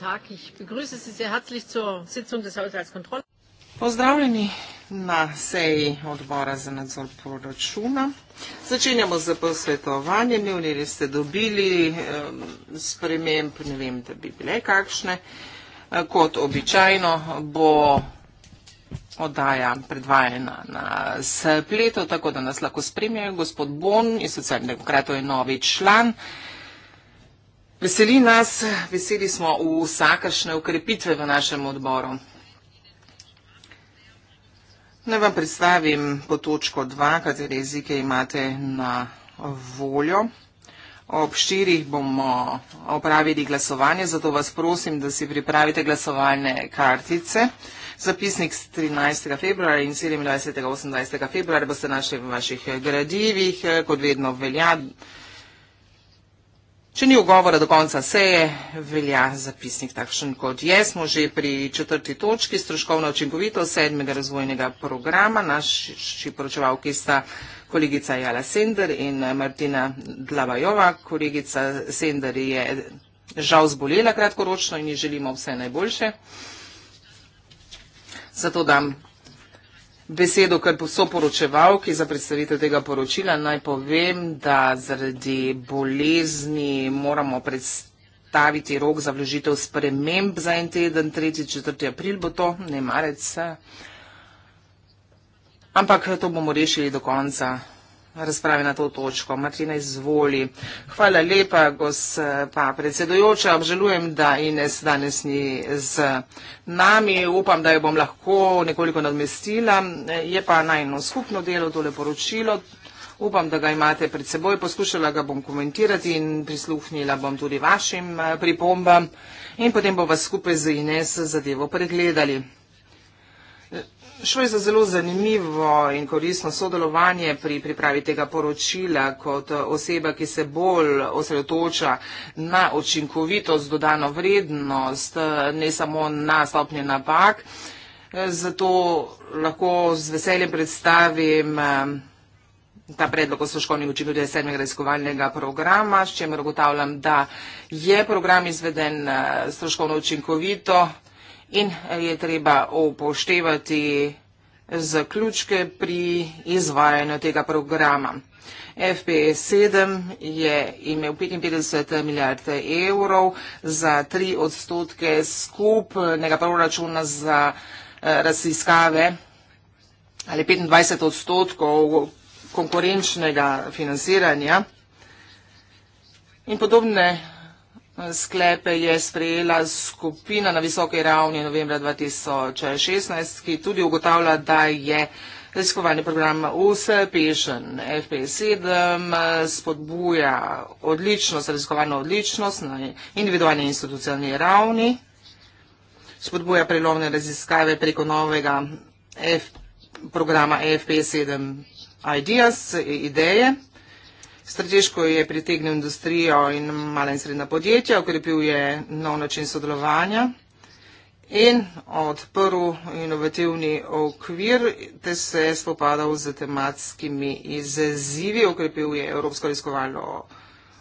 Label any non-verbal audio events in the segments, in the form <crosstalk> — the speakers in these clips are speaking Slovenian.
Tag. Ich begrüße Sie sehr herzlich zur Sitzung des Haushaltskontrolls. Pozdravljeni na seji odbora za nadzor proračuna. Začenjamo z posvetovanjem. Imeli ste dobili sprememb, ne vem, da bi bile kakšne. E, kot običajno bo oddaja predvajena na spletu, tako da nas lahko spremljajo. Gospod Bon iz socialnega demokrata je novi član. Veseli nas, veseli smo v vsakašne ukrepitve v našem odboru. Naj vam predstavim po točko 2, katere jezike imate na voljo. Ob štirih bomo opravili glasovanje, zato vas prosim, da si pripravite glasovalne kartice. Zapisnik z 13. februarja in 27. 28. februarja boste našli v vaših gradivih, kot vedno velja. Če ni ugovora do konca seje, velja zapisnik takšen kot je. Smo že pri četrti točki stroškovna očinkovitost sedmega razvojnega programa. Naši poročevalki sta kolegica Jala Sender in Martina Dlavajova. Kolegica Sender je žal zbolela kratkoročno in ji želimo vse najboljše. Zato dam besedo kar soporočevalki za predstavitev tega poročila. Naj povem, da zaradi bolezni moramo predstaviti rok za vložitev sprememb za en teden, 3.4. april bo to, ne marec. Eh. Ampak to bomo rešili do konca razprave na to točko. Martina, izvoli. Hvala lepa, gospa predsedojoča. Obžalujem, da Ines danes ni z nami. Upam, da jo bom lahko nekoliko nadmestila. Je pa najno skupno delo tole poročilo. Upam, da ga imate pred seboj. Poskušala ga bom komentirati in prisluhnila bom tudi vašim pripombam. In potem bomo skupaj z Ines zadevo pregledali. Šlo je za zelo zanimivo in koristno sodelovanje pri pripravi tega poročila kot oseba, ki se bolj osredotoča na učinkovitost, dodano vrednost, ne samo na stopnje napak. Zato lahko z veseljem predstavim eh, ta predlog o soškovni učinkovitosti sedmega raziskovalnega programa, s čemer ugotavljam, da je program izveden eh, stroškovno učinkovito, in eh, je treba upoštevati zaključke pri izvajanju tega programa. FP7 je imel 55 milijard evrov za 3 odstotke skupnega proračuna za eh, raziskave ali 25 odstotkov konkurenčnega financiranja. In podobne sklepe je sprejela skupina na visoke ravni novembra 2016, ki tudi ugotavlja, da je raziskovalni program uspešen. FP7 eh, spodbuja odličnost, raziskovalno odličnost na individualni in institucionalni ravni, spodbuja prelovne raziskave preko novega F programa FP7 Ideas, ideje. Strateško je pritegnil industrijo in mala in srednja podjetja, ukrepil je nov način sodelovanja in odprl inovativni okvir, te se je spopadal z tematskimi izzivi, ukrepil je Evropsko reskovalno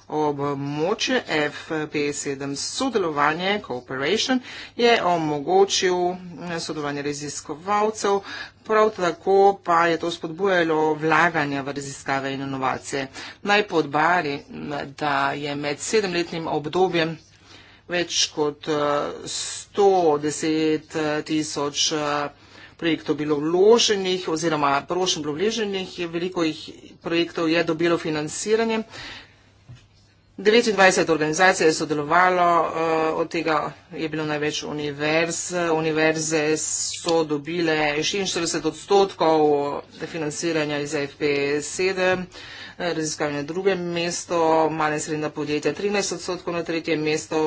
območje FP7 sodelovanje, cooperation, je omogočil sodelovanje raziskovalcev, prav tako pa je to spodbujalo vlaganje v raziskave in inovacije. Naj podbari, da je med sedemletnim obdobjem več kot 110 eh, eh, tisoč eh, projektov bilo vloženih oziroma prošen vloženih, veliko jih projektov je dobilo financiranje, 29 organizacij je sodelovalo, eh, od tega je bilo največ univerz. Univerze so dobile 46 odstotkov financiranja iz FP7, eh, raziskavanje na drugem mestu, male srednja podjetja 13 odstotkov na tretjem mestu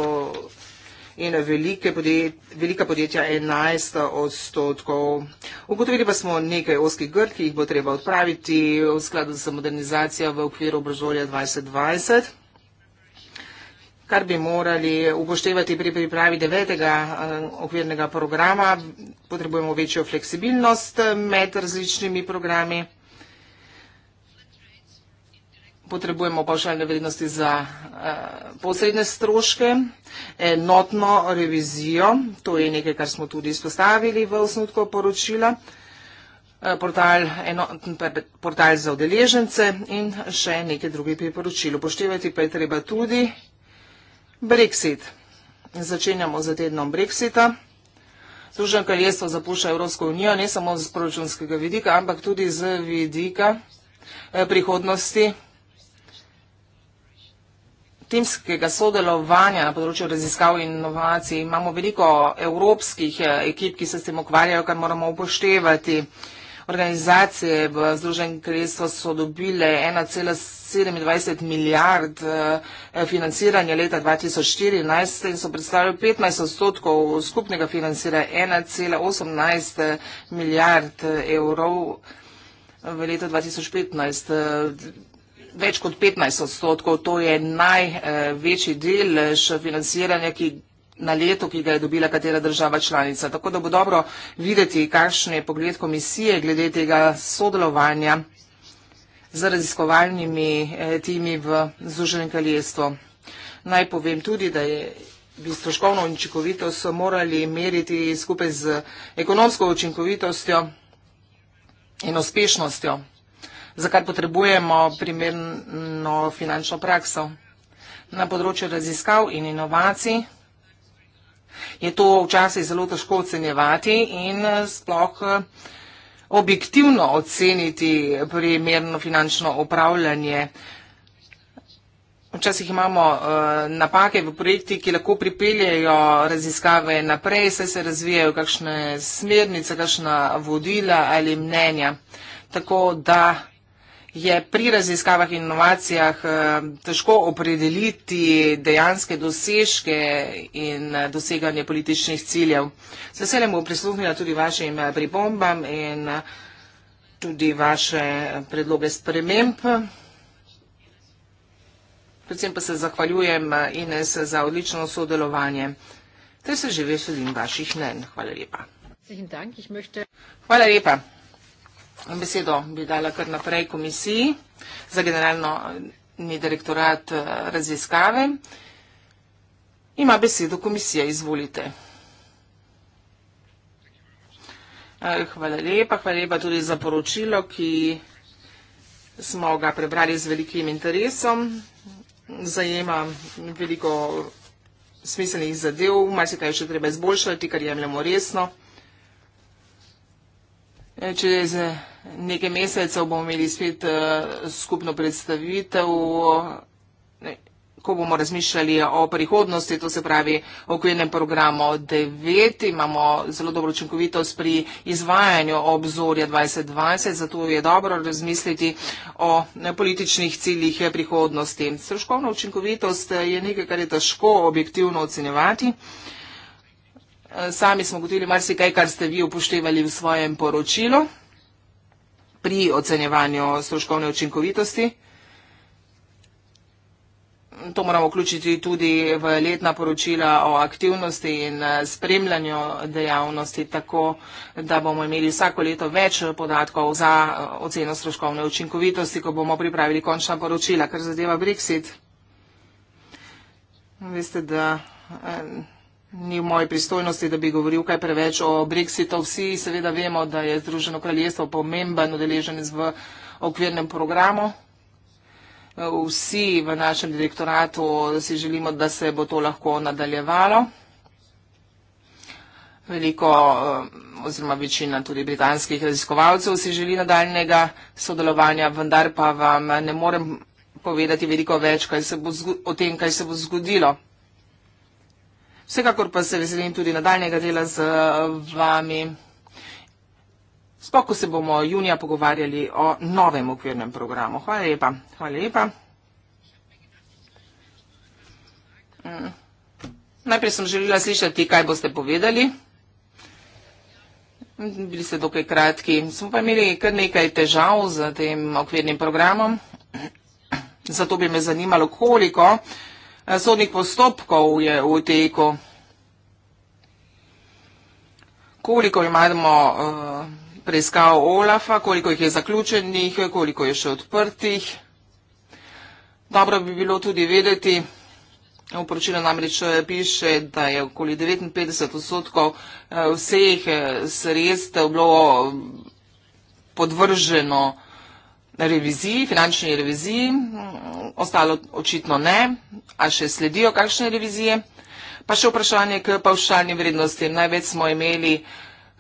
in velike podjetja, velika podjetja 11 odstotkov. Ugotovili pa smo nekaj oskih grd, ki jih bo treba odpraviti v skladu z modernizacijo v okviru obrazovanja 2020 kar bi morali upoštevati pri pripravi devetega eh, okvirnega programa. Potrebujemo večjo fleksibilnost eh, med različnimi programi. Potrebujemo pavšalne vrednosti za eh, posredne stroške, enotno revizijo, to je nekaj, kar smo tudi izpostavili v osnutko poročila, portal za odeležence in še nekaj drugih priporočil. Upoštevati pa je treba tudi, Brexit. Začenjamo z tednom Brexita. Združeno kraljestvo zapušča Evropsko unijo ne samo z proračunskega vidika, ampak tudi z vidika eh, prihodnosti timskega sodelovanja na področju raziskav in inovacij. Imamo veliko evropskih eh, ekip, ki se s tem ukvarjajo, kar moramo upoštevati organizacije v Združenem kraljestvu so dobile 1,27 milijard eh, financiranja leta 2014 in so predstavljali 15 odstotkov skupnega financiranja 1,18 eh, milijard eh, evrov v leta 2015 več kot 15 odstotkov, to je največji del še financiranja, ki na leto, ki ga je dobila katera država članica. Tako da bo dobro videti, kakšen je pogled komisije glede tega sodelovanja z raziskovalnimi eh, timi v Združenem kraljestvu. Naj povem tudi, da je bi stroškovno učinkovitost morali meriti skupaj z ekonomsko učinkovitostjo in uspešnostjo, za kar potrebujemo primerno finančno prakso. Na področju raziskav in inovacij je to včasih zelo težko ocenjevati in eh, sploh eh, objektivno oceniti primerno finančno upravljanje. Včasih imamo uh, napake v projekti, ki lahko pripeljejo raziskave naprej, se, se razvijajo kakšne smernice, kakšna vodila ali mnenja. Tako da je pri raziskavah in inovacijah eh, težko opredeliti dejanske dosežke in eh, doseganje političnih ciljev. Z veseljem bom prisluhnila tudi vašim eh, pripombam in tudi vaše predloge sprememb. Predvsem pa se zahvaljujem Ines za odlično sodelovanje. Te se že veselim vaših mnen. Hvala lepa. Hvala lepa besedo bi dala kar naprej komisiji za generalni direktorat eh, raziskave. Ima besedo komisija, izvolite. Eh, hvala lepa, hvala lepa tudi za poročilo, ki smo ga prebrali z velikim interesom. Zajema veliko smiselnih zadev, malo se kaj še treba izboljšati, kar jemljemo resno. Čez nekaj mesecev bomo imeli spet eh, skupno predstavitev, ko bomo razmišljali o prihodnosti, to se pravi o okvirnem programu 9. Imamo zelo dobro učinkovitost pri izvajanju obzorja 2020, zato je dobro razmisliti o eh, političnih ciljih eh, prihodnosti. Sroškovna učinkovitost je nekaj, kar je težko objektivno ocenjevati. Eh, sami smo gotovili marsikaj, kar ste vi upoštevali v svojem poročilu pri ocenjevanju stroškovne učinkovitosti. To moramo vključiti tudi v letna poročila o aktivnosti in eh, spremljanju dejavnosti, tako da bomo imeli vsako leto več podatkov za eh, oceno stroškovne učinkovitosti, ko bomo pripravili končna poročila, kar zadeva Brexit. Veste, da ni v moji pristojnosti, da bi govoril kaj preveč o Brexitu. Vsi seveda vemo, da je Združeno kraljestvo pomemben odeleženec v okvirnem programu. Vsi v našem direktoratu si želimo, da se bo to lahko nadaljevalo. Veliko eh, oziroma večina tudi britanskih raziskovalcev si želi nadaljnega sodelovanja, vendar pa vam ne morem povedati veliko več o tem, kaj se bo zgodilo. Vsekakor pa se veselim tudi nadaljnega dela z eh, vami. Spoko se bomo junija pogovarjali o novem okvirnem programu. Hvala lepa. Hvala lepa. Mm. Najprej sem želela slišati, kaj boste povedali. Bili ste dokaj kratki. Smo pa imeli kar nekaj težav z tem okvirnim programom. <clears throat> Zato bi me zanimalo, koliko. Eh, sodnih postopkov je v teku? Koliko imamo eh, preiskav OLAF-a, koliko jih je zaključenih, koliko je še odprtih? Dobro bi bilo tudi vedeti, v poročilu namreč eh, piše, da je okoli 59 odstotkov vseh sredstev bilo podvrženo vseh reviziji, finančni reviziji, ostalo očitno ne, a še sledijo kakšne revizije. Pa še vprašanje k pavšalnim vrednostim. Največ smo imeli,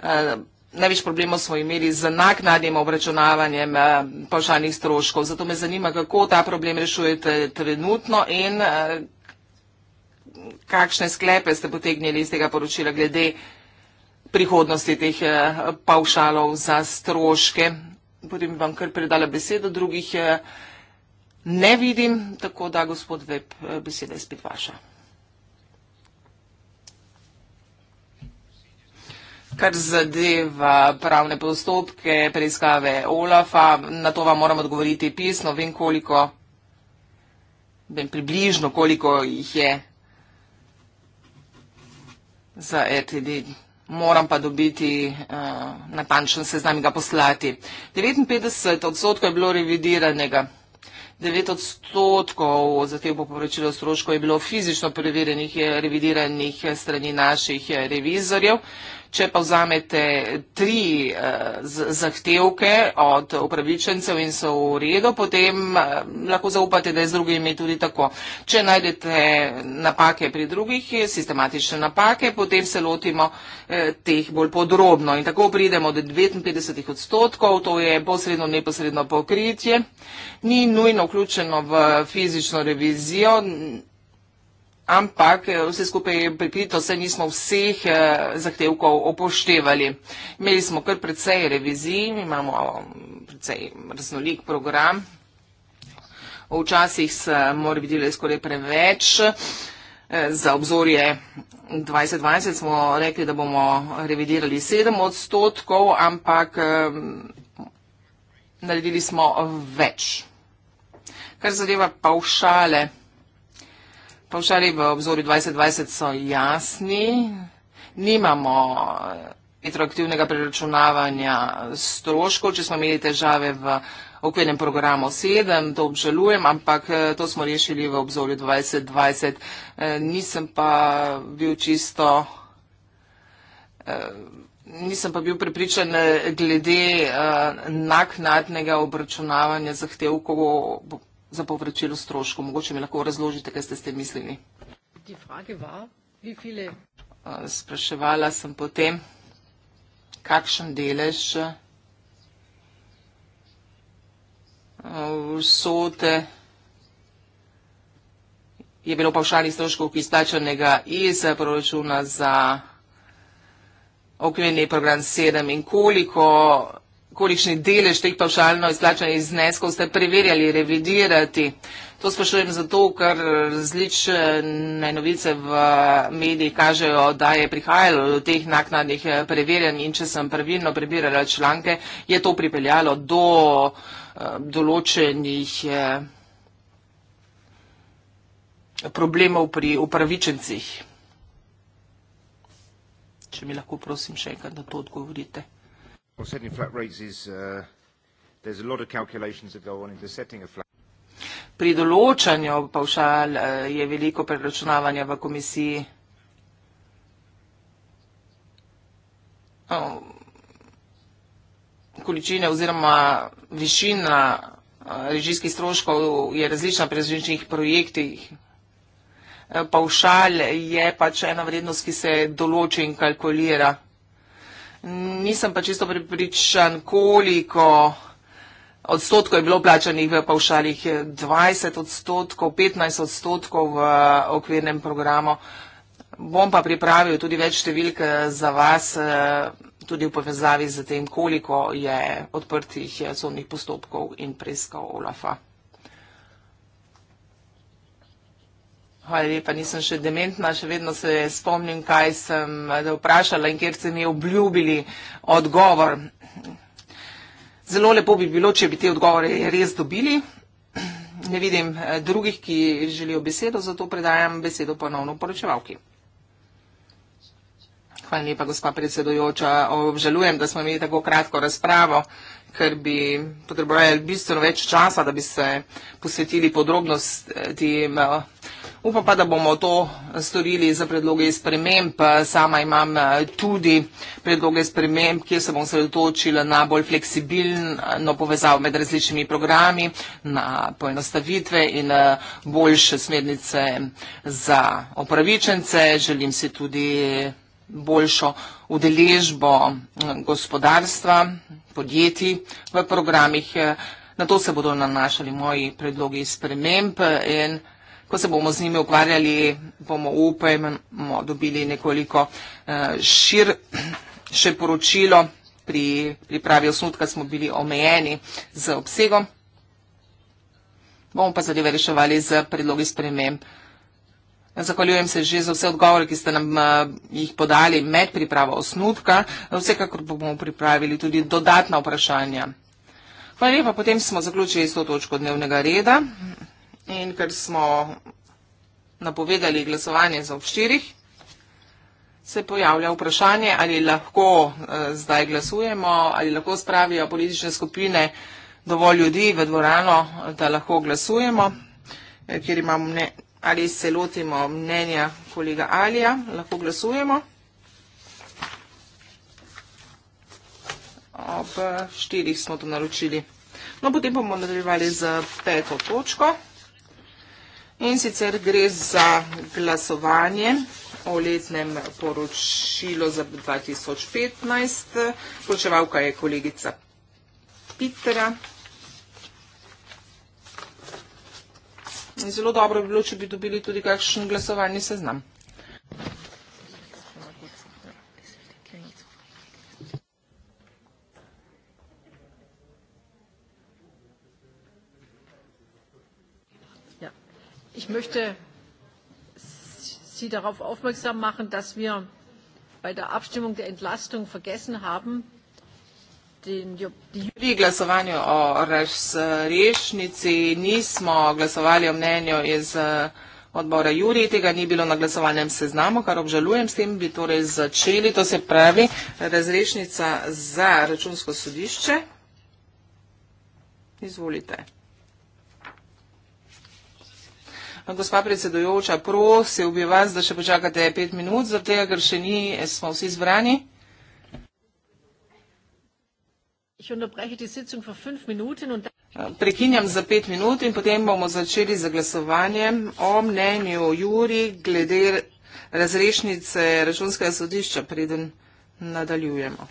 eh, največ problemov smo imeli z naknadnim obračunavanjem eh, pavšalnih stroškov. Zato me zanima, kako ta problem rešujete trenutno in eh, kakšne sklepe ste potegnili iz tega poročila glede prihodnosti teh pavšalov za stroške potem vam kar predala besedo, drugih eh, ne vidim, tako da, gospod Web, eh, beseda je spet vaša. Kar zadeva pravne postopke, preiskave OLAFA, na to vam moram odgovoriti pisno, vem koliko, vem približno, koliko jih je za RTD moram pa dobiti uh, natančen seznam in ga poslati. 59 odstotkov je bilo revidiranega. 9 odstotkov za te poporočilo stroškov je bilo fizično preverjenih, revidiranih strani naših eh, revizorjev. Uh, Če pa vzamete tri eh, zahtevke od upravičencev in so v redu, potem eh, lahko zaupate, da je z drugimi tudi tako. Če najdete napake pri drugih, sistematične napake, potem se lotimo eh, teh bolj podrobno. In tako pridemo od 59 odstotkov, to je posredno, neposredno pokritje. Ni nujno vključeno v fizično revizijo, ampak eh, vse skupaj je pripito, se nismo vseh eh, zahtevkov upoštevali. Imeli smo kar precej revizij, imamo mm, precej raznolik program. Včasih se mora videti, da je skoraj preveč. Eh, za obzorje 2020 smo rekli, da bomo revidirali 7 odstotkov, ampak naredili smo več. Kar zadeva pa všale. Pavšali v obzorju 2020 so jasni. Nimamo eh, retroaktivnega preračunavanja stroškov, če smo imeli težave v okvirnem programu 7, to obžalujem, ampak eh, to smo rešili v obzorju 2020. Eh, nisem pa bil čisto. Nisem pa bil prepričan glede uh, naknadnega obračunavanja zahtevkov za povračilo stroškov. Mogoče mi lahko razložite, kaj ste s tem mislili. Spraševala sem potem, kakšen delež vsote je bilo pavšalnih stroškov izplačanega iz proračuna za okvirni program 7 in koliko kolikšni delež teh pavšalno izplačanih zneskov ste preverjali, revidirati. To sprašujem zato, ker različne novice v mediji kažejo, da je prihajalo do teh naknadnih eh, preverjanj in če sem pravilno prebirala članke, je to pripeljalo do eh, določenih eh, problemov pri upravičencih. Če mi lahko prosim še enkrat, da to odgovorite. Well, setting flat rates is, uh, there's a lot of calculations that go on into setting a flat. Pri določanju pavšal uh, je veliko preračunavanja v komisiji. Oh, Količine oziroma višina uh, režijskih stroškov je različna pri različnih projektih. Uh, pavšal je pač ena vrednost, ki se določi in kalkulira nisem pa čisto pripričan, koliko odstotkov je bilo plačanih v pavšalih, 20 odstotkov, 15 odstotkov v okvirnem programu. Bom pa pripravil tudi več številk eh, za vas, eh, tudi v povezavi z tem, koliko je odprtih eh, sodnih postopkov in preiskav Olafa. Hvala lepa, nisem še dementna, še vedno se spomnim, kaj sem eh, vprašala in kjer ste mi obljubili odgovor. Zelo lepo bi bilo, če bi te odgovore res dobili. Ne vidim eh, drugih, ki želijo besedo, zato predajam besedo ponovno poročevalki. Hvala lepa, gospa predsedojoča. Obžalujem, da smo imeli tako kratko razpravo, ker bi potrebovali bistveno več časa, da bi se posvetili podrobnostim. Uh, Upam pa, da bomo to storili za predloge sprememb. Sama imam eh, tudi predloge sprememb, kjer se bom sredotočila na bolj fleksibilno povezavo med različnimi programi, na poenostavitve in eh, boljše smernice za opravičence. Želim si tudi boljšo udeležbo eh, gospodarstva, podjetij v programih. Na to se bodo nanašali moji predlogi sprememb in sprememb ko se bomo z njimi ukvarjali, bomo upajmo dobili nekoliko eh, šir, <clears throat> še poročilo. Pri pripravi osnutka smo bili omejeni z obsegom. Bomo pa zadeve reševali z predlogi sprememb. Zahvaljujem se že za vse odgovore, ki ste nam eh, jih podali med pripravo osnutka. Vsekakor bomo pripravili tudi dodatna vprašanja. Hvala lepa, potem smo zaključili s to točko dnevnega reda in ker smo napovedali glasovanje za obširih, se pojavlja vprašanje, ali lahko eh, zdaj glasujemo, ali lahko spravijo politične skupine dovolj ljudi v dvorano, da lahko glasujemo, eh, ker imamo mne, ali se lotimo mnenja kolega Alija, lahko glasujemo. Ob eh, štirih smo to naročili. No, potem bomo nadaljevali z peto točko. In sicer gre za glasovanje o letnem poročilu za 2015. Poročevalka je kolegica Pitera. Zelo dobro bi bilo, če bi dobili tudi kakšen glasovalni seznam. Ich möchte Sie darauf aufmerksam machen, dass wir bei der Abstimmung der Entlastung vergessen haben, Pri glasovanju o razrešnici nismo glasovali o mnenju iz eh, odbora Juri, tega ni bilo na glasovanjem seznamu, kar obžalujem, s tem bi torej začeli, to se pravi razrešnica za računsko sodišče. Izvolite. Gospa predsedujoča, prosil bi vas, da še počakate pet minut, zato ker še ni, smo vsi zbrani. Prekinjam za pet minut in potem bomo začeli z glasovanjem o mnenju Juri glede razrešnice računskega sodišča, preden nadaljujemo.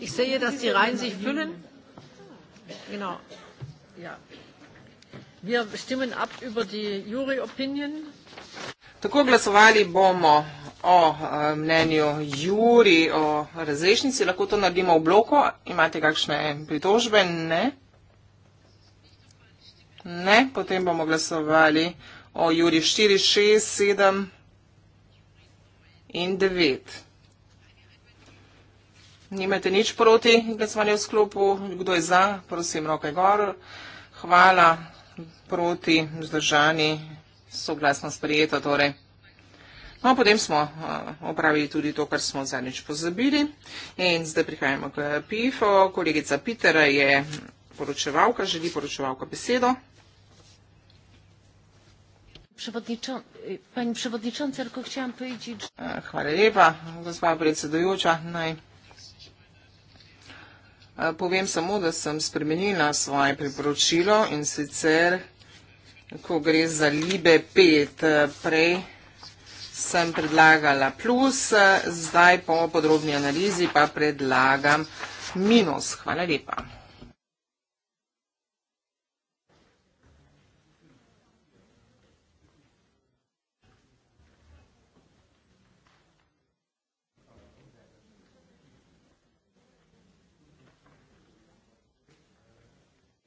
ich sehe, dass die Reihen sich füllen. Genau. Ja. Wir stimmen ab über die Jury Opinion. Tako glasovali bomo o eh, mnenju Juri o razrešnici. Lahko to naredimo v bloku. Imate kakšne pritožbe? Ne. Ne. Potem bomo glasovali o Juri 4, 6, 7 in 9. Nimate nič proti glasovanju v sklopu? Kdo je za? Prosim, roke gor. Hvala. Proti, vzdržani, soglasno sprijeto. Torej. No, potem smo eh, opravili tudi to, kar smo zadnjič pozabili. In zdaj prihajamo k PIFO. Kolegica Pitera je poročevalka, želi poročevalka besedo. Pani eh, predsedujoča, naj Eh, povem samo, da sem spremenila svoje priporočilo in sicer, ko gre za Libe 5, eh, prej sem predlagala plus, eh, zdaj po podrobni analizi pa predlagam minus. Hvala lepa.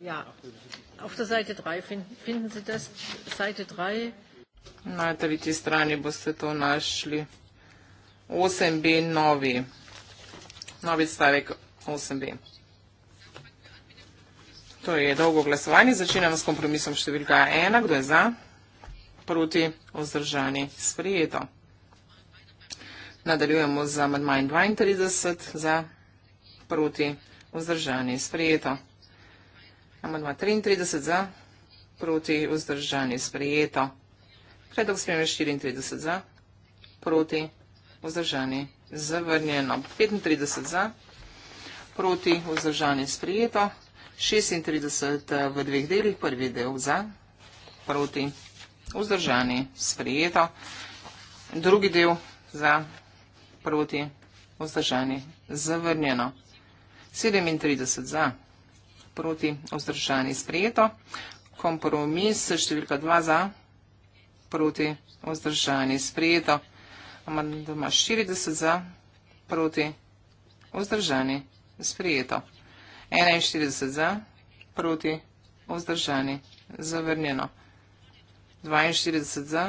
Ja, auf der Seite 3 finden, finden Sie das. Seite 3. Na tretji strani boste to našli. 8b novi. Novi stavek 8b. To je dolgo glasovanje. Začinjamo s kompromisom številka 1. Kdo je za? Proti vzdržani sprijeto. Nadaljujemo z amandmajem 32 za proti vzdržani sprijeto. Amandma 33 za, proti vzdržani sprejeto. Predlog spremembe 34 za, proti vzdržani zavrnjeno. 35 za, proti vzdržani sprejeto. 36 eh, v dveh delih, prvi del za, proti vzdržani sprejeto. Drugi del za, proti vzdržani zavrnjeno. 37 za, proti vzdržani sprejeto proti vzdržani sprejeto. Kompromis številka 2 za proti vzdržani sprejeto. Amandoma 40 za proti vzdržani sprejeto. 41 za proti vzdržani zavrnjeno. 42 za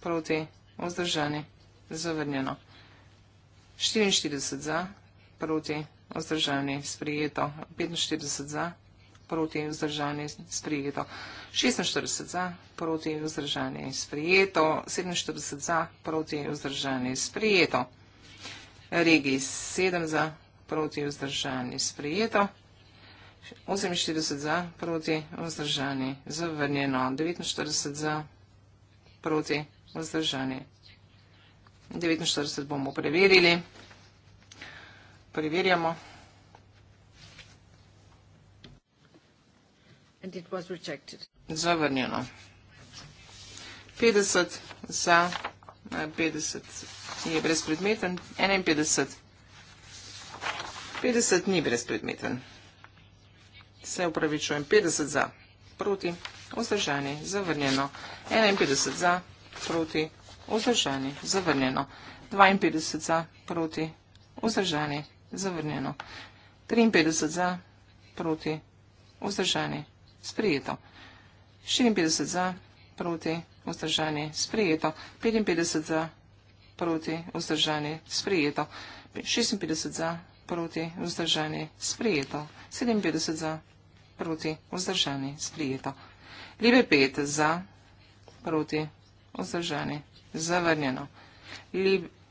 proti vzdržani zavrnjeno. 44 za proti vzdržani zavrnjeno vzdržani, sprijeto. 45 za, proti vzdržani, sprijeto. 46 za, proti vzdržani, sprijeto. 47 za, proti vzdržani, sprijeto. Regij 7 za, proti vzdržani, sprijeto. 48 za, proti vzdržani, zavrnjeno. 49 za, proti vzdržani. 49 bomo preverili. Preverjamo. Zavrnjeno. 50 za, 50 eh, je brezpredmeten, 51. 50 ni brezpredmeten. Se upravičujem, 50 za, proti, vzdržani, zavrnjeno. 51 za, proti, vzdržani, zavrnjeno. 52 za, proti, vzdržani, zavrnjeno zavrnjeno. 53 za, proti, vzdržani, sprijeto. 54 za, proti, vzdržani, sprijeto. 55 za, proti, vzdržani, sprijeto. 56 za, proti, vzdržani, sprijeto. 57 za, proti, vzdržani, sprijeto. Lebe 5 za, proti, vzdržani, zavrnjeno. Lebe 5 za, proti, vzdržani, sprijeto.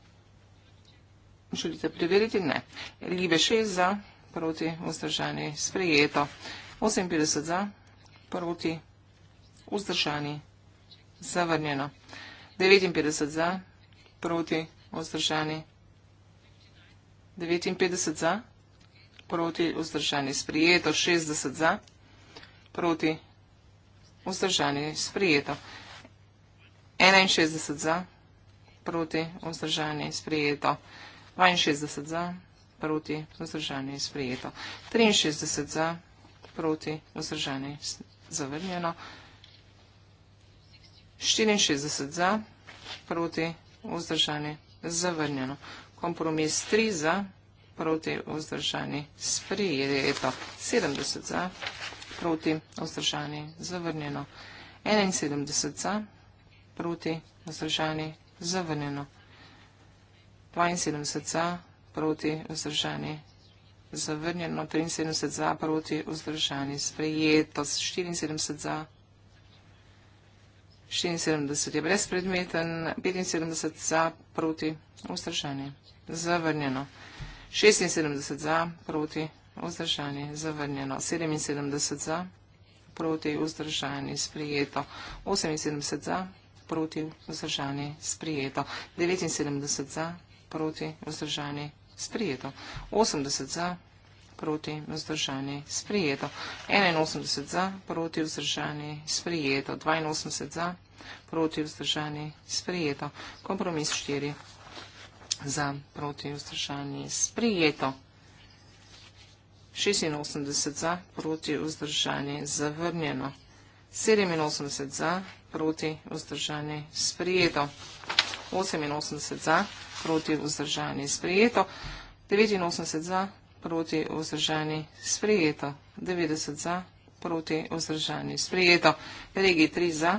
Želite preveriti? Ne. Ljive 6 za, proti, vzdržani, sprejeto. 58 za, proti, vzdržani, zavrnjeno. 59 za, proti, vzdržani, 59 za, proti, vzdržani, sprejeto. 60 za, proti, vzdržani, sprejeto. 61 za, proti, vzdržani, sprejeto. 61 za, proti, vzdržani, sprejeto. 62 za, proti, vzdržani, sprejeto. 63 za, proti, vzdržani, zavrnjeno. 64 za, proti, vzdržani, zavrnjeno. Kompromis 3 za, proti, vzdržani, sprejeto. 70 za, proti, vzdržani, zavrnjeno. 71 za, proti, vzdržani, zavrnjeno. 72 za, proti vzdržani. Zavrnjeno 73 za, proti vzdržani. Sprejeto 74 za. 74 je brezpredmeten, 75 za, proti vzdržani. Zavrnjeno 76 za, proti vzdržani. Zavrnjeno 77 za, proti vzdržani. Sprejeto 78 za, proti vzdržani. Sprejeto 79 za, proti vzdržani proti, vzdržani, sprijeto. 80 za, proti, vzdržani, sprijeto. 81 za, proti, vzdržani, sprijeto. 82 za, proti, vzdržani, sprijeto. Kompromis 4 za, proti, vzdržani, sprijeto. 86 za, proti, vzdržani, zavrnjeno. 87 za, proti, vzdržani, sprijeto. 88 za, proti vzdržani sprejeto. 89 za, proti vzdržani sprejeto. 90 za, proti vzdržani sprejeto. Regi 3 za,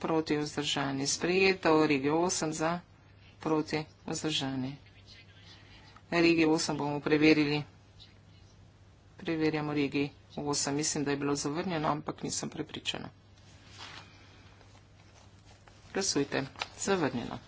proti vzdržani sprejeto. Regi 8 za, proti vzdržani. Regi 8 bomo preverili. Preverjamo regi 8. Mislim, da je bilo zavrnjeno, ampak nisem prepričana. Glasujte, zavrnjeno.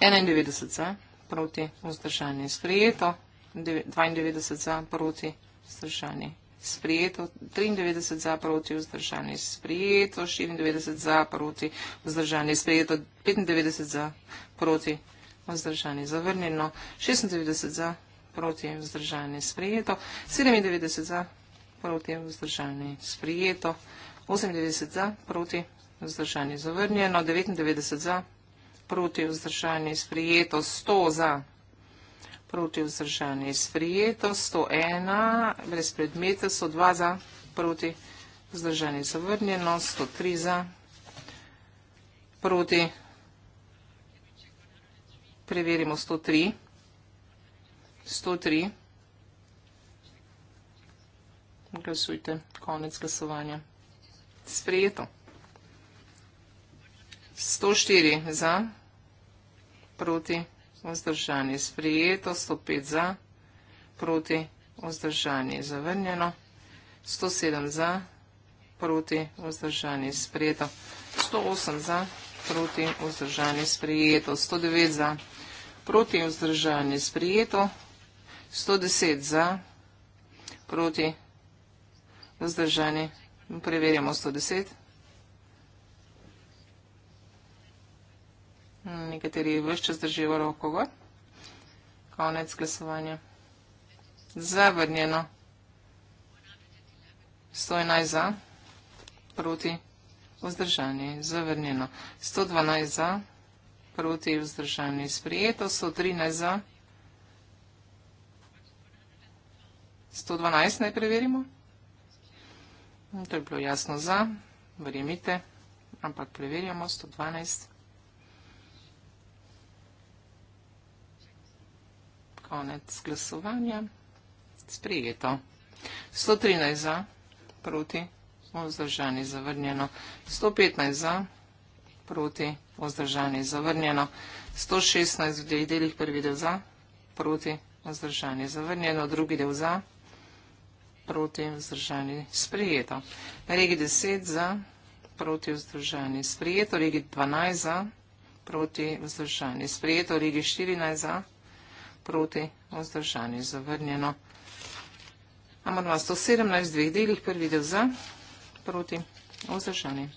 91 za, proti vzdržanje sprijeto, 92 za, proti vzdržanje sprijeto, 93 za, proti vzdržanje sprijeto, 94 za, proti vzdržanje sprijeto, 95 za, proti vzdržanje zavrnjeno, 96 za, proti vzdržanje sprijeto, 97 za, proti vzdržanje sprijeto, 98 za, proti vzdržanje zavrnjeno, 99 za, proti proti vzdržanje sprijeto, 100 za, proti vzdržanje sprijeto, 101 brez predmeta, 102 za, proti vzdržanje zavrnjeno, 103 za, proti, preverimo 103, 103, glasujte, konec glasovanja, sprijeto. 104 za, proti, vzdržanje sprijeto, 105 za, proti, vzdržanje zavrnjeno, 107 za, proti, vzdržanje sprijeto, 108 za, proti, vzdržanje sprijeto, 109 za, proti, vzdržanje sprijeto, 110 za, proti, vzdržanje, preverjamo 110 za, nekateri vešče zdržijo roko gor. Konec glasovanja. Zavrnjeno. 111 za, proti vzdržanje. Zavrnjeno. 112 za, proti vzdržanje. Sprijeto. 113 za. 112 naj preverimo. To je bilo jasno za, verjemite, ampak preverjamo 112. konec glasovanja. Sprijeto. 113 za, proti, vzdržani, zavrnjeno. 115 za, proti, vzdržani, zavrnjeno. 116 v dveh delih, prvi del za, proti, vzdržani, zavrnjeno. Drugi del za, proti, vzdržani, sprijeto. Regi 10 za, proti, vzdržani, sprijeto. Regi 12 za, proti, vzdržani, sprijeto. Regi 14 za, proti, vzdržani, sprijeto proti, vzdržani zavrnjeno. Amorma 117 dveh delih, prvi del za, proti, vzdržani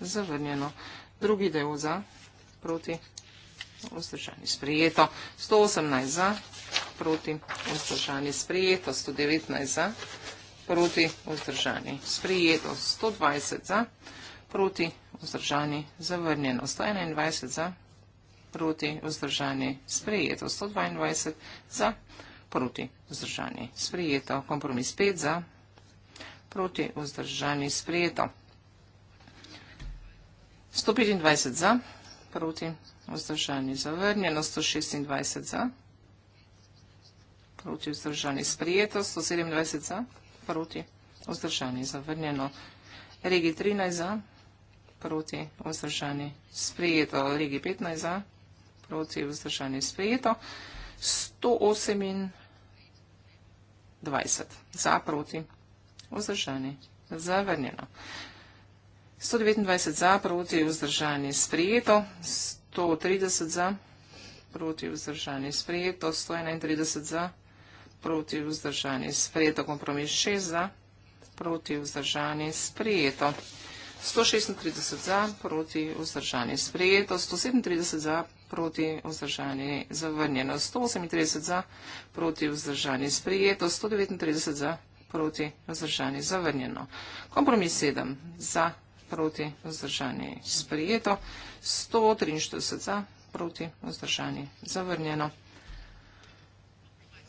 zavrnjeno. Drugi del za, proti, vzdržani sprijeto. 118 za, proti, vzdržani sprijeto. 119 za, proti, vzdržani sprijeto. 120 za, proti, vzdržani zavrnjeno. 121 za, proti, vzdržani zavrnjeno proti vzdržani sprejeto 122 za proti vzdržani sprejeto kompromis 5 za proti vzdržani sprejeto 125 za proti vzdržani zavrnjeno 126 za proti vzdržani sprejeto 127 za proti vzdržani zavrnjeno regi 13 za proti vzdržani sprejeto regi 15 za proti vzdržani sprejeto proti vzdržanju sprejeto, 128 za proti vzdržanju zavrnjeno. 129 za proti vzdržanje sprejeto, 130 za proti vzdržanje sprejeto, 131 za proti vzdržanje sprejeto, kompromis 6 za proti vzdržanje sprejeto. 136 za, proti vzdržanje sprejeto, 137 za, proti vzdržanje zavrnjeno, 138 za, proti vzdržanje sprejeto, 139 za, proti vzdržanje zavrnjeno. Kompromis 7 za, proti vzdržanje sprejeto, 143 za, proti vzdržanje zavrnjeno.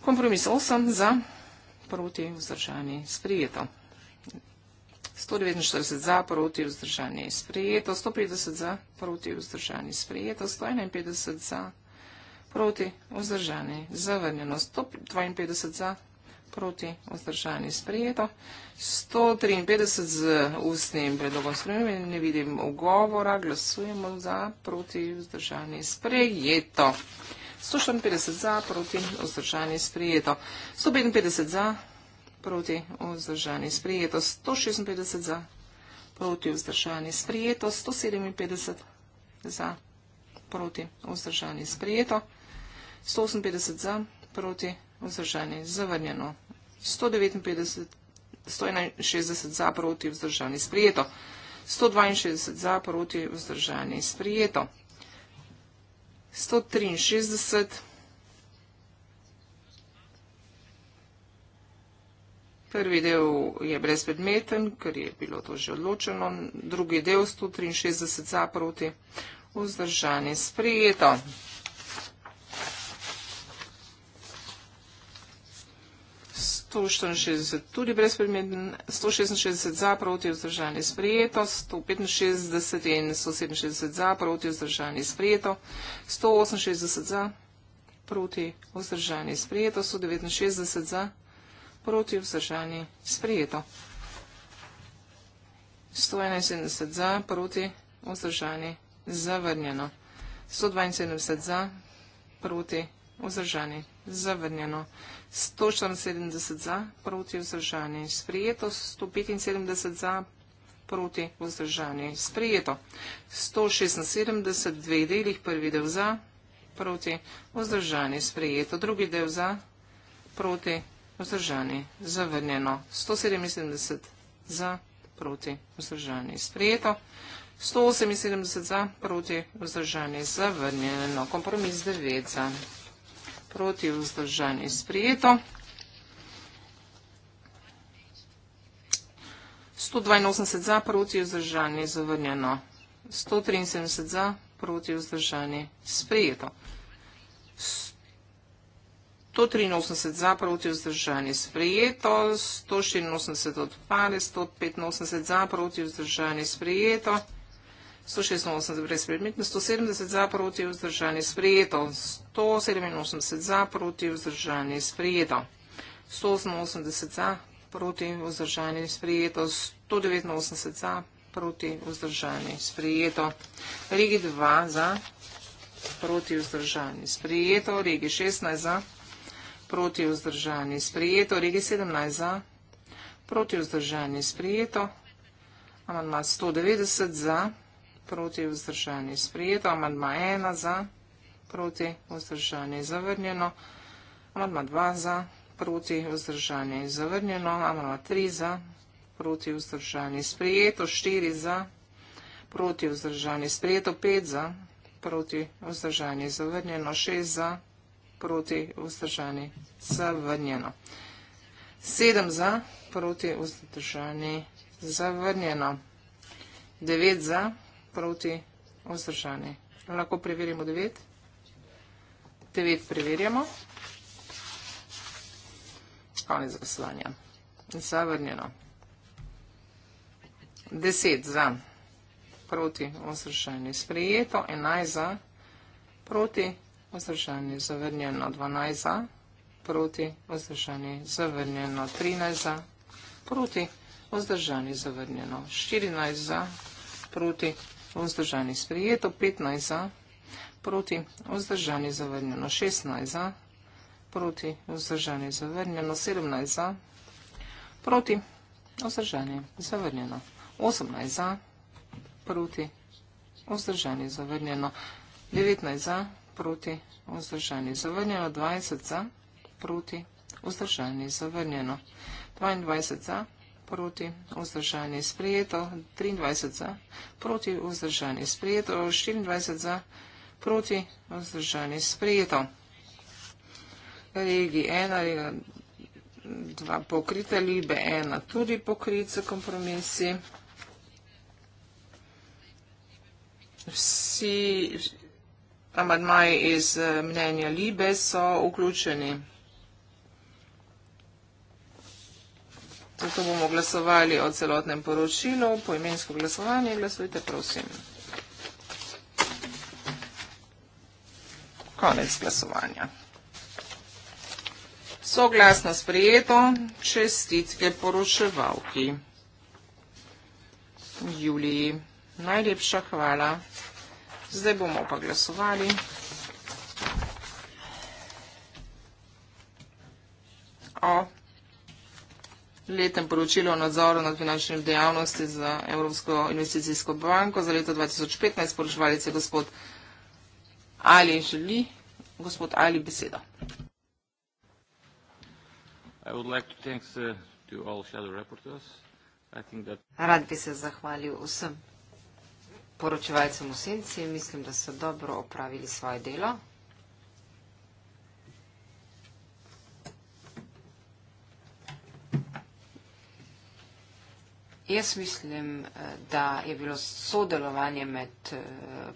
Kompromis 8 za, proti vzdržanje sprejeto. 149 za, proti vzdržanje je sprejeto, 150 za, proti vzdržanje je sprejeto, 151 za, proti vzdržanje je zavrnjeno, 152 za, proti vzdržanje je sprejeto, 153 z ustnim predlogom spremembe, ne vidim ugovora, glasujemo za, proti vzdržanje je sprejeto. 154 za, proti vzdržanje je sprejeto. 155 za, proti vzdržani sprijeto, 156 za proti vzdržani sprijeto, 157 za proti vzdržani sprijeto, 158 za proti vzdržani zavrnjeno, 159, 161 za proti vzdržani sprijeto, 162 za proti vzdržani sprijeto, 163 za proti vzdržani sprijeto, Prvi del je brezpredmeten, ker je bilo to že odločeno, drugi del 163 za proti, vzdržanje sprijeto. tudi brezpredmeten, 166 za proti vzdržanje sprijeto, 165 in 167 za proti vzdržanje sprijeto, 168 za proti vzdržanje sprijeto, 169 za proti vzdržanje sprijeto proti vzdržani sprijeto. 171 za, proti vzdržani zavrnjeno. 172 za, proti vzdržani zavrnjeno. 174 za, proti vzdržani sprijeto. 175 za, proti vzdržani sprijeto. 176, dveh delih, prvi del za, proti vzdržani sprijeto. Drugi del za, proti vzdržani sprijeto vzdržani, zavrnjeno, 177 za, proti, vzdržani, sprejeto, 178 za, proti, vzdržani, zavrnjeno, kompromis 9 za, proti, vzdržani, sprejeto, 182 za, proti, vzdržani, zavrnjeno, 173 za, proti, vzdržani, sprejeto, 183 za, proti vzdržanje sprejeto, 184 odpade, 185 za, proti vzdržanje sprejeto, 186 brezpredmetno, 170 za, proti vzdržanje sprejeto, 187 za, proti vzdržanje sprejeto, 188 za, proti vzdržanje sprejeto, 189 za, proti vzdržanje sprejeto, regi 2 za, proti vzdržanje sprejeto, regi 16 za, proti vzdržanje sprejeto, proti vzdržanje sprijeto, regi 17 za, proti vzdržanje sprijeto, amandma 190 za, proti vzdržanje sprijeto, amandma 1 za, proti vzdržanje zavrnjeno, amandma 2 za, proti vzdržanje zavrnjeno, amandma 3 za, proti vzdržanje sprijeto, 4 za, proti vzdržanje sprijeto, 5 za, proti vzdržanje zavrnjeno, 6 za, proti vzdržanje sprijeto, 7 za, proti vzdržani zavrnjeno. 7 za proti vzdržani zavrnjeno. 9 za proti vzdržani. Lahko preverimo 9. 9 preverjamo. Konec glasovanja. Zavrnjeno. 10 za proti vzdržani sprejeto. 11 za proti vzdržani vzdržani, zavrnjeno 12 za, proti, vzdržani, zavrnjeno 13 za, proti, vzdržani, zavrnjeno 14 za, proti, vzdržani, sprijeto 15 za, proti, vzdržani, zavrnjeno 16 za, proti, vzdržani, zavrnjeno 17 za, proti, vzdržani, zavrnjeno 18 za, proti, vzdržani, zavrnjeno 19 za, proti, proti, vzdržani, zavrnjeno, 20 za, proti, vzdržani, zavrnjeno, 22 za, proti, vzdržani, sprijeto, 23 za, proti, vzdržani, sprijeto, 24 za, proti, vzdržani, sprijeto. Regi 1, rega 2 pokrita, libe 1 tudi pokrit za kompromisi. Vsi Amadmaji iz eh, mnenja Libe so vključeni. Zato bomo glasovali o celotnem poročilu. Po imensko glasovanje glasujte, prosim. Konec glasovanja. Soglasno sprejeto, čestitke poročevalki. Juliji, najlepša hvala. Zdaj bomo pa glasovali. O letem poročilu o nadzoru nad finančnimi dejavnosti za Evropsko investicijsko banko za leto 2015, poročevalec je gospod Ali želi, gospod Ali besedo. Uh, Rad bi se zahvalil vsem poročevalcem v senci. Mislim, da so dobro opravili svoje delo. Jaz mislim, da je bilo sodelovanje med eh,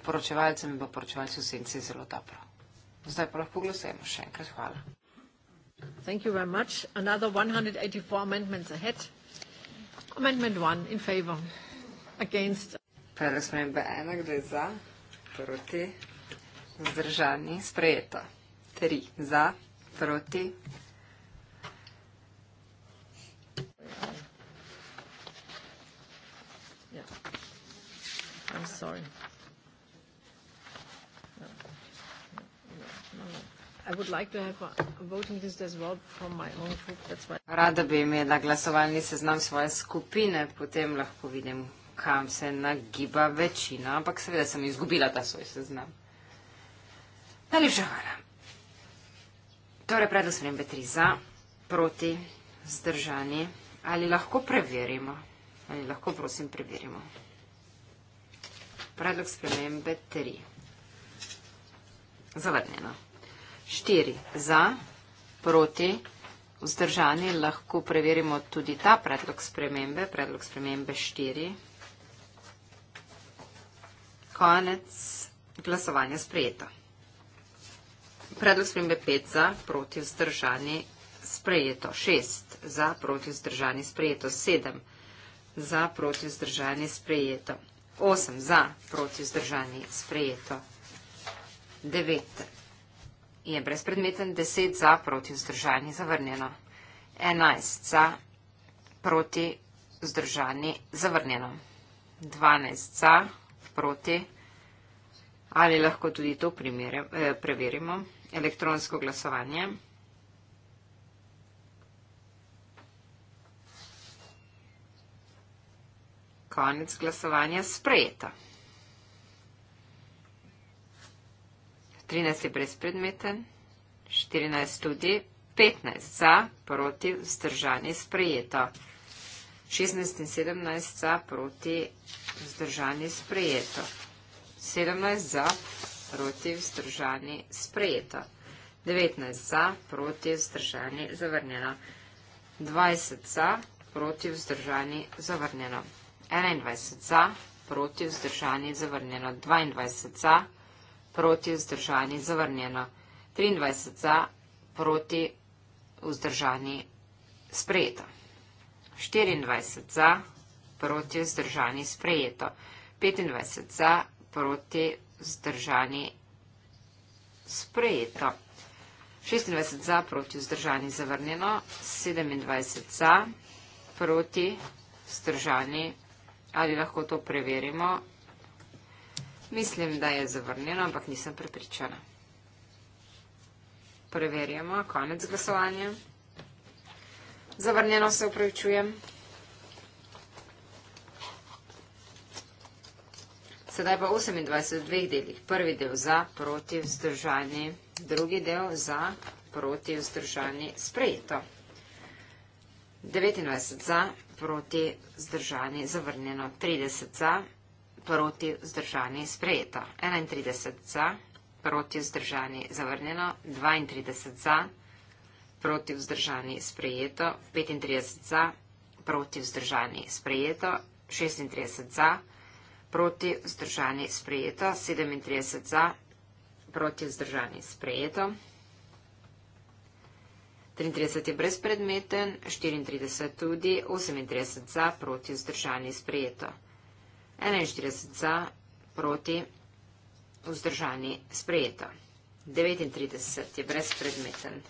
poročevalcem in poročevalcem v senci zelo dobro. Zdaj pa lahko glasujemo še enkrat. Hvala. Thank you very much. Another 184 amendments ahead. Amendment 1 in favor against predlog spremembe ena gre za, proti, vzdržani, sprejeto. Tri za, proti. No. No. No. Rada bi imela glasovalni seznam svoje skupine, potem lahko vidim, kam se nagiba večina, ampak seveda sem izgubila ta svoj seznam. Najlepša hvala. Torej, predlog sem imel tri za, proti, zdržani. Ali lahko preverimo? Ali lahko, prosim, preverimo? Predlog spremembe 3. Zavrnjeno. 4. Za, proti, vzdržani. Lahko preverimo tudi ta predlog spremembe. Predlog spremembe 4. Konec glasovanja sprejeto. Predlog spremembe 5 za, proti vzdržani sprejeto. 6 za, proti vzdržani sprejeto. 7 za, proti vzdržani sprejeto. 8 za, proti vzdržani sprejeto. 9 je brezpredmeten. 10 za, proti vzdržani zavrnjeno. 11 za, proti vzdržani zavrnjeno. 12 za, proti vzdržani zavrnjeno proti. Ali lahko tudi to primere, eh, preverimo? Elektronsko glasovanje. Konec glasovanja sprejeta. 13 je brezpredmeten, 14 tudi, 15 za, proti, vzdržani, sprejeto. 16 in 17 za, proti, vzdržani sprejeto. 17 za, proti vzdržani sprejeto. 19 za, proti vzdržani zavrnjeno. 20 za, proti vzdržani zavrnjeno. 21 za, proti vzdržani zavrnjeno. 22 za, proti vzdržani zavrnjeno. 23 za, proti vzdržani sprejeto. 24 za, proti vzdržani sprejeto. 25 za proti vzdržani sprejeto. 26 za proti vzdržani zavrnjeno. 27 za proti vzdržani. Ali lahko to preverimo? Mislim, da je zavrnjeno, ampak nisem prepričana. Preverjamo, konec glasovanja. Zavrnjeno se upravičujem. Sedaj pa 28 v dveh delih. Prvi del za, proti, vzdržani, drugi del za, proti, vzdržani, sprejeto. 29 za, proti, vzdržani, zavrnjeno. 30 za, proti, vzdržani, sprejeto. 31 za, proti, vzdržani, zavrnjeno. 32 za, proti, vzdržani, sprejeto. 35 za, proti, vzdržani, sprejeto. 36 za, proti, vzdržani, sprejeto proti vzdržani sprejeto, 37 za, proti vzdržani sprejeto, 33 je brezpredmeten, 34 tudi, 38 za, proti vzdržani sprejeto, 41 za, proti vzdržani sprejeto, 39 je brezpredmeten,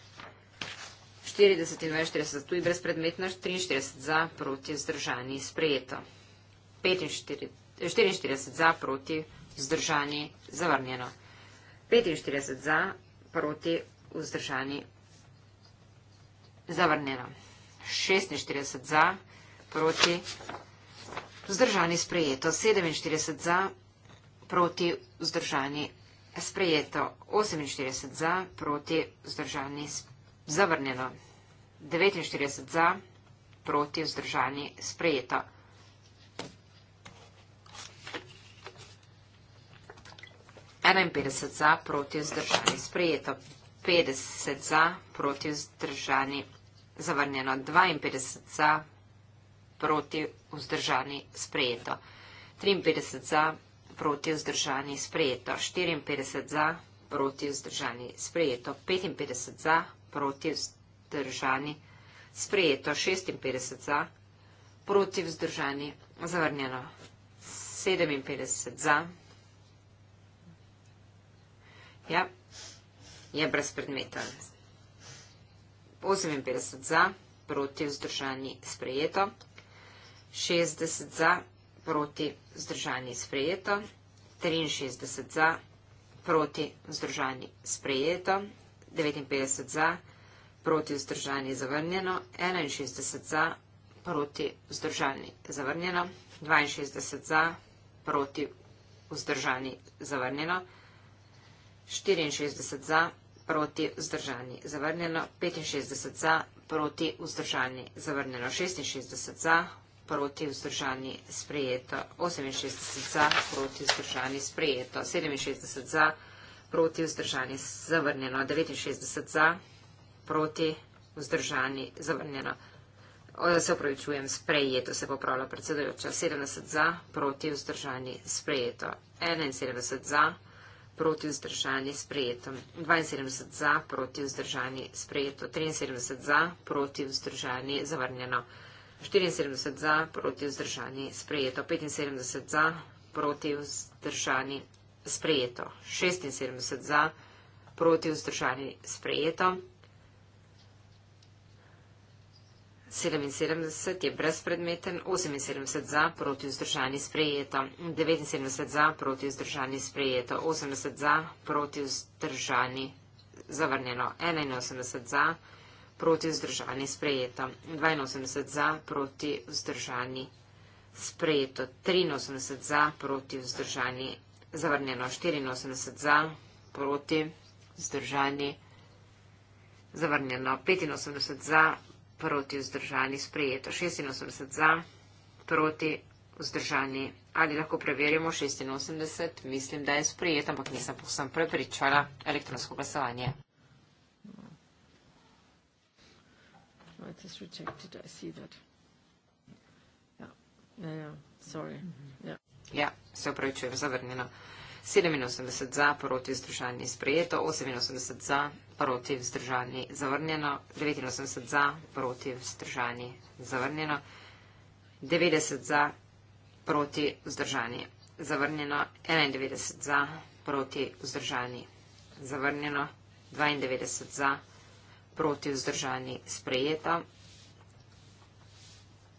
40 in 42 tudi brezpredmetno, 43 za, proti vzdržani sprejeto, 45 To je 44 za, proti, vzdržani, zavrnjeno. 45 za, proti, vzdržani, zavrnjeno. 46 za, proti, vzdržani, sprejeto. 47 za, proti, vzdržani, sprejeto. 48 za, proti, vzdržani, zavrnjeno. 49 za, proti, vzdržani, sprejeto. 51 za, proti vzdržani sprejeto. 50 za, proti vzdržani zavrnjeno. 52 za, proti vzdržani sprejeto. 53 za, proti vzdržani sprejeto. 54 za, proti vzdržani sprejeto. 55 za, proti vzdržani sprejeto. 56 za, proti vzdržani zavrnjeno. 57 za, proti vzdržani sprejeto. Ja. Je brezpredmeten. 58 za, proti vzdržani sprejeto. 60 za, proti vzdržani sprejeto. 63 za, proti vzdržani sprejeto. 59 za, proti vzdržani zavrnjeno. 61 za, proti vzdržani zavrnjeno. 62 za, proti vzdržani zavrnjeno. 64 za, proti vzdržani, zavrnjeno 65 za, proti vzdržani, zavrnjeno 66 za, proti vzdržani, sprejeto 68 za, proti vzdržani, sprejeto 67 za, proti vzdržani, zavrnjeno 69 za, proti vzdržani, zavrnjeno. Se upravičujem, sprejeto se popravlja predsedojoča 70 za, proti vzdržani, sprejeto 71 za, proti vzdržani, sprejeto proti vzdržani sprejeto. 72 za, proti vzdržani sprejeto. 73 za, proti vzdržani zavrnjeno. 74 za, proti vzdržani sprejeto. 75 za, proti vzdržani sprejeto. 76 za, proti vzdržani sprejeto. 77 je brezpredmeten, 78 za, proti vzdržani sprejeto, 79 za, proti vzdržani sprejeto, 80 za, proti vzdržani zavrnjeno, 81 za, proti vzdržani sprejeto, 82 za, proti vzdržani sprejeto, 83 za, proti vzdržani zavrnjeno, 84 za, proti vzdržani. Zavrnjeno 85 za, proti vzdržani sprejeto. 86 za, proti vzdržani. Ali lahko preverimo 86? Mislim, da je sprejeto, ampak nisem povsem prepričala elektronsko glasovanje. Mhm. Ja, se opravičujem, zavrnjeno. 87 za, proti vzdržani sprejeto, 88 za, proti vzdržani zavrnjeno, 89 za, proti vzdržani zavrnjeno, 90 za, proti vzdržani zavrnjeno, 91 za, proti vzdržani zavrnjeno, 92 za, proti vzdržani sprejeto,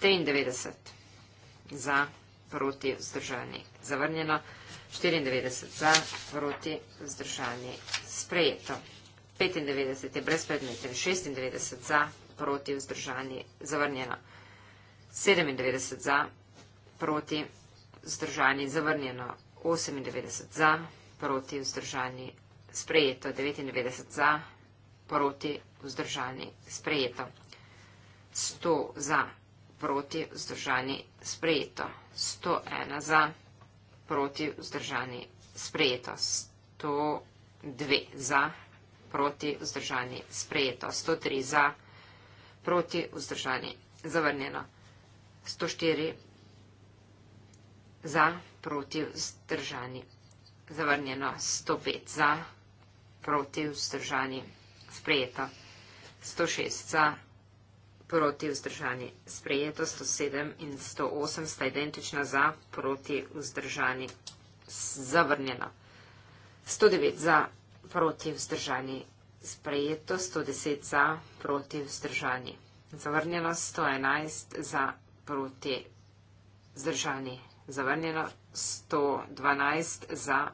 93 za, proti vzdržani zavrnjeno, 94 za, proti vzdržani sprejeto. 95 je brezpredmeten, 96 za, proti vzdržani, zavrnjeno. 97 za, proti vzdržani, zavrnjeno. 98 za, proti vzdržani, sprejeto. 99 za, proti vzdržani, sprejeto. 100 za, proti vzdržani, sprejeto. 101 za, proti vzdržani, sprejeto. 102 za, proti vzdržani, sprejeto proti, vzdržani, sprejeto, 103 za, proti, vzdržani, zavrnjeno, 104 za, proti, vzdržani, zavrnjeno, 105 za, proti, vzdržani, sprejeto, 106 za, proti, vzdržani, sprejeto, 107 in 108 sta identična za, proti, vzdržani, zavrnjeno, 109 za, proti, vzdržani, sprejeto, 107 in 108 sta identična za, proti, vzdržani, zavrnjeno, 109 za, proti vzdržani. Sprejeto 110 za proti vzdržani. Zavrnjeno 111 za proti vzdržani. Zavrnjeno 112 za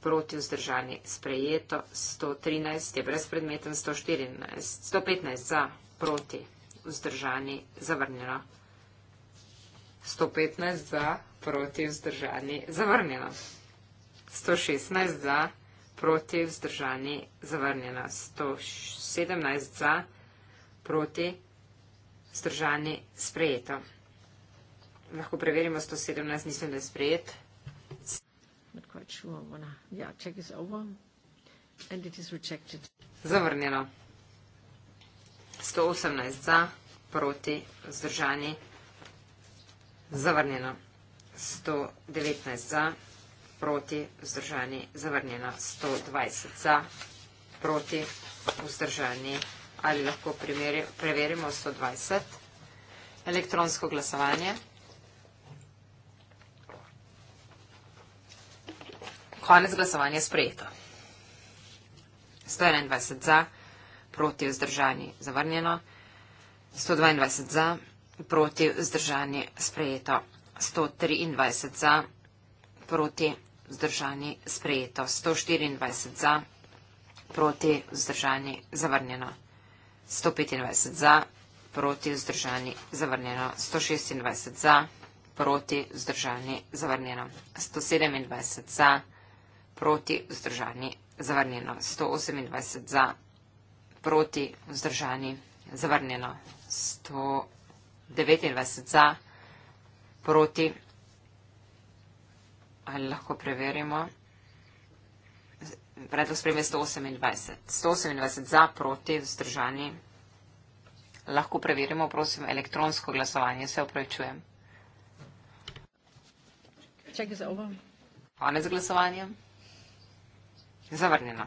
proti vzdržani. Sprejeto 113 je brezpredmeten 114. 115 za proti vzdržani. Zavrnjeno 115 za proti vzdržani. Zavrnjeno 116 za proti vzdržani proti vzdržani zavrnjena, 117 za proti vzdržani sprejeto. Lahko preverimo 117, mislim, da je sprejet. Zavrnjeno. 118 za proti vzdržani zavrnjeno. 119 za proti vzdržani proti, vzdržani, zavrnjena, 120 za, proti, vzdržani, ali lahko primeri, preverimo 120. Elektronsko glasovanje. Konec glasovanja sprejeto. 121 za, proti, vzdržani, zavrnjeno, 122 za, proti, vzdržani, sprejeto, 123 za, proti, vzdržani, sprejeto, 124 za, proti, vzdržani, zavrnjeno, 125 za, proti, vzdržani, zavrnjeno, 126 za, proti, vzdržani, zavrnjeno, 127 za, proti, vzdržani, zavrnjeno, 128 za, proti, vzdržani, zavrnjeno, 129 za, proti, vzdržani, zavrnjeno, ali lahko preverimo. Predlog spremlja 128. 128 za, proti, vzdržani. Lahko preverimo, prosim, elektronsko glasovanje. Se opravičujem. Čekaj za ovo. Konec glasovanja. Zavrnjeno.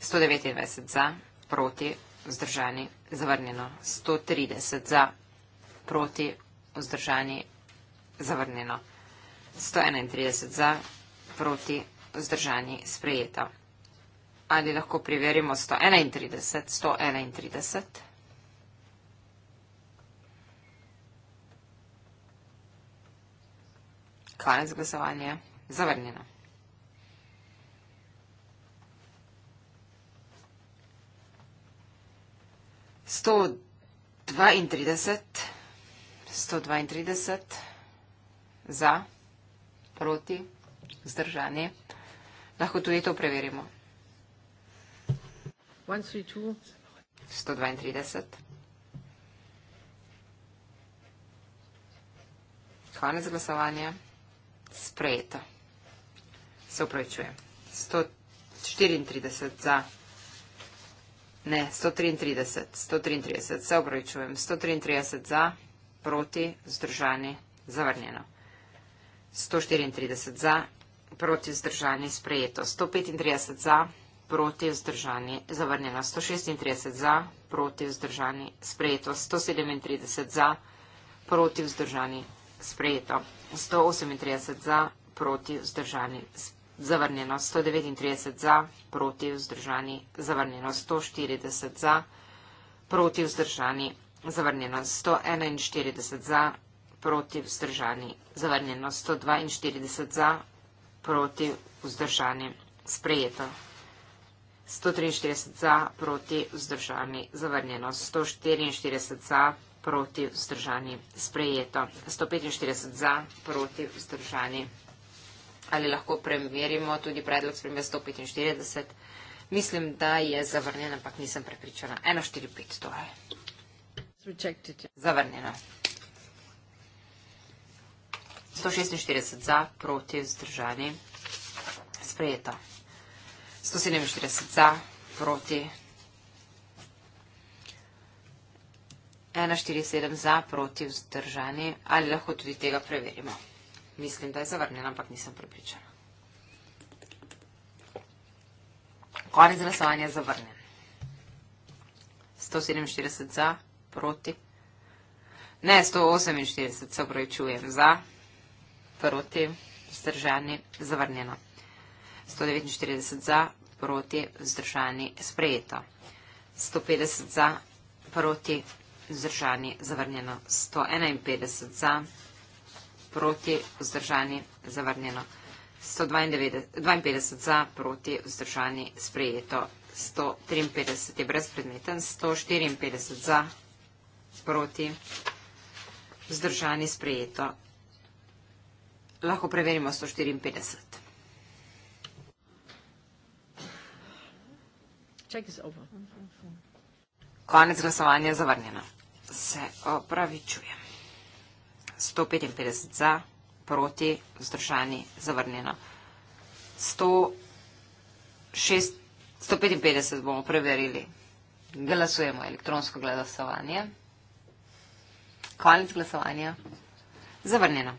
129 za, proti, vzdržani. Zavrnjeno. 130 za, proti, vzdržani vzdržani zavrnjeno. 131 za, proti vzdržani sprejeto. Ali lahko priverimo 131, 131. Konec glasovanja, zavrnjeno. Sto dvaintrideset. 132 za, proti, vzdržani. Lahko tudi to preverimo. 132. Konec glasovanja. Sprejeto. Se upravičujem. 134 za. Ne, 133. 133. Se upravičujem. 133 za proti, vzdržani, zavrnjeno. 134 za, proti, vzdržani, sprejeto. 135 za, proti, vzdržani, zavrnjeno. 136 za, proti, vzdržani, sprejeto. 137 za, proti, vzdržani, sprejeto. 138 za, proti, vzdržani, zavrnjeno. 139 za, proti, vzdržani, zavrnjeno. 140 za, proti, vzdržani, sprejeto zavrnjeno 141 za, proti vzdržani, zavrnjeno 142 za, proti vzdržani, sprejeto. 143 za, proti vzdržani, zavrnjeno 144 za, proti vzdržani, sprejeto. 145 za, proti vzdržani. Ali lahko premerimo tudi predlog spremembe 145? Mislim, da je zavrnjen, ampak nisem prepričana. 145 to je. Rejected. Zavrnjeno. 146 za, proti, vzdržani. Sprejeto. 147 za, proti. 147 za, proti, vzdržani. Ali lahko tudi tega preverimo? Mislim, da je zavrnjeno, ampak nisem prepričana. Konec glasovanja je zavrnjen. 147 za, proti proti. Ne, 148 se opravičujem za, proti, zdržani, zavrnjeno. 149 za, proti, zdržani, sprejeto. 150 za, proti, zdržani, zavrnjeno. 151 za, proti, zdržani, zavrnjeno. 152 za, proti, zdržani, sprejeto. 153 je brezpredmeten, 154 za, proti. Zdržani sprejeto. Lahko preverimo 154. Check is over. Konec glasovanja je zavrnjeno. Se opravičujem. 155 za, proti, vzdržani, zavrnjeno. 156, 155 bomo preverili. Glasujemo elektronsko glasovanje. Konec glasovanja. Zavrnjeno.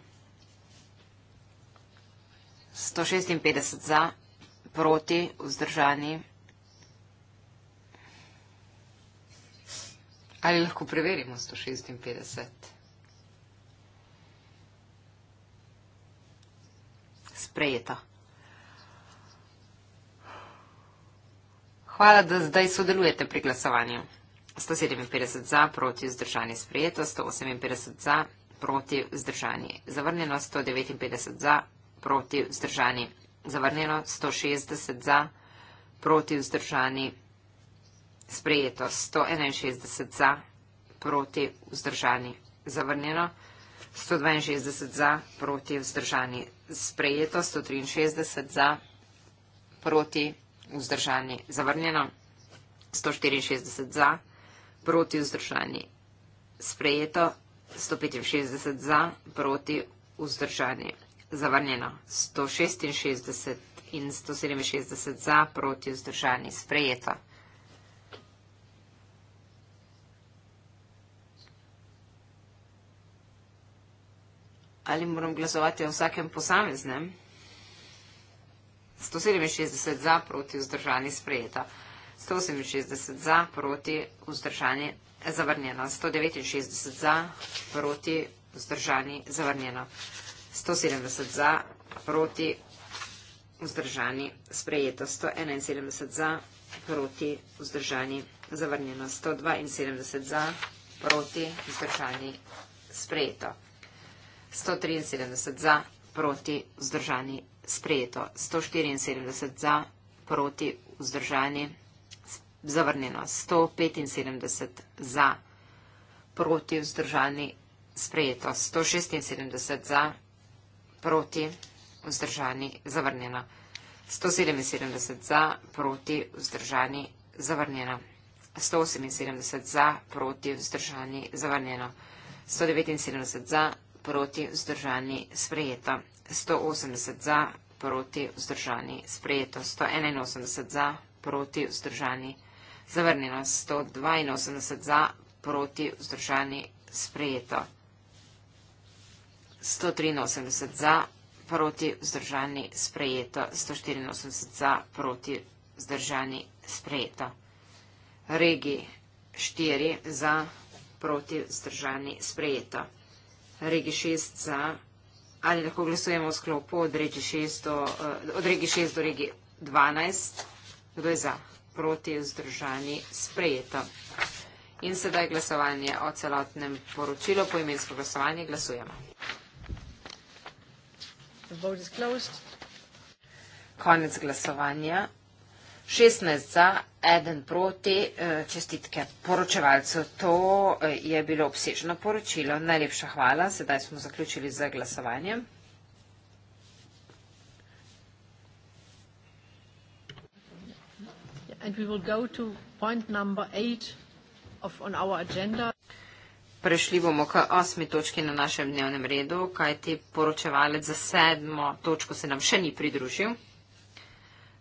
156 za, proti, vzdržani. Ali lahko preverimo 156? Sprejeto. Hvala, da zdaj sodelujete pri glasovanju. 157 za, proti vzdržanje sprejeto, 158 za, proti vzdržanje zavrnjeno, 159 za, proti vzdržanje zavrnjeno, 160 za, proti vzdržanje sprejeto, 161 za, proti vzdržanje zavrnjeno, 162 za, proti vzdržanje sprejeto, 163 za, proti vzdržanje zavrnjeno, 164 za, proti vzdržanje sprejeto, proti vzdržani. Sprejeto 165 za, proti vzdržani. Zavrnjeno 166 in 167 za, proti vzdržani. Sprejeto. Ali moram glasovati o vsakem posameznem? 167 za, proti vzdržani. Sprejeto. 168 za, proti vzdržani, zavrnjeno. 169 za, proti vzdržani, zavrnjeno. 170 za, proti vzdržani, sprejeto. 171 za, proti vzdržani, zavrnjeno. 172 za, proti vzdržani, sprejeto. 173 za, proti vzdržani, sprejeto. 174 za, proti vzdržani, sprejeto zavrnjeno 175 za, proti vzdržani sprejeto 176 za, proti vzdržani zavrnjeno 177 za, proti vzdržani zavrnjeno 178 za, proti vzdržani zavrnjeno 179 za, proti vzdržani sprejeto 180 za, proti vzdržani sprejeto 181 za, proti vzdržani sprejeto zavrnjeno 182 za, proti vzdržani sprejeto. 183 za, proti vzdržani sprejeto. 184 za, proti vzdržani sprejeto. Regi 4 za, proti vzdržani sprejeto. Regi 6 za, ali lahko glasujemo v sklopu od regi 6 eh, do regi 12. Kdo je za? Kdo je za? proti vzdržani sprejeto. In sedaj glasovanje o celotnem poročilu. Po imensko glasovanje glasujemo. Konec glasovanja. 16 za, 1 proti. Eh, čestitke poročevalcu. To eh, je bilo obsežno poročilo. Najlepša hvala. Sedaj smo zaključili z glasovanjem. Prešli bomo k osmi točki na našem dnevnem redu, kajti poročevalec za sedmo točko se nam še ni pridružil.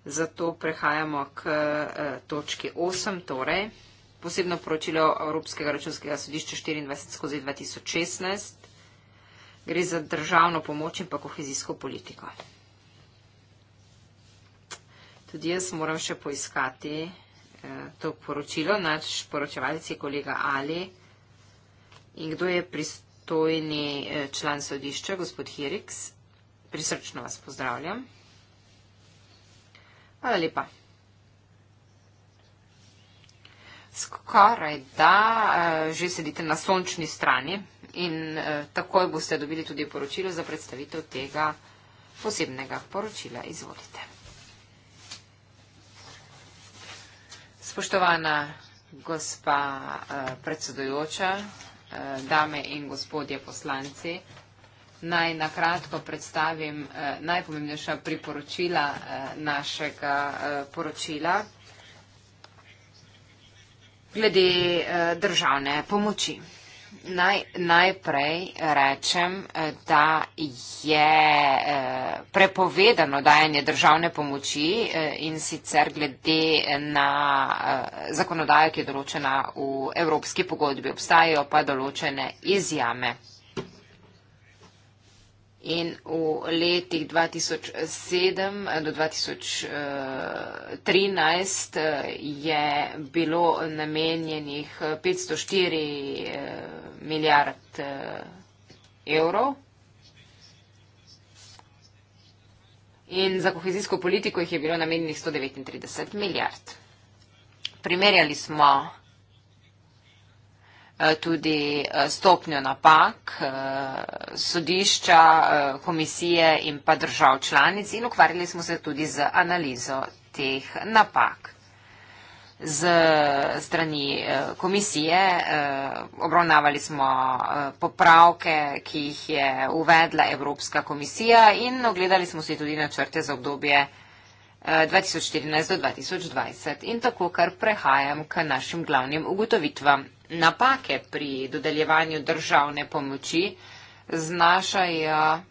Zato prehajamo k eh, točki osem, torej posebno poročilo Evropskega računskega sodišča 24 skozi 2016. Gre za državno pomoč in pa kohezijsko politiko. Tudi jaz moram še poiskati eh, to poročilo, naš poročevalec je kolega Ali. In kdo je pristojni eh, član sodišča, gospod Hiriks? Prisrčno vas pozdravljam. Hvala lepa. Skoraj da, eh, že sedite na sončni strani in eh, takoj boste dobili tudi poročilo za predstavitev tega posebnega poročila. Izvolite. Spoštovana gospa eh, predsedujoča, eh, dame in gospodje poslanci, naj nakratko predstavim eh, najpomembnejša priporočila našega poročila glede državne pomoči. Naj, najprej rečem, eh, da je eh, prepovedano dajanje državne pomoči eh, in sicer glede na zakonodajo, ki je določena v Evropski pogodbi. Obstajajo pa določene izjame. In v letih 2007 do 2013 je bilo namenjenih 504 milijard eh, evrov. In za kohezijsko politiko jih je bilo namenjenih 139 milijard. Primerjali smo eh, tudi eh, stopnjo napak sodišča, komisije in pa držav članic in ukvarjali smo se tudi z analizo teh napak z strani eh, komisije. Eh, obravnavali smo eh, popravke, ki jih je uvedla Evropska komisija in ogledali smo si tudi načrte za obdobje 2014 do 2020. In tako kar prehajam k našim glavnim ugotovitvam. Napake pri dodeljevanju državne pomoči znašajo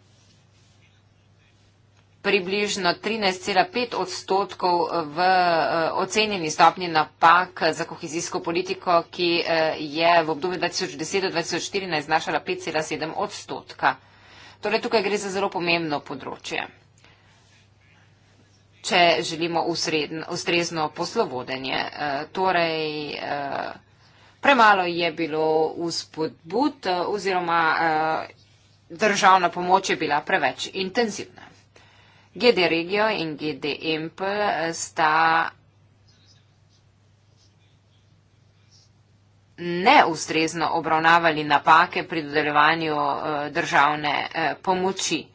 približno 13,5 odstotkov v eh, ocenjeni stopni napak za kohezijsko politiko, ki eh, je v obdobju 2010-2014 znašala 5,7 odstotka. Torej tukaj gre za zelo pomembno področje, če želimo usredn, ustrezno poslovodenje. Eh, torej, premalo je bilo vzpodbud oziroma državna pomoč je bila preveč intenzivna. GD Regio in GD Imp sta neustrezno obravnavali napake pri dodeljevanju eh, državne eh, pomoči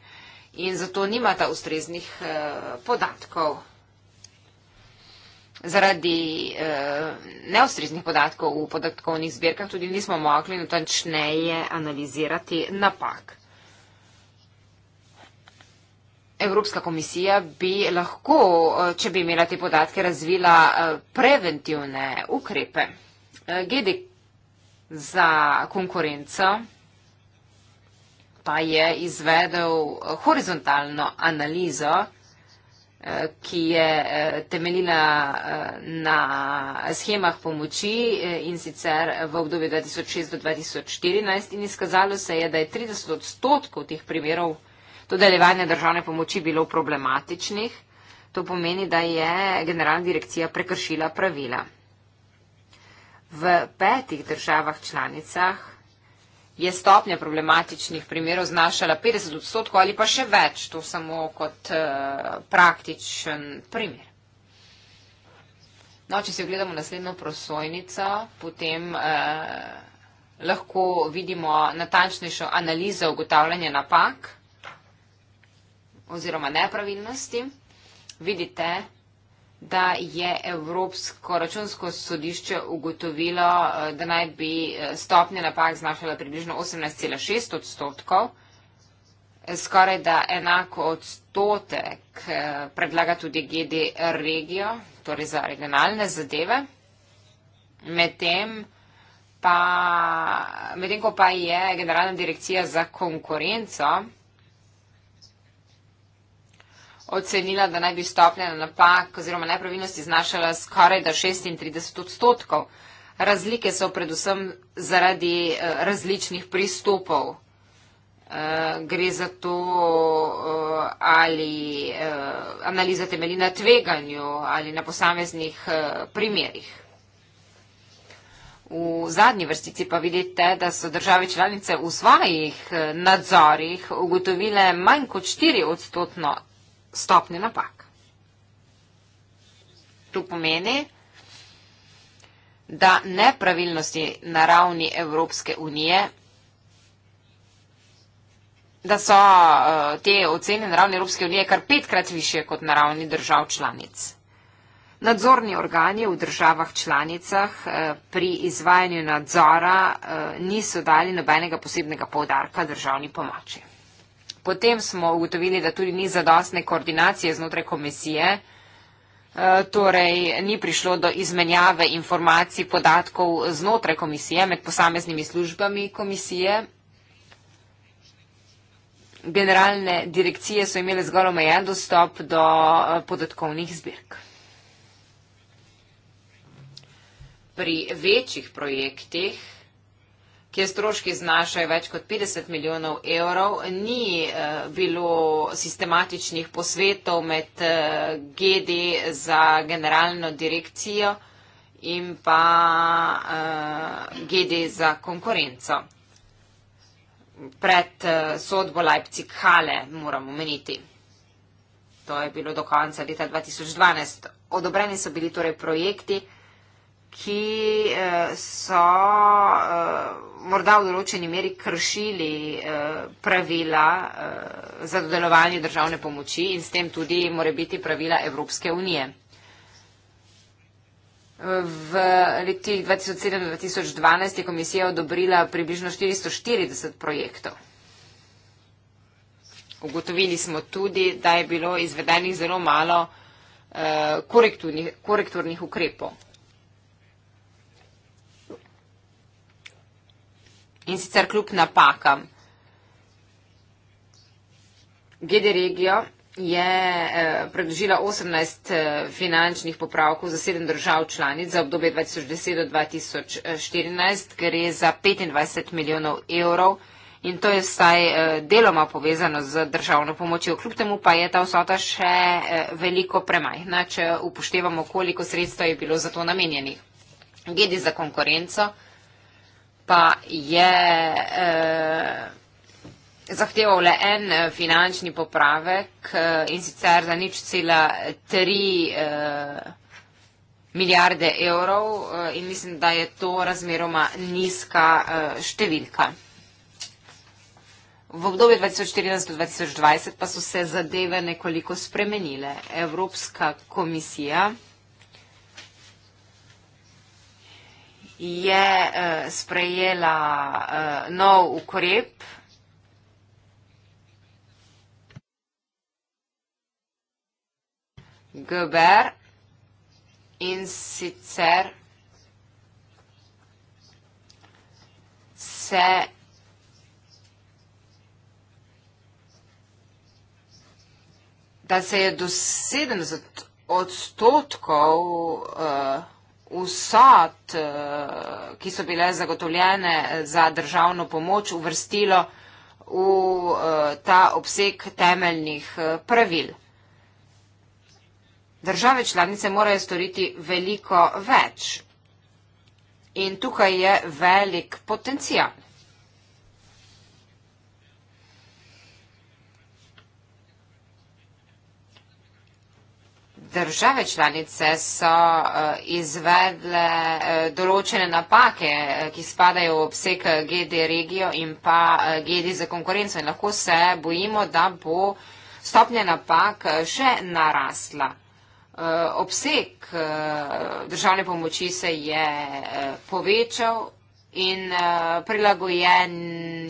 in zato nimata ustreznih eh, podatkov. Zaradi neustreznih podatkov v podatkovnih zbirkah tudi nismo mogli natančneje analizirati napak. Evropska komisija bi lahko, eh, če bi imela te podatke, razvila eh, preventivne ukrepe. Eh, Gedi za konkurenco pa je izvedel horizontalno analizo, ki je temeljila na schemah pomoči in sicer v obdobju 2006 do 2014 in izkazalo se je, da je 30 odstotkov teh primerov dodeljevanje državne pomoči bilo problematičnih. To pomeni, da je generalna direkcija prekršila pravila. V petih državah članicah je stopnja problematičnih primerov znašala 50 odstotkov ali pa še več, to samo kot uh, praktičen primer. No, če si ogledamo naslednjo prosojnico, potem eh, lahko vidimo natančnejšo analizo ugotavljanja napak oziroma nepravilnosti, vidite, da je Evropsko računsko sodišče ugotovilo, eh, da naj bi eh, stopnje napak znašala približno 18,6 odstotkov, eh, skoraj da enako odstotek predlaga tudi GD regijo, torej za regionalne zadeve, medtem pa, medtem ko pa je Generalna direkcija za konkurenco, ocenila, da naj bi stopnja na napak oziroma nepravilnosti znašala skoraj da 36 odstotkov. Razlike so predvsem zaradi uh, različnih pristopov. Uh, gre za to, uh, ali uh, analiza temelji na tveganju ali na posameznih uh, primerjih. V zadnji vrstici pa vidite, da so države članice v svojih nadzorih ugotovile manj kot 4 odstotno stopnje napak. To pomeni, da nepravilnosti na ravni Evropske unije, da so eh, te ocene na ravni Evropske unije kar petkrat više kot na ravni držav članic. Nadzorni organi v državah članicah eh, pri izvajanju nadzora eh, niso dali nobenega posebnega povdarka državni pomoči. Potem smo ugotovili, da tudi ni zadostne koordinacije znotraj komisije, e, torej ni prišlo do izmenjave informacij podatkov znotraj komisije med posameznimi službami komisije. Generalne direkcije so imele zgolj omejen dostop do e, podatkovnih zbirk. Pri večjih projektih kjer stroški znašajo več kot 50 milijonov evrov, ni eh, bilo sistematičnih posvetov med eh, GD za generalno direkcijo in pa eh, GD za konkurenco. Pred sodbo Leipzig Hale moramo meniti. To je bilo do konca leta 2012. Odobreni so bili torej projekti, ki so morda v določeni meri kršili eh, pravila eh, za dodelovanje državne pomoči in s tem tudi more biti pravila Evropske unije. V letih 2007-2012 je komisija odobrila približno 440 projektov. Ugotovili smo tudi, da je bilo izvedenih zelo malo eh, korekturnih, korekturnih ukrepov. in sicer kljub napakam. GD Regio je eh, predložila 18 eh, finančnih popravkov za 7 držav članic za obdobje 2010 do 2014, gre za 25 milijonov evrov in to je vsaj eh, deloma povezano z državno pomočjo. Kljub temu pa je ta vsota še veliko premajhna, če upoštevamo, koliko sredstva je bilo za to namenjenih. GD za konkurenco pa je eh, zahteval le en eh, finančni popravek eh, in sicer za nič cela tri milijarde evrov in mislim, da je to razmeroma nizka številka. V obdobju 2014-2020 pa so se zadeve nekoliko spremenile. Evropska komisija je uh, sprejela uh, nov ukrep. Gber in sicer se da se je do 70 odstotkov uh, vsot, eh, ki so bile zagotovljene za državno pomoč, uvrstilo v eh, ta obseg temeljnih eh, pravil. Države članice morajo storiti veliko več in tukaj je velik potencial. države članice so eh, izvedle eh, določene napake, eh, ki spadajo v obsek GD regijo in pa GD za konkurenco. In lahko se bojimo, da bo stopnja napak še narasla. Obsek državne pomoči se je povečal. In prilagojen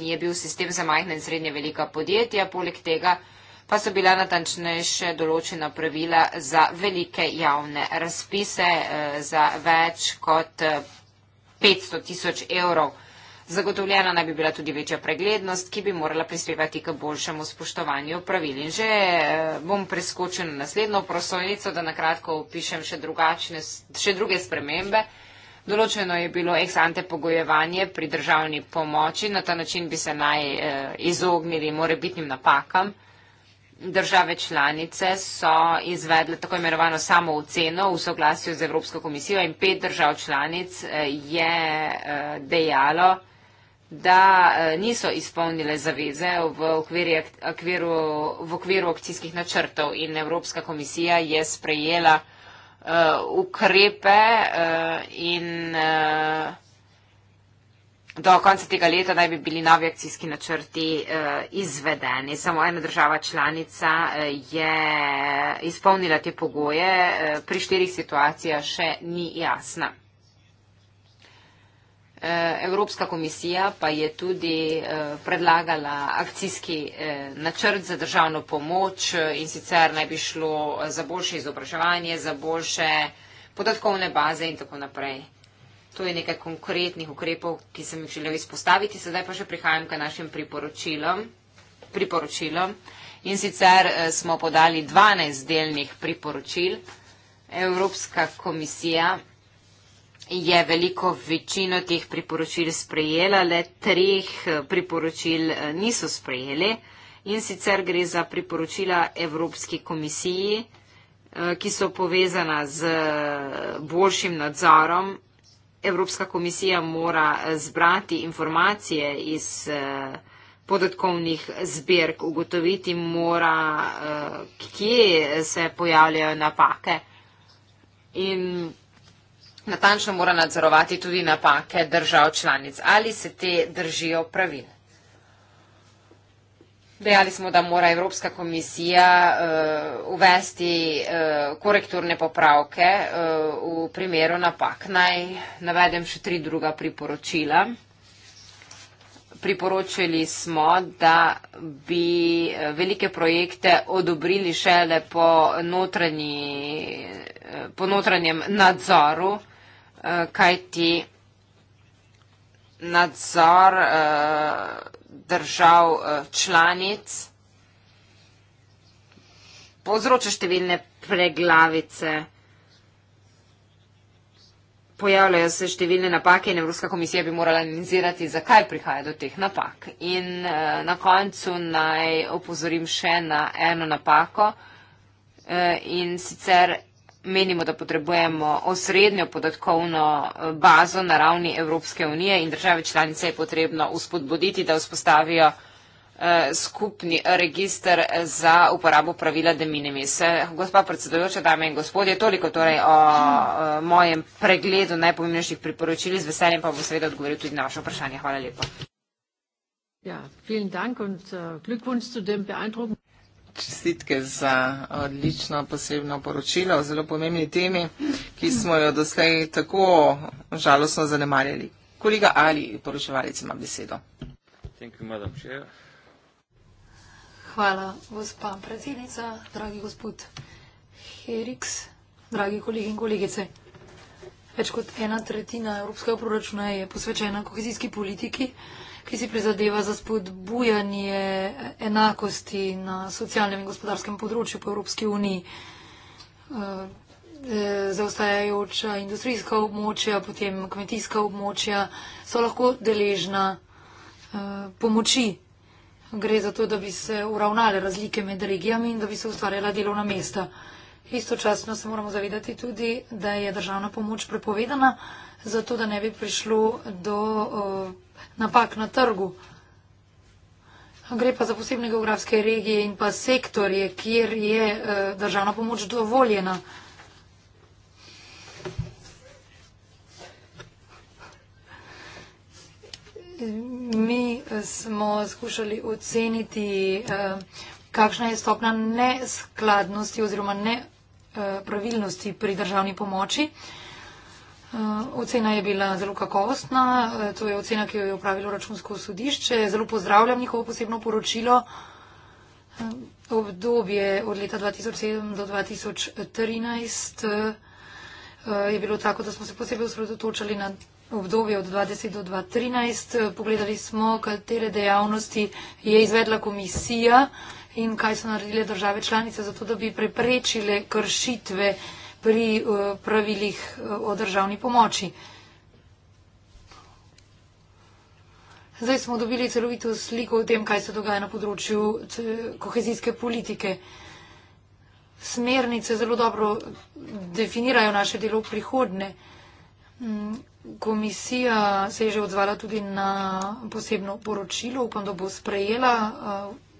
je bil sistem za majhne in srednje velika podjetja, poleg tega pa so bila natančnejše določena pravila za velike javne razpise eh, za več kot 500 eh, tisoč evrov. Zagotovljena naj bi bila tudi večja preglednost, ki bi morala prispevati k boljšemu spoštovanju pravil. In že eh, bom preskočila naslednjo prosojnico, da nakratko opišem še, drugačne, še druge spremembe. Določeno je bilo ex ante pogojevanje pri državni pomoči, na ta način bi se naj izognili morebitnim napakam države članice so izvedle tako imenovano samo oceno v soglasju z Evropsko komisijo in pet držav članic eh, je eh, dejalo, da eh, niso izpolnile zaveze v okviru, okviru, v okviru akcijskih načrtov in Evropska komisija je sprejela uh, ukrepe uh, in uh, do konca tega leta naj bi bili novi akcijski načrti uh, izvedeni. Samo ena država članica uh, je izpolnila te pogoje, uh, pri štirih situacija še ni jasna. Evropska komisija pa je tudi predlagala akcijski načrt za državno pomoč in sicer naj bi šlo za boljše izobraževanje, za boljše podatkovne baze in tako naprej. To je nekaj konkretnih ukrepov, ki sem jih želel izpostaviti. Sedaj pa še prihajam k našim priporočilom. priporočilom. In sicer eh, smo podali 12 delnih priporočil. Evropska komisija je veliko večino teh priporočil sprejela, le treh eh, priporočil eh, niso sprejeli. In sicer gre za priporočila Evropski komisiji, ki so povezana z boljšim nadzorom Evropska komisija mora eh, zbrati informacije iz eh, podatkovnih zbirk, ugotoviti mora, eh, kje se pojavljajo napake in natančno mora nadzorovati tudi napake držav članic. Ali se te držijo pravilno? Dejali smo, da mora Evropska komisija uh, uvesti uh, korekturne popravke uh, v primeru napak. Naj navedem še tri druga priporočila. Priporočili smo, da bi velike projekte odobrili šele po, notranji, po notranjem nadzoru, kajti nadzor. Uh, držav eh, članic, povzroča številne preglavice, pojavljajo se številne napake in Evropska komisija bi morala analizirati, zakaj prihaja do teh napak. In eh, na koncu naj opozorim še na eno napako eh, in sicer menimo, da potrebujemo osrednjo podatkovno eh, bazo na ravni Evropske unije in države članice je potrebno uspodbuditi, da vzpostavijo eh, skupni register za uporabo pravila de minimis. Eh, gospa predsedujoča, dame in gospodje, toliko torej o mojem pregledu najpomembnejših priporočil. Z veseljem pa bom seveda odgovoril tudi na vaše vprašanje. Hvala lepa. Ja, vielen dank und uh, glückwunsch zu dem beeindruckenden čestitke za odlično posebno poročilo o zelo pomembni temi, ki smo jo doslej tako žalostno zanemarjali. Kolega Ali, poročevalec, ima besedo. Hvala, gospa predsednica, dragi gospod Heriks, dragi kolegi in kolegice. Več kot ena tretjina evropskega proračuna je posvečena kohezijski politiki ki si prizadeva za spodbujanje enakosti na socialnem in gospodarskem področju po Evropski uniji. Eh, eh, zaostajajoča industrijska območja, potem kmetijska območja so lahko deležna eh, pomoči. Gre za to, da bi se uravnale razlike med regijami in da bi se ustvarjala delovna mesta. Istočasno se moramo zavedati tudi, da je državna pomoč prepovedana, zato da ne bi prišlo do napak na trgu. Gre pa za posebne geografske regije in pa sektorje, kjer je eh, državna pomoč dovoljena. Mi eh, smo skušali oceniti, eh, kakšna je stopna neskladnosti oziroma nepravilnosti pri državni pomoči. Eh, ocena je bila zelo kakovostna, eh, to je ocena, ki jo je upravilo računsko sodišče. Zelo pozdravljam njihovo posebno poročilo. Eh, obdobje od leta 2007 do 2013 je bilo tako, da smo se posebej osredotočali na obdobje od 2010 do 2013. Pogledali smo, katere dejavnosti je izvedla komisija in kaj so naredile države članice, zato da bi preprečile kršitve pri eh, pravilih eh, o državni pomoči. Zdaj smo dobili celovito sliko o tem, kaj se dogaja na področju eh, kohezijske politike. Smernice zelo dobro definirajo naše delo v prihodne. Mm, komisija se je že odzvala tudi na posebno poročilo, upam, da bo sprejela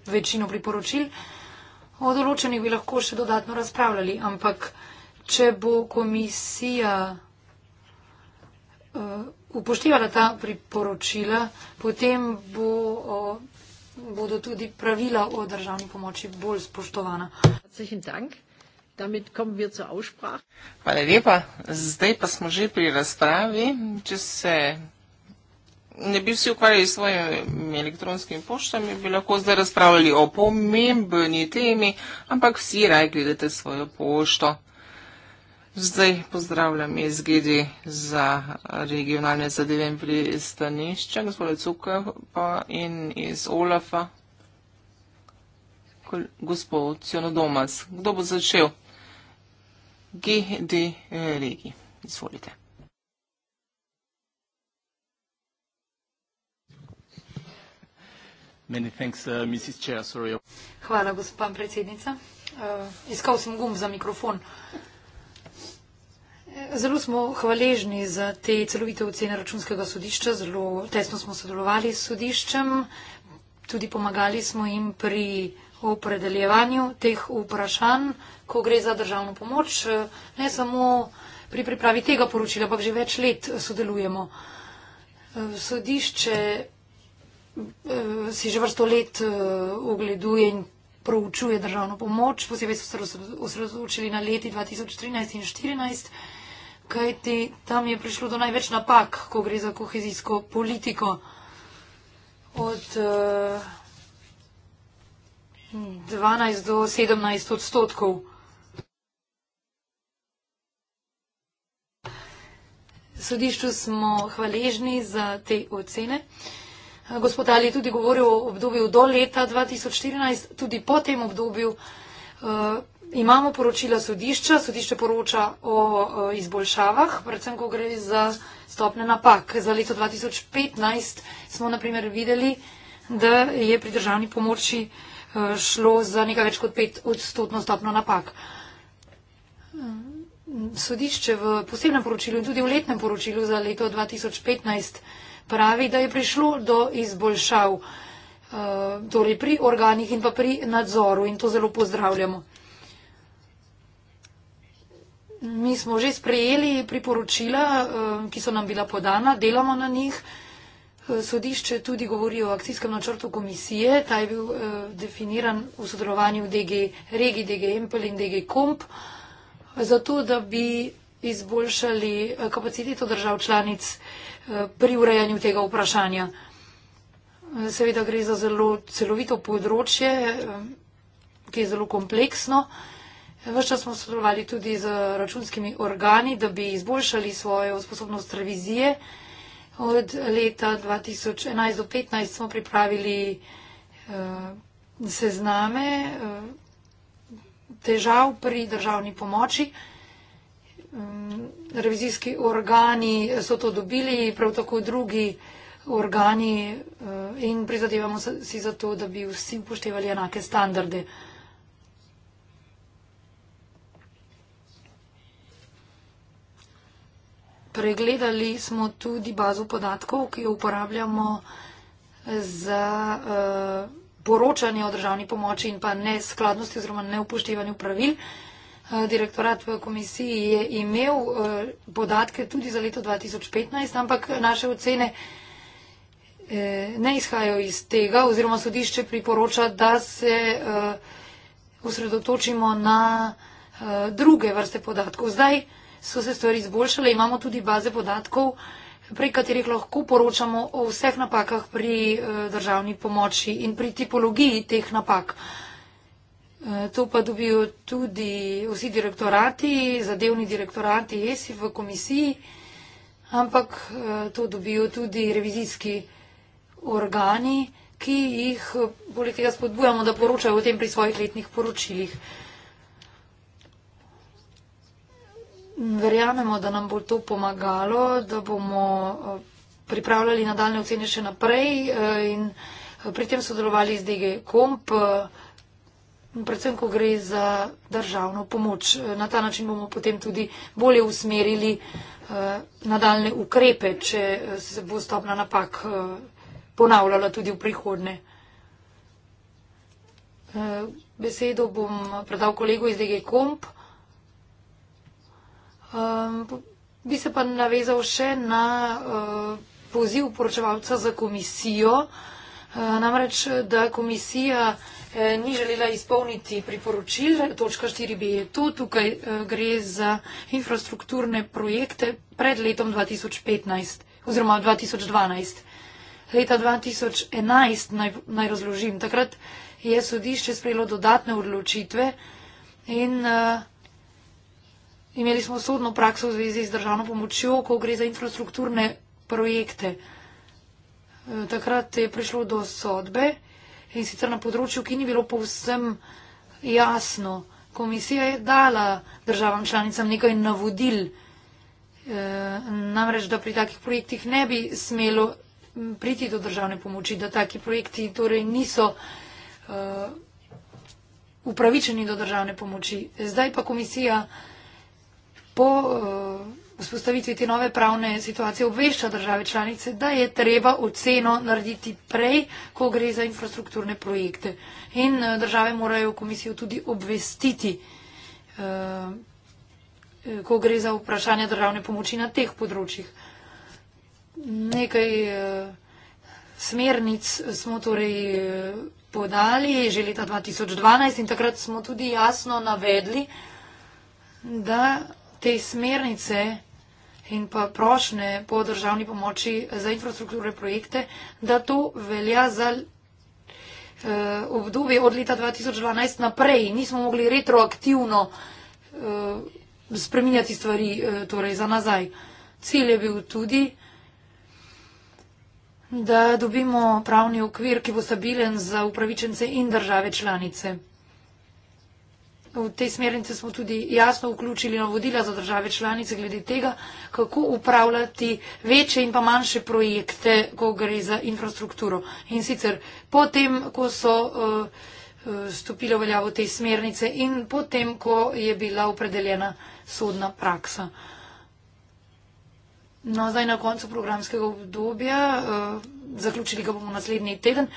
večino priporočil. O določenih bi lahko še dodatno razpravljali, ampak če bo komisija eh, upoštevala ta priporočila, potem bo, eh, bodo tudi pravila o državni pomoči bolj spoštovana. Hvala lepa. Zdaj pa smo že pri razpravi. Če se ne bi vsi ukvarjali s svojimi elektronskimi poštami, bi lahko zdaj razpravljali o pomembni temi, ampak vsi raj gledate svojo pošto. Zdaj pozdravljam iz GD za regionalne zadeve in pristanišča, gospoda Cukova in iz OLAFA, gospod Cionodomas. Kdo bo začel? GD eh, regi. Izvolite. Uh, Hvala, gospod predsednica. Uh, iskal sem gum za mikrofon. Uh, zelo smo hvaležni za te celovite ocene računskega sodišča, zelo tesno smo sodelovali s sodiščem, tudi pomagali smo jim pri opredeljevanju teh vprašanj, ko gre za državno pomoč. Ne samo pri pripravi tega poročila, ampak že več let sodelujemo. Sodišče eh, si že vrsto let eh, ogleduje in proučuje državno pomoč, posebej so se osredotočili na leti 2013 in 2014 kajti tam je prišlo do največ napak, ko gre za kohezijsko politiko. Od uh, eh, 12 do 17 odstotkov. Sodišču smo hvaležni za te ocene. Gospod Ali je tudi govoril o obdobju do leta 2014, tudi po tem obdobju. Uh, Imamo poročila sodišča, sodišče poroča o izboljšavah, predvsem, ko gre za stopne napak. Za leto 2015 smo naprimer videli, da je pri državni pomoči e, šlo za nekaj več kot pet odstotno stopno napak. Sodišče v posebnem poročilu in tudi v letnem poročilu za leto 2015 pravi, da je prišlo do izboljšav e, torej pri organih in pa pri nadzoru in to zelo pozdravljamo mi smo že sprejeli priporočila, eh, ki so nam bila podana, delamo na njih. Eh, sodišče tudi govori o akcijskem načrtu komisije, ta je bil eh, definiran v sodelovanju DG, regi DG Empel in DG Komp, zato da bi izboljšali kapaciteto držav članic pri urejanju tega vprašanja. Seveda gre za zelo celovito področje, ki je zelo kompleksno. Ves čas smo sodelovali tudi z računskimi organi, da bi izboljšali svojo sposobnost revizije. Od leta 2011 do 2015 smo pripravili eh, sezname eh, težav pri državni pomoči. Mm, revizijski organi so to dobili, prav tako drugi organi eh, in prizadevamo si za to, da bi vsi upoštevali enake standarde. pregledali smo tudi bazo podatkov, ki jo uporabljamo za eh, poročanje o državni pomoči in pa neskladnosti oziroma neupoštevanju pravil. Eh, direktorat v komisiji je imel eh, podatke tudi za leto 2015, ampak naše ocene ne izhajajo iz tega oziroma sodišče priporoča, da se osredotočimo na druge vrste podatkov. Zdaj, so se stvari izboljšale, imamo tudi baze podatkov, prek katerih lahko poročamo o vseh napakah pri eh, državni pomoči in pri tipologiji teh napak. Eh, to pa dobijo tudi vsi direktorati, zadevni direktorati ESI v komisiji, ampak eh, to dobijo tudi revizijski organi, ki jih poleg tega spodbujamo, da poročajo o tem pri svojih letnih poročilih. Verjamemo, da nam bo to pomagalo, da bomo eh, pripravljali nadaljne ocene še naprej eh, in eh, pri tem sodelovali z DG Komp, predvsem ko gre za državno pomoč. Na ta način bomo potem tudi bolje usmerili nadaljne ukrepe, če se bo stopna napak ponavljala tudi v prihodne. Besedo bom predal kolegu iz DG Komp. Um, bi se pa navezal še na uh, poziv poročevalca za komisijo, uh, namreč, da komisija eh, ni želela izpolniti priporočil. Točka 4b je to, tukaj uh, gre za infrastrukturne projekte pred letom 2015 oziroma 2012. Leta 2011 naj, naj razložim, takrat je sodišče sprejelo dodatne odločitve in. Uh, Imeli smo sodno prakso v zvezi z državno pomočjo, ko gre za infrastrukturne projekte. E, takrat je prišlo do sodbe in sicer na področju, ki ni bilo povsem jasno. Komisija je dala državam članicam nekaj navodil, e, namreč, da pri takih projektih ne bi smelo priti do državne pomoči, da taki projekti torej niso e, upravičeni do državne pomoči. Zdaj pa komisija po uh, vzpostavitvi te nove pravne situacije obvešča države članice, da je treba oceno narediti prej, ko gre za infrastrukturne projekte. In uh, države morajo komisijo tudi obvestiti, uh, ko gre za vprašanje državne pomoči na teh področjih. Nekaj uh, smernic smo torej. Uh, podali že leta 2012 in takrat smo tudi jasno navedli, da te smernice in pa prošnje po državni pomoči za infrastrukturne projekte, da to velja za uh, obdobje od leta 2012 naprej. Nismo mogli retroaktivno uh, spreminjati stvari uh, torej za nazaj. Cilj je bil tudi, da dobimo pravni okvir, ki bo stabilen za upravičence in države članice. V tej smernici smo tudi jasno vključili navodila za države članice glede tega, kako upravljati večje in pa manjše projekte, ko gre za infrastrukturo. In sicer potem, ko so eh, eh, stopile v veljavo te smernice in potem, ko je bila opredeljena sodna praksa. No, zdaj na koncu programskega obdobja, eh, zaključili ga bomo naslednji teden,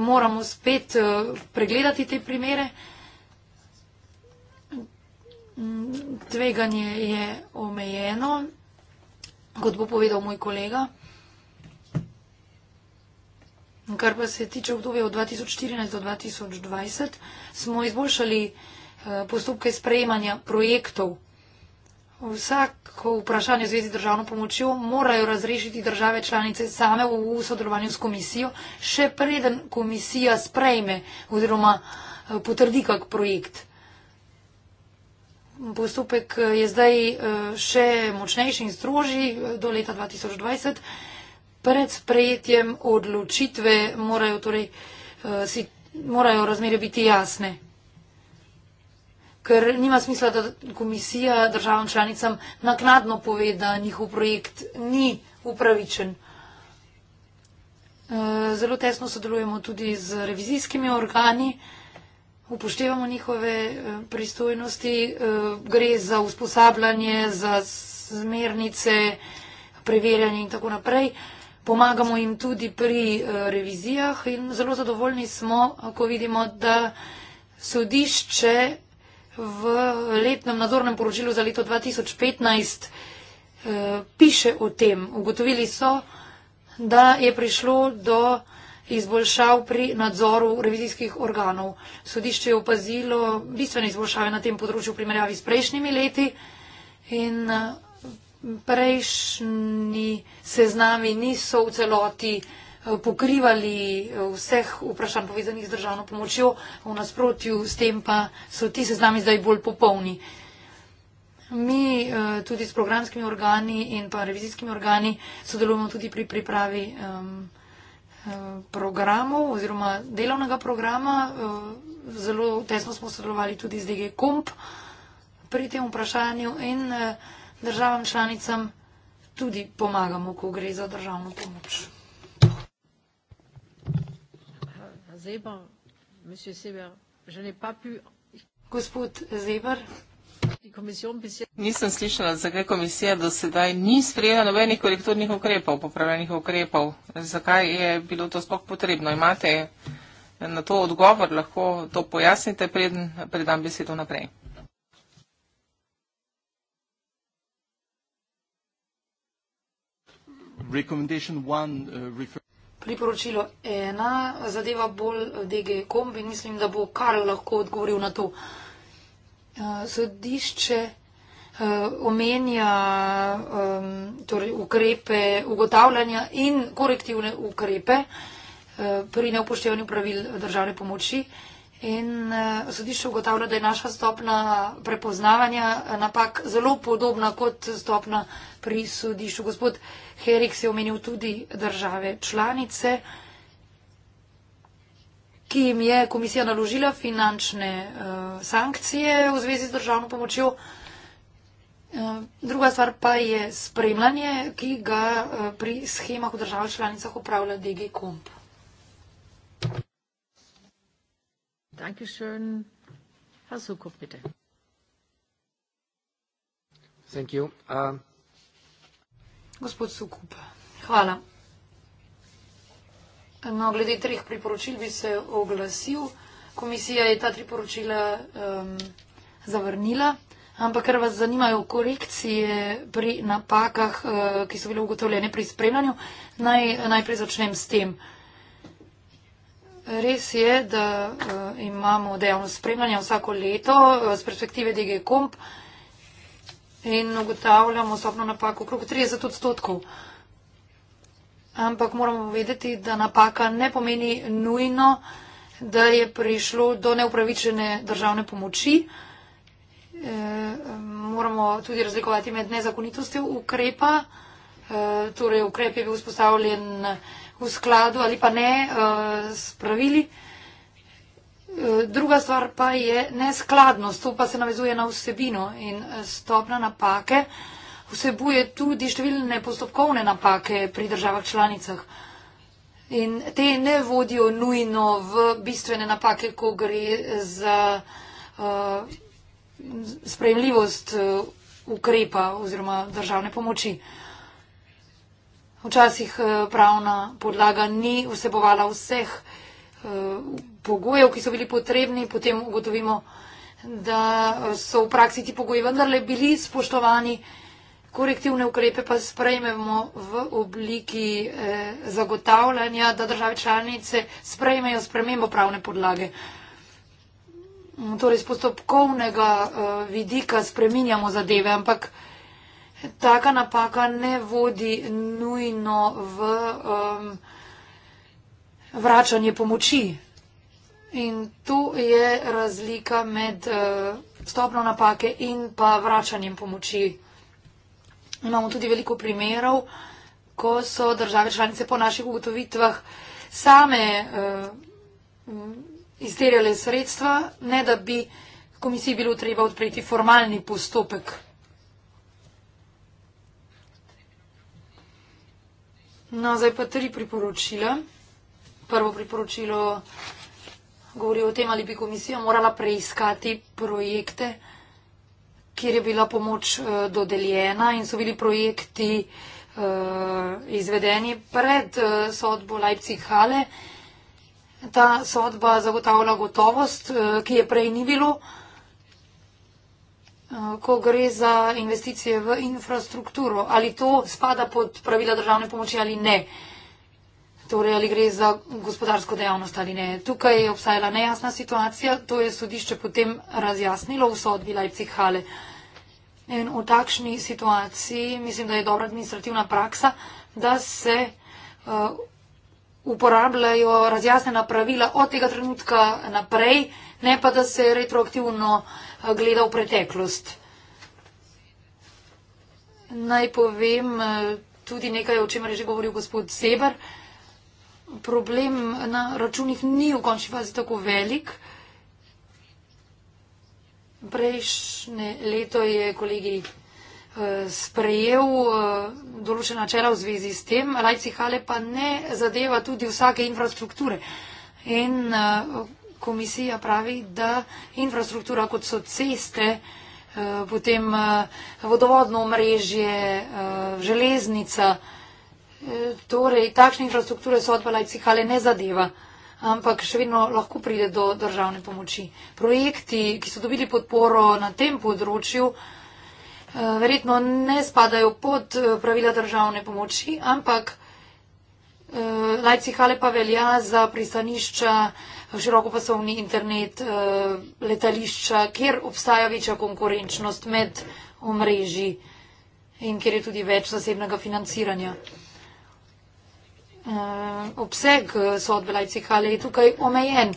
moramo spet pregledati te primere tveganje je omejeno, kot bo povedal moj kolega. Kar pa se tiče obdobja od 2014 do 2020, smo izboljšali eh, postopke sprejemanja projektov. Vsako vprašanje v zvezi z državno pomočjo morajo razrešiti države članice same v sodelovanju s komisijo, še preden komisija sprejme oziroma eh, potrdi kak projekt postopek eh, je zdaj eh, še močnejši in strožji eh, do leta 2020. Pred sprejetjem odločitve morajo, torej, si, morajo razmere biti jasne. Ker nima smisla, da komisija državam članicam nakladno pove, da njihov projekt ni upravičen. Zelo tesno sodelujemo tudi z revizijskimi organi upoštevamo njihove eh, pristojnosti, eh, gre za usposabljanje, za smernice, preverjanje in tako naprej. Pomagamo jim tudi pri eh, revizijah in zelo zadovoljni smo, ko vidimo, da sodišče v letnem nadzornem poročilu za leto 2015 piše o tem. Ugotovili so, da je prišlo do izboljšav pri nadzoru revizijskih organov. Sodišče je opazilo bistvene izboljšave na tem področju v primerjavi s prejšnjimi leti in eh, prejšnji seznami niso v celoti eh, pokrivali eh, vseh vprašanj povezanih z državno pomočjo, v nasprotju s tem pa so ti seznami zdaj bolj popolni. Mi tudi s programskimi organi in pa revizijskimi organi sodelujemo tudi pri pripravi um, programov oziroma delovnega programa. Eh, zelo tesno smo sodelovali tudi z DG Komp pri tem vprašanju in eh, državam članicam tudi pomagamo, ko gre za državno pomoč. Gospod Zebar. Nisem slišala, zakaj komisija do sedaj ni sprejela nobenih korekturnih ukrepov, popravljenih ukrepov. Zakaj je bilo to sploh potrebno? Imate na to odgovor, lahko to pojasnite, preden predam besedo naprej. Uh, Priporočilo ena zadeva bolj DG kombi, mislim, da bo Karl lahko odgovoril na to. Eh, sodišče eh, omenja torej, ukrepe ugotavljanja in korektivne ukrepe eh, pri neupoštevanju pravil državne pomoči. In sodišče ugotavlja, da je naša stopna prepoznavanja napak zelo podobna kot stopna pri sodišču. Gospod Herik se je omenil tudi države članice ki jim je komisija naložila finančne uh, sankcije v zvezi z državno pomočjo. Eh, druga stvar pa je spremljanje, ki ga eh, pri schemah v državah članicah upravlja DG Komp. Uh, Gospod Sukup, hvala. No, glede treh priporočil bi se oglasil. Komisija je ta tri poročila um, zavrnila, ampak ker vas zanimajo korekcije pri napakah, uh, ki so bile ugotovljene pri spremljanju, naj, najprej začnem s tem. Res je, da uh, imamo dejavnost spremljanja vsako leto uh, z perspektive DG Komp in ugotavljamo osobno napako okrog 30 odstotkov. Uh, ampak moramo vedeti, da napaka ne pomeni nujno, da je prišlo do neupravičene državne pomoči. E, moramo tudi razlikovati med nezakonitostjo ukrepa, e, torej ukrep je bil vzpostavljen v skladu ali pa ne e, s pravili. E, druga stvar pa je neskladnost, to pa se navezuje na vsebino in stopna napake. E, vsebuje tudi številne postopkovne napake pri državah članicah. In te ne vodijo nujno v bistvene napake, ko gre za uh, sprejemljivost uh, ukrepa oziroma državne pomoči. Včasih uh, pravna podlaga ni vsebovala vseh uh, pogojev, ki so bili potrebni, potem ugotovimo, da so v praksi ti pogoji vendarle bili spoštovani. Uh, korektivne ukrepe pa sprejmemo v obliki eh, zagotavljanja, da države članice sprejmejo spremembo pravne podlage. Mm, torej, z postopkovnega eh, vidika spreminjamo zadeve, ampak taka napaka ne vodi nujno v eh, vračanje pomoči. In tu je razlika med eh, stopno napake in pa vračanjem pomoči. Imamo tudi veliko primerov, ko so države članice po naših ugotovitvah same uh, izterjale sredstva, ne da bi komisiji bilo treba odpreti formalni postopek. No, zdaj pa tri priporočila. Prvo priporočilo govori o tem, ali bi komisija morala preiskati projekte. Uh, kjer je bila pomoč eh, dodeljena in so bili projekti eh, izvedeni pred eh, sodbo Leipzig-Hale. Ta sodba zagotavlja gotovost, ki je prej ni bilo. Ko gre za investicije v infrastrukturo, ali to spada pod pravila državne pomoči ali ne, torej ali gre za gospodarsko dejavnost ali ne. Tukaj je obstajala nejasna situacija, to je sodišče potem razjasnilo v sodbi Leipzig-Hale. In v takšni situaciji mislim, da je dobra administrativna praksa, da se uh, uporabljajo razjasnjena pravila od tega trenutka naprej, ne pa da se retroaktivno uh, gleda v preteklost. Naj povem uh, tudi nekaj, o čemer je že govoril gospod Seber. Problem na računih ni v končni fazi tako velik. Uh, Prejšnje leto je kolegi eh, sprejel eh, določena načela v zvezi s tem, Lajcihale pa ne zadeva tudi vsake infrastrukture. In eh, komisija pravi, da infrastruktura kot so ceste, potem vodovodno omrežje, železnica, torej takšne infrastrukture sodba Lajcihale ne zadeva ampak še vedno lahko pride do državne pomoči. Projekti, ki so dobili podporo na tem področju, eh, verjetno ne spadajo pod eh, pravila državne pomoči, ampak Lajcihale eh, pa velja za pristanišča, širokopasovni internet, letališča, kjer obstaja večja konkurenčnost med omrežji in kjer je tudi več zasebnega financiranja eh, obseg eh, sodbe Lajcihale je tukaj omejen,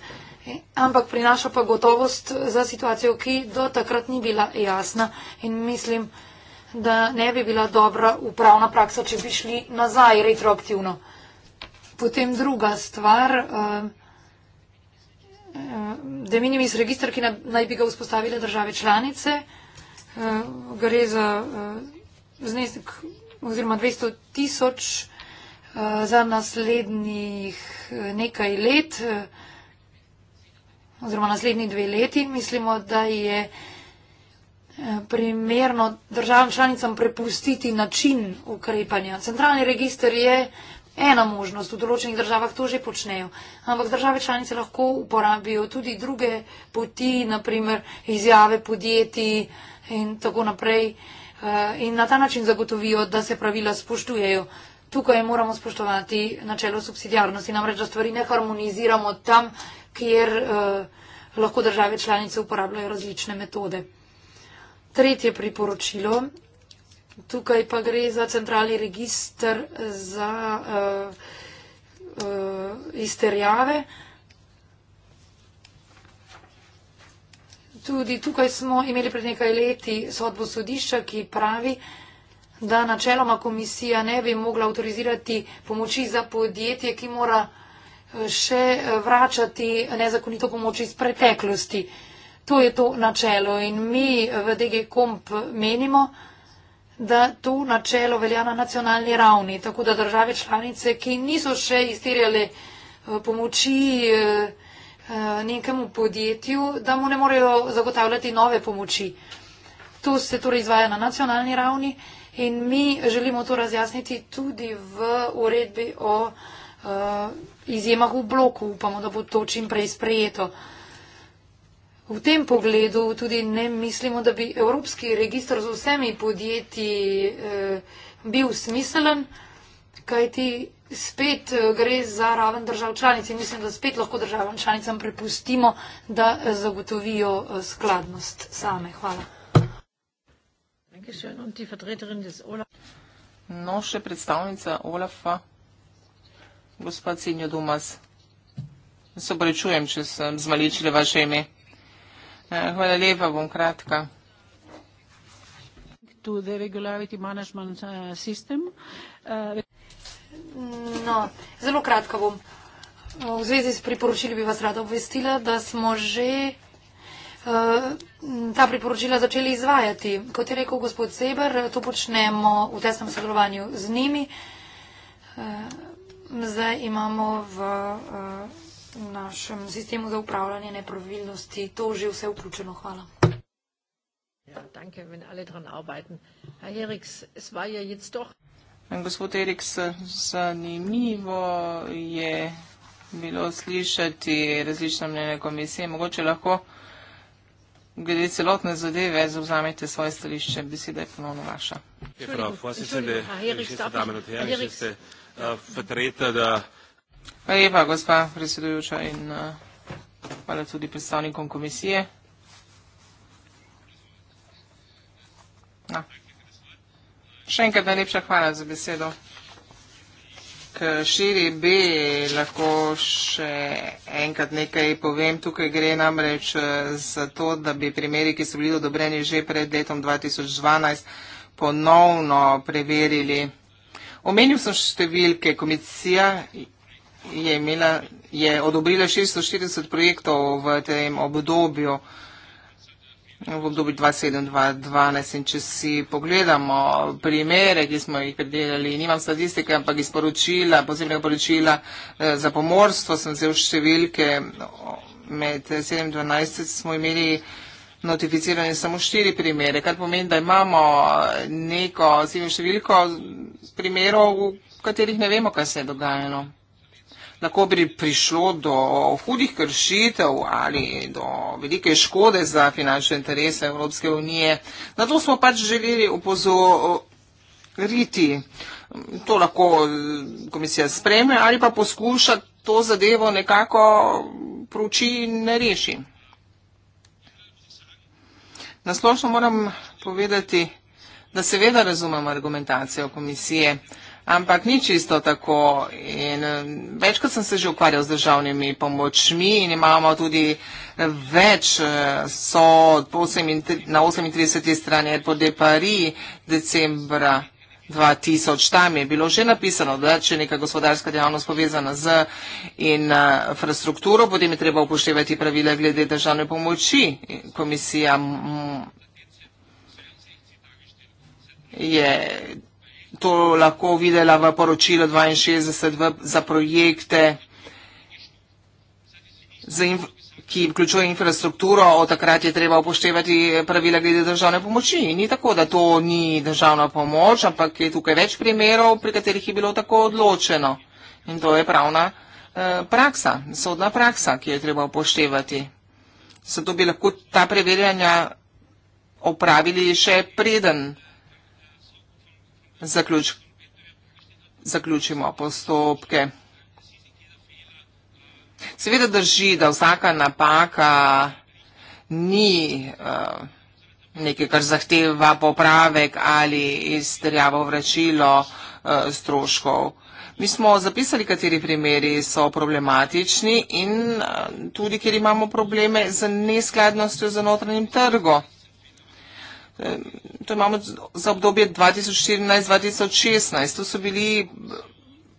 eh, ampak prinaša pa gotovost za situacijo, ki do takrat ni bila jasna in mislim, da ne bi bila dobra upravna praksa, če bi šli nazaj retroaktivno. Potem druga stvar, eh, de minimis registr, ki naj bi ga vzpostavile države članice, gre za znesek oziroma 200 tisoč. Eh, za naslednjih eh, nekaj let eh, oziroma naslednji dve leti. Mislimo, da je primerno državam članicam prepustiti način ukrepanja. Centralni register je ena možnost, v določenih državah to že počnejo, ampak države članice lahko uporabijo tudi druge poti, naprimer izjave podjetij in tako naprej in na ta način zagotovijo, da se pravila spoštujejo tukaj moramo spoštovati načelo subsidijarnosti. Namreč, da stvari ne harmoniziramo tam, kjer eh, lahko države članice uporabljajo različne metode. Tretje priporočilo. Tukaj pa gre za centralni registr za eh, eh, izterjave. Tudi tukaj smo imeli pred nekaj leti sodbo sodišča, ki pravi, da načeloma komisija ne bi mogla autorizirati pomoči za podjetje, ki mora eh, še eh, vračati nezakonito pomoč iz preteklosti. To je to načelo in mi eh, v DG Komp menimo, da to načelo velja na nacionalni ravni, tako da države članice, ki niso še izterjale pomoči nekemu podjetju, da mu ne morejo zagotavljati nove pomoči. To se torej izvaja na nacionalni ravni. In mi želimo to razjasniti tudi v uredbi o uh, izjemah v bloku. Upamo, da bo to čim prej sprejeto. V tem pogledu tudi ne mislimo, da bi Evropski registr z vsemi podjetji uh, bil smiselen, kajti spet eh, gre za raven držav članic in mislim, da spet lahko državam članicam prepustimo, da zagotovijo skladnost same. Hvala. No, še predstavnica Olafa, gospod Sinjo Dumas. Se oprečujem, če sem zmaličila vaše ime. Eh, hvala lepa, bom kratka. Eh, eh, no, zelo kratka bom. V zvezi s priporočili bi vas rada obvestila, da smo že Eh, ta priporočila začeli izvajati. Kot je rekel gospod Seber, to počnemo v tesnem sodelovanju z njimi. Eh, zdaj imamo v eh, našem sistemu za upravljanje nepravilnosti to že vse vključeno. Hvala. Ja, ja gospod Eriks, zanimivo je bilo slišati različne mnenje komisije. Mogoče lahko glede celotne zadeve zauzamete svoje stališče. Beseda je ponovno vaša. Hvala lepa, gospa predsedujoča in äh, hvala tudi predstavnikom komisije. Na. No. Še enkrat najlepša hvala za besedo. K širi B lahko še enkrat nekaj povem. Tukaj gre namreč eh, za to, da bi primeri, ki so bili odobreni že pred letom 2012, ponovno preverili. Omenil sem številke. Komisija je, imela, je odobrila 640 projektov v tem obdobju v obdobju 2007-2012. In če si pogledamo primere, ki smo jih predelali, nimam statistike, ampak iz poročila, posebnega poročila eh, za pomorstvo, sem vzel številke, med 7-12 smo imeli notificirane samo štiri primere, kar pomeni, da imamo neko, sivo številko primerov, v katerih ne vemo, kaj se je dogajalo. No lahko bi prišlo do hudih kršitev ali do velike škode za finančne interese Evropske unije. Na to smo pač želeli upozoriti. To lahko komisija spreme ali pa poskuša to zadevo nekako proči in ne reši. Nasplošno moram povedati, da seveda razumem argumentacijo komisije. Ampak ni čisto tako. In eh, večkrat sem se že ukvarjal z državnimi pomočmi in imamo tudi več eh, sod na 38. strani Airport de Paris decembra 2000. Tam je bilo že napisano, da če je neka gospodarska dejavnost povezana z eh, infrastrukturo, potem je treba upoštevati pravile glede državne pomoči. Komisija mm, je to lahko videla v poročilu 62 v, za projekte, za inf, ki vključuje infrastrukturo, od takrat je treba upoštevati pravila glede državne pomoči. Ni tako, da to ni državna pomoč, ampak je tukaj več primerov, pri katerih je bilo tako odločeno. In to je pravna eh, praksa, sodna praksa, ki jo je treba upoštevati. Zato bi lahko ta preverjanja opravili še preden zaključ, zaključimo postopke. Seveda drži, da vsaka napaka ni eh, nekaj, kar zahteva popravek ali izterjavo vračilo eh, stroškov. Mi smo zapisali, kateri primeri so problematični in eh, tudi, kjer imamo probleme z neskladnostjo za notranjim trgom. To imamo za obdobje 2014-2016. To so bili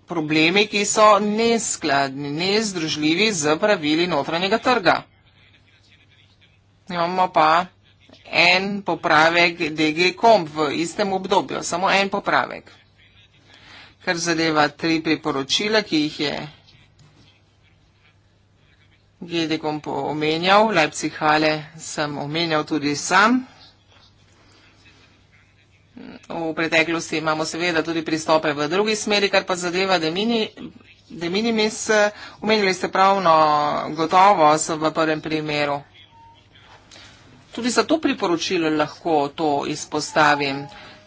problemi, ki so neskladni, nezdružljivi z pravili notranjega trga. Imamo pa en popravek DG Komp v istem obdobju, samo en popravek, kar zadeva tri priporočila, ki jih je GD Komp omenjal, Leipzig Hale sem omenjal tudi sam. V preteklosti imamo seveda tudi pristope v drugi smeri, kar pa zadeva demini. De minimis, omenili ste pravno gotovost v prvem primeru. Tudi za to priporočilo lahko to izpostavim.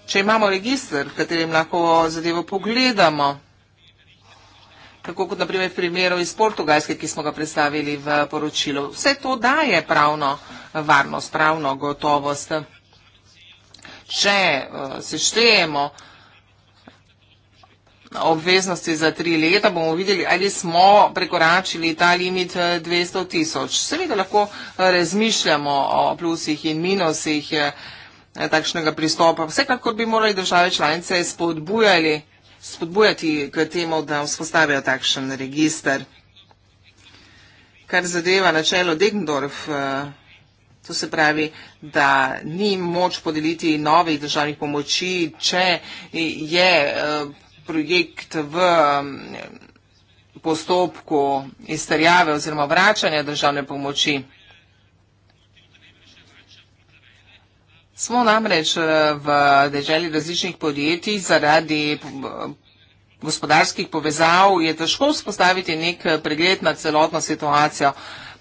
Če imamo registr, katerim lahko zadevo pogledamo, tako kot naprimer v primeru iz Portugalske, ki smo ga predstavili v poročilu, vse to daje pravno varnost, pravno gotovost če uh, eh, se štejemo obveznosti za tri leta, bomo videli, ali smo prekoračili ta limit 200 eh, tisoč. Seveda lahko eh, razmišljamo o plusih in minusih takšnega pristopa. Vsekakor bi morali države članice spodbujali, spodbujati k temu, da vzpostavijo takšen register. Kar zadeva načelo Degendorf, To se pravi, da ni moč podeliti novih državnih pomoči, če je eh, projekt v eh, postopku izterjave oziroma vračanja državne pomoči. Smo namreč eh, v deželi različnih podjetij zaradi gospodarskih povezav je težko spostaviti nek pregled na celotno situacijo.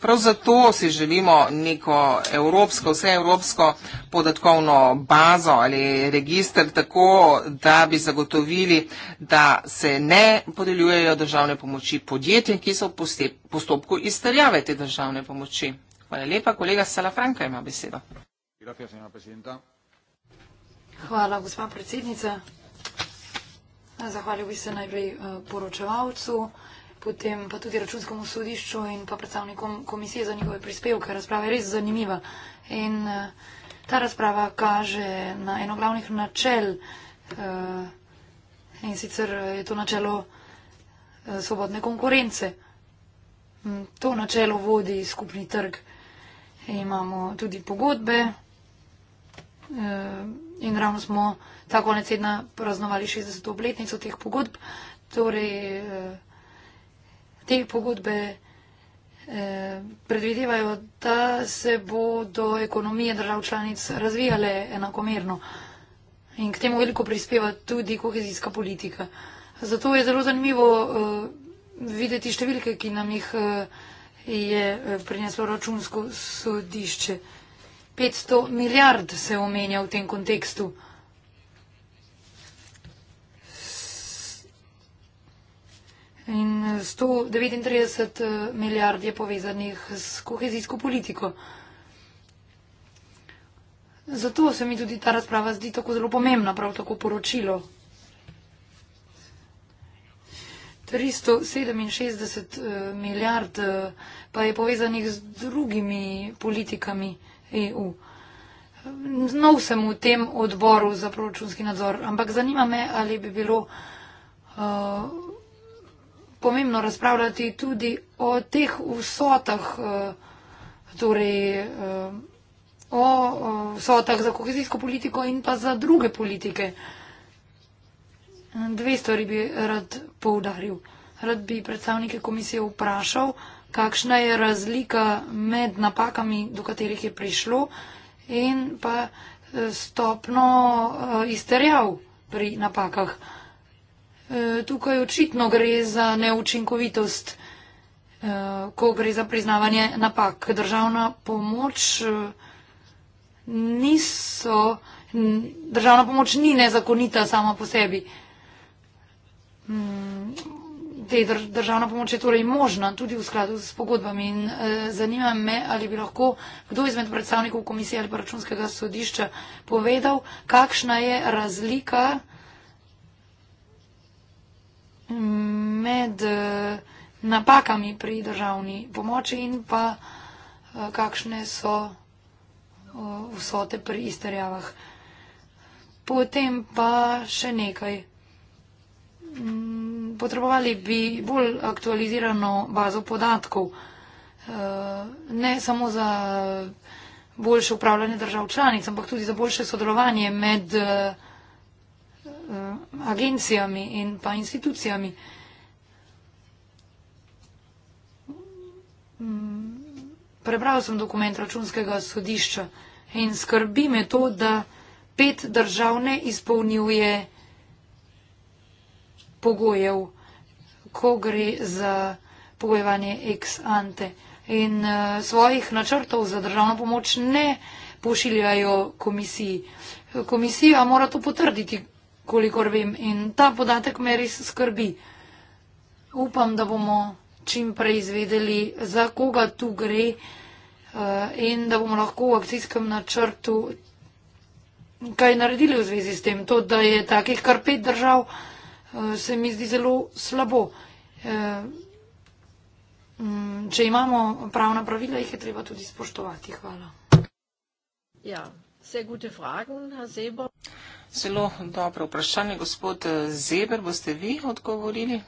Prav zato si želimo neko evropsko, vseevropsko podatkovno bazo ali registr tako, da bi zagotovili, da se ne podeljujejo državne pomoči podjetjem, ki so v postopku izterjave te državne pomoči. Hvala lepa, kolega Salafranka ima besedo. Hvala, gospa predsednica. Zahvalil bi se najprej eh, poročevalcu potem pa tudi računskemu sodišču in pa predstavnikom komisije za njihove prispevke. Razprava je res zanimiva in eh, ta razprava kaže na eno glavnih načel eh, in sicer je to načelo eh, svobodne konkurence. Mm, to načelo vodi skupni trg. Imamo tudi pogodbe in ravno smo ta konec tedna praznovali 60. obletnico teh pogodb. Torej, te pogodbe eh, predvidevajo, da se bodo ekonomije držav članic razvijale enakomerno. In k temu veliko prispeva tudi kohezijska politika. Zato je zelo zanimivo eh, videti številke, ki nam jih eh, je prineslo računsko sodišče. 500 milijard se omenja v tem kontekstu. In 139 eh, eh, milijard je povezanih s kohezijsko politiko. Zato se mi tudi ta razprava zdi tako zelo pomembna, prav tako poročilo. 367 eh, milijard pa je povezanih z drugimi politikami EU. Nov sem v tem odboru za proračunski nadzor, ampak zanima me, ali bi bilo. Uh, pomembno razpravljati tudi o teh vsotah, eh, torej eh, o eh, vsotah za kohezijsko politiko in pa za druge politike. Dve stvari bi rad poudaril. Rad bi predstavnike komisije vprašal, kakšna je razlika med napakami, do katerih je prišlo, in pa stopno izterjav pri napakah. E, tukaj očitno gre za neučinkovitost, e, ko gre za priznavanje napak. Državna pomoč, e, niso, državna pomoč ni nezakonita sama po sebi. Mm, te državna pomoč je torej možna tudi v skladu s pogodbami. In zanima me, ali bi lahko kdo izmed predstavnikov komisije ali pa računskega sodišča povedal, kakšna je razlika med eh, napakami pri državni pomoči in pa eh, kakšne so eh, vsote pri izterjavah. Potem pa še nekaj. Mm, potrebovali bi bolj aktualizirano bazo podatkov, ne samo za boljše upravljanje držav članic, ampak tudi za boljše sodelovanje med državami uh, agencijami in pa institucijami. Mm, prebral sem dokument računskega sodišča in skrbi me to, da pet držav ne izpolnjuje pogojev, ko gre za pogojevanje ex ante in uh, svojih načrtov za državno pomoč ne pošiljajo komisiji. Komisija mora to potrditi, kolikor vem. In ta podatek me res skrbi. Upam, da bomo čim prej izvedeli, za koga tu gre eh, in da bomo lahko v akcijskem načrtu kaj naredili v zvezi s tem. To, da je takih kar pet držav, eh, se mi zdi zelo slabo. Eh, mm, če imamo pravna pravila, jih je treba tudi spoštovati. Hvala. Ja, vse gute vragen, Hasebo. Zelo dobro vprašanje, gospod eh, Zeber, boste vi odgovorili?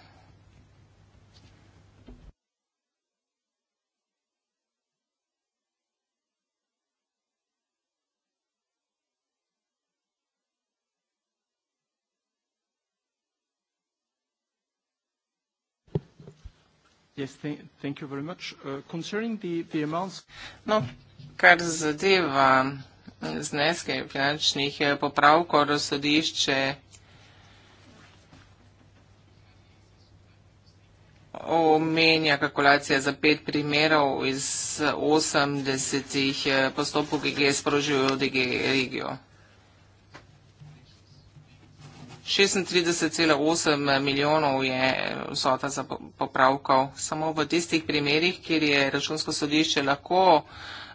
Uh, no, kar zadeva zneske finančnih eh, popravkov razsodišče omenja kalkulacija za pet primerov iz 80 eh, postopkov, ki je sprožil v DG regijo. 36,8 milijonov je vsota za popravkov samo v tistih primerih, kjer je računsko sodišče lahko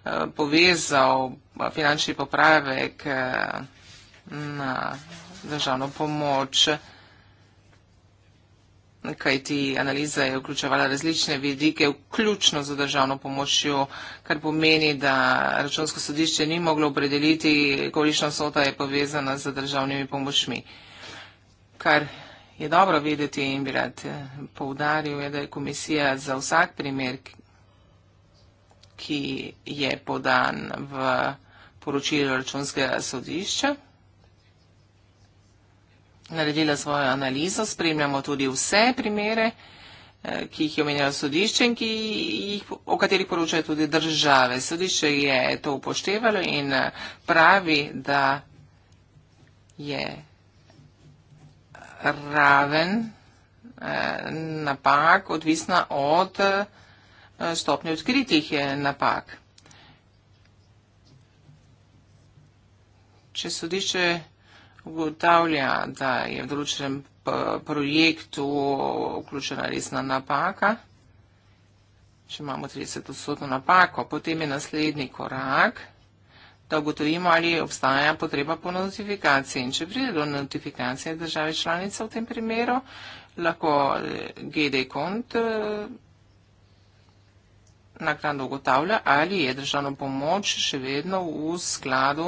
Eh, povezal eh, finančni popravek eh, na državno pomoč, kaj ti analiza je vključevala različne vidike, vključno za državno pomočjo, kar pomeni, da računsko sodišče ni moglo opredeliti, količna sota je povezana z državnimi pomočmi. Kar je dobro videti in bi rad poudaril, je, da je komisija za vsak primer, ki ki je podan v poročilu računskega sodišča. Naredila svojo analizo, spremljamo tudi vse primere, eh, ki jih je omenjala sodišče in jih, o katerih poročajo tudi države. Sodišče je to upoštevalo in eh, pravi, da je eh, raven napak odvisna od Eh, stopnje odkritih napak. Če sodišče ugotavlja, da je v določenem eh, projektu vključena resna napaka, če imamo 30-odstotno napako, potem je naslednji korak, da ugotovimo, ali obstaja potreba po notifikaciji. In če pride do notifikacije države članice v tem primeru, lahko eh, GD kont naknadno ugotavlja, ali je državno pomoč še vedno v skladu,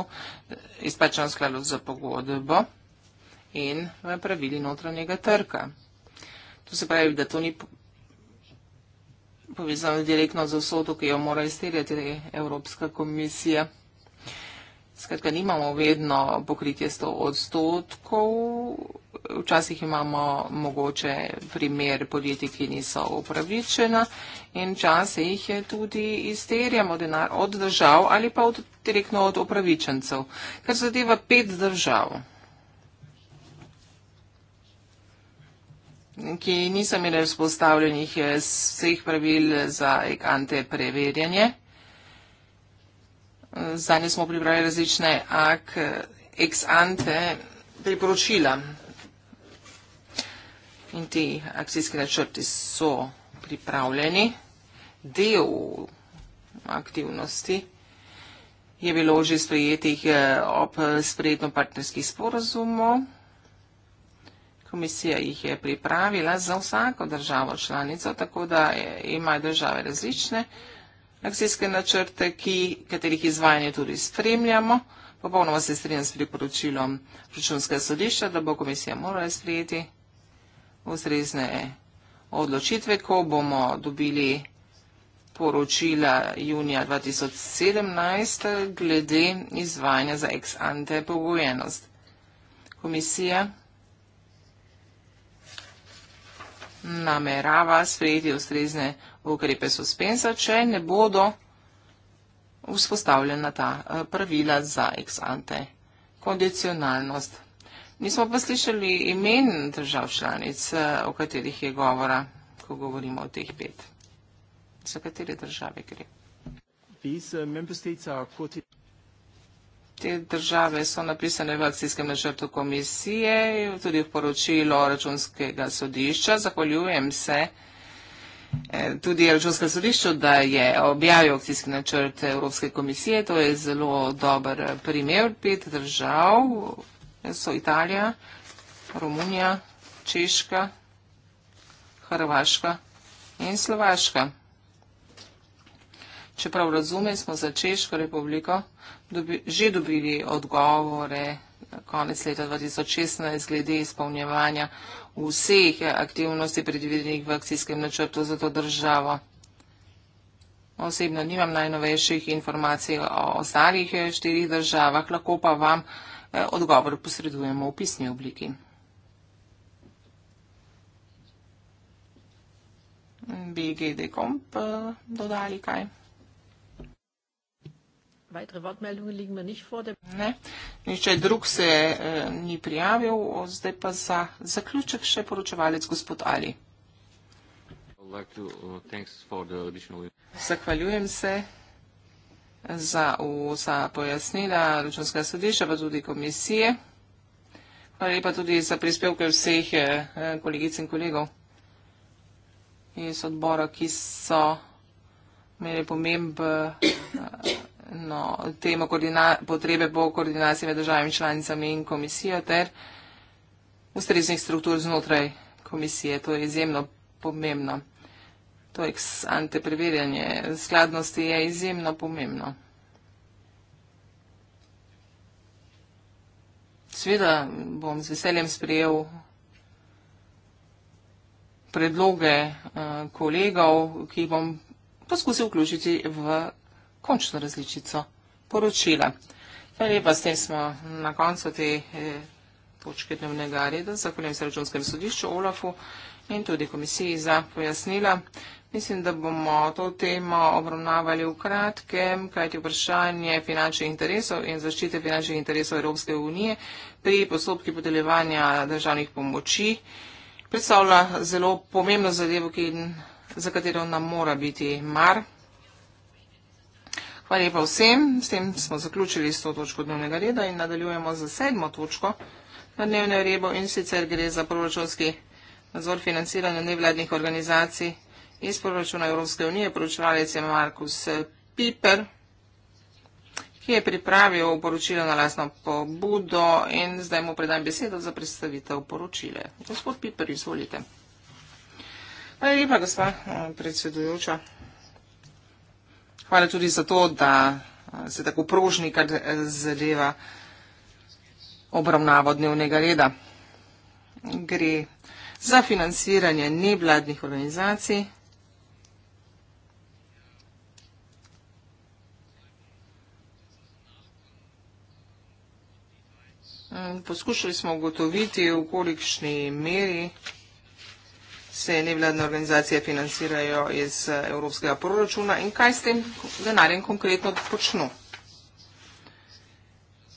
izplačeno v skladu za pogodbo in v pravili notranjega trga. To se pravi, da to ni povezano direktno z vsoto, ki jo mora izterjati Evropska komisija. Skratka, nimamo vedno pokritje 100 odstotkov, včasih imamo mogoče primer podjetij, ki niso upravičena in čase jih je tudi izterjamo denar od držav ali pa od, direktno od upravičencev, kar zadeva pet držav, ki niso imeli vzpostavljenih eh, vseh pravil za ekante preverjanje zanje smo pripravili različne ak ex ante priporočila. In ti akcijski načrti so pripravljeni. Del aktivnosti je bilo že sprejetih eh, ob sprejetno partnerskih sporozumov. Komisija jih je pripravila za vsako državo članico, tako da eh, imajo države različne akcijske načrte, ki, katerih izvajanje tudi spremljamo. Popolnoma se strinjam s priporočilom računskega sodišča, da bo komisija morala sprejeti ustrezne odločitve, ko bomo dobili poročila junija 2017 glede izvajanja za ex ante pogojenost. Komisija namerava sprejeti ustrezne ukrepe suspenza, če ne bodo vzpostavljena ta eh, pravila za ex ante kondicionalnost. Nismo pa slišali imen držav članic, eh, o katerih je govora, ko govorimo o teh pet. Za katere države gre? Eh, Te države so napisane v akcijskem načrtu komisije, tudi v poročilo računskega sodišča. Zahvaljujem se. Eh, tudi Računsko sodišče, da je objavil akcijski načrt Evropske komisije, to je zelo dober eh, primer. Pet držav eh, so Italija, Romunija, Češka, Hrvaška in Slovaška. Čeprav razume, smo za Češko republiko dobi, že dobili odgovore konec leta 2016 glede izpolnjevanja vseh aktivnosti predvidenih v akcijskem načrtu za to državo. Osebno nimam najnovejših informacij o ostalih štirih državah, lahko pa vam eh, odgovor posredujemo v pisni obliki. BGD komp eh, dodali kaj? Weitere Wortmeldungen liegen mir nicht vor. Ne, nihče drug se eh, ni prijavil, zdaj pa za zaključek še poročevalec gospod Ali. Uh, Zahvaljujem se eh, za vsa pojasnila Računskega sodišča, pa tudi komisije. Hvala lepa tudi za prispevke vseh eh, eh kolegic in kolegov iz odbora, ki so imeli pomemb. Eh, no, temo potrebe po koordinaciji med državami članicami in komisijo ter ustreznih struktur znotraj komisije. To je izjemno pomembno. To je ante preverjanje skladnosti je izjemno pomembno. Sveda bom z veseljem sprejel predloge eh, kolegov, ki jih bom poskusil vključiti v končno različico poročila. Hvala lepa, s tem smo na koncu te eh, točke dnevnega reda. Zahvaljujem se računskem sodišču, Olafu in tudi komisiji za pojasnila. Mislim, da bomo to temo obravnavali v kratkem, kajti vprašanje finančnih interesov in zaščite finančnih interesov Evropske unije pri postopki podeljevanja državnih pomoči predstavlja zelo pomembno zadevo, ki, za katero nam mora biti mar. Hvala lepa vsem. S tem smo zaključili s to točko dnevnega reda in nadaljujemo z sedmo točko na dnevnem redu in sicer gre za proračunski nadzor financiranja nevladnih organizacij iz proračuna Evropske unije. Poročevalec je Markus eh, Piper, ki je pripravil poročilo na lastno pobudo in zdaj mu predam besedo za predstavitev poročile. Gospod Piper, izvolite. Hvala lepa, gospa eh, predsedujoča. Hvala tudi za to, da se tako prožni, kad e, zadeva obravnavo dnevnega reda. Gre za financiranje nevladnih organizacij. Mm, poskušali smo ugotoviti, v kolikšni meri se nevladne organizacije financirajo iz eh, evropskega proračuna in kaj s tem denarjem konkretno počno.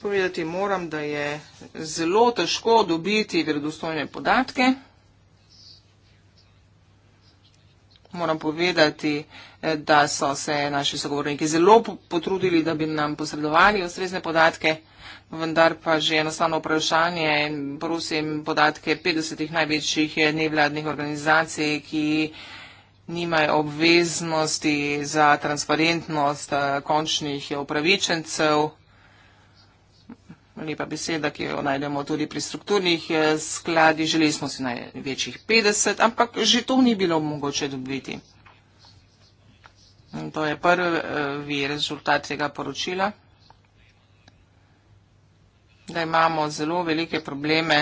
Povedati moram, da je zelo težko dobiti verodostojne podatke. moram povedati, eh, da so se naši sogovorniki zelo potrudili, da bi nam posredovali ustrezne podatke, vendar pa že enostavno vprašanje in prosim podatke 50 največjih eh, nevladnih organizacij, ki nimajo obveznosti za transparentnost eh, končnih upravičencev. Lepa beseda, ki jo najdemo tudi pri strukturnih eh, skladi. Želeli smo si največjih 50, ampak že to ni bilo mogoče dobiti. In to je prvi eh, rezultat tega poročila, da imamo zelo velike probleme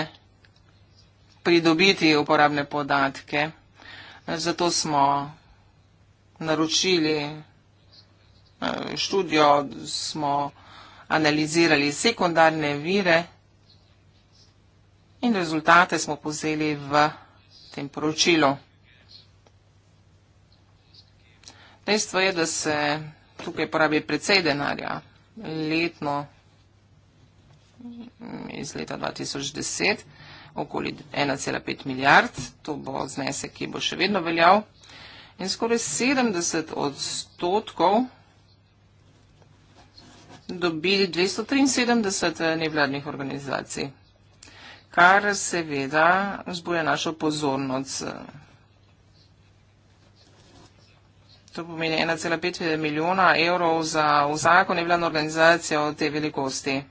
pridobiti uporabne podatke. Zato smo naročili eh, študijo, smo naročili analizirali sekundarne vire in rezultate smo povzeli v tem poročilu. Dejstvo je, da se tukaj porabi precej denarja letno mm, iz leta 2010, okoli 1,5 milijard, to bo znesek, ki bo še vedno veljal, in skoraj 70 odstotkov dobili 273 eh, nevladnih organizacij, kar seveda zbuja našo pozornost. Eh. To pomeni 1,5 eh, milijona evrov za vsako nevladno organizacijo te velikosti.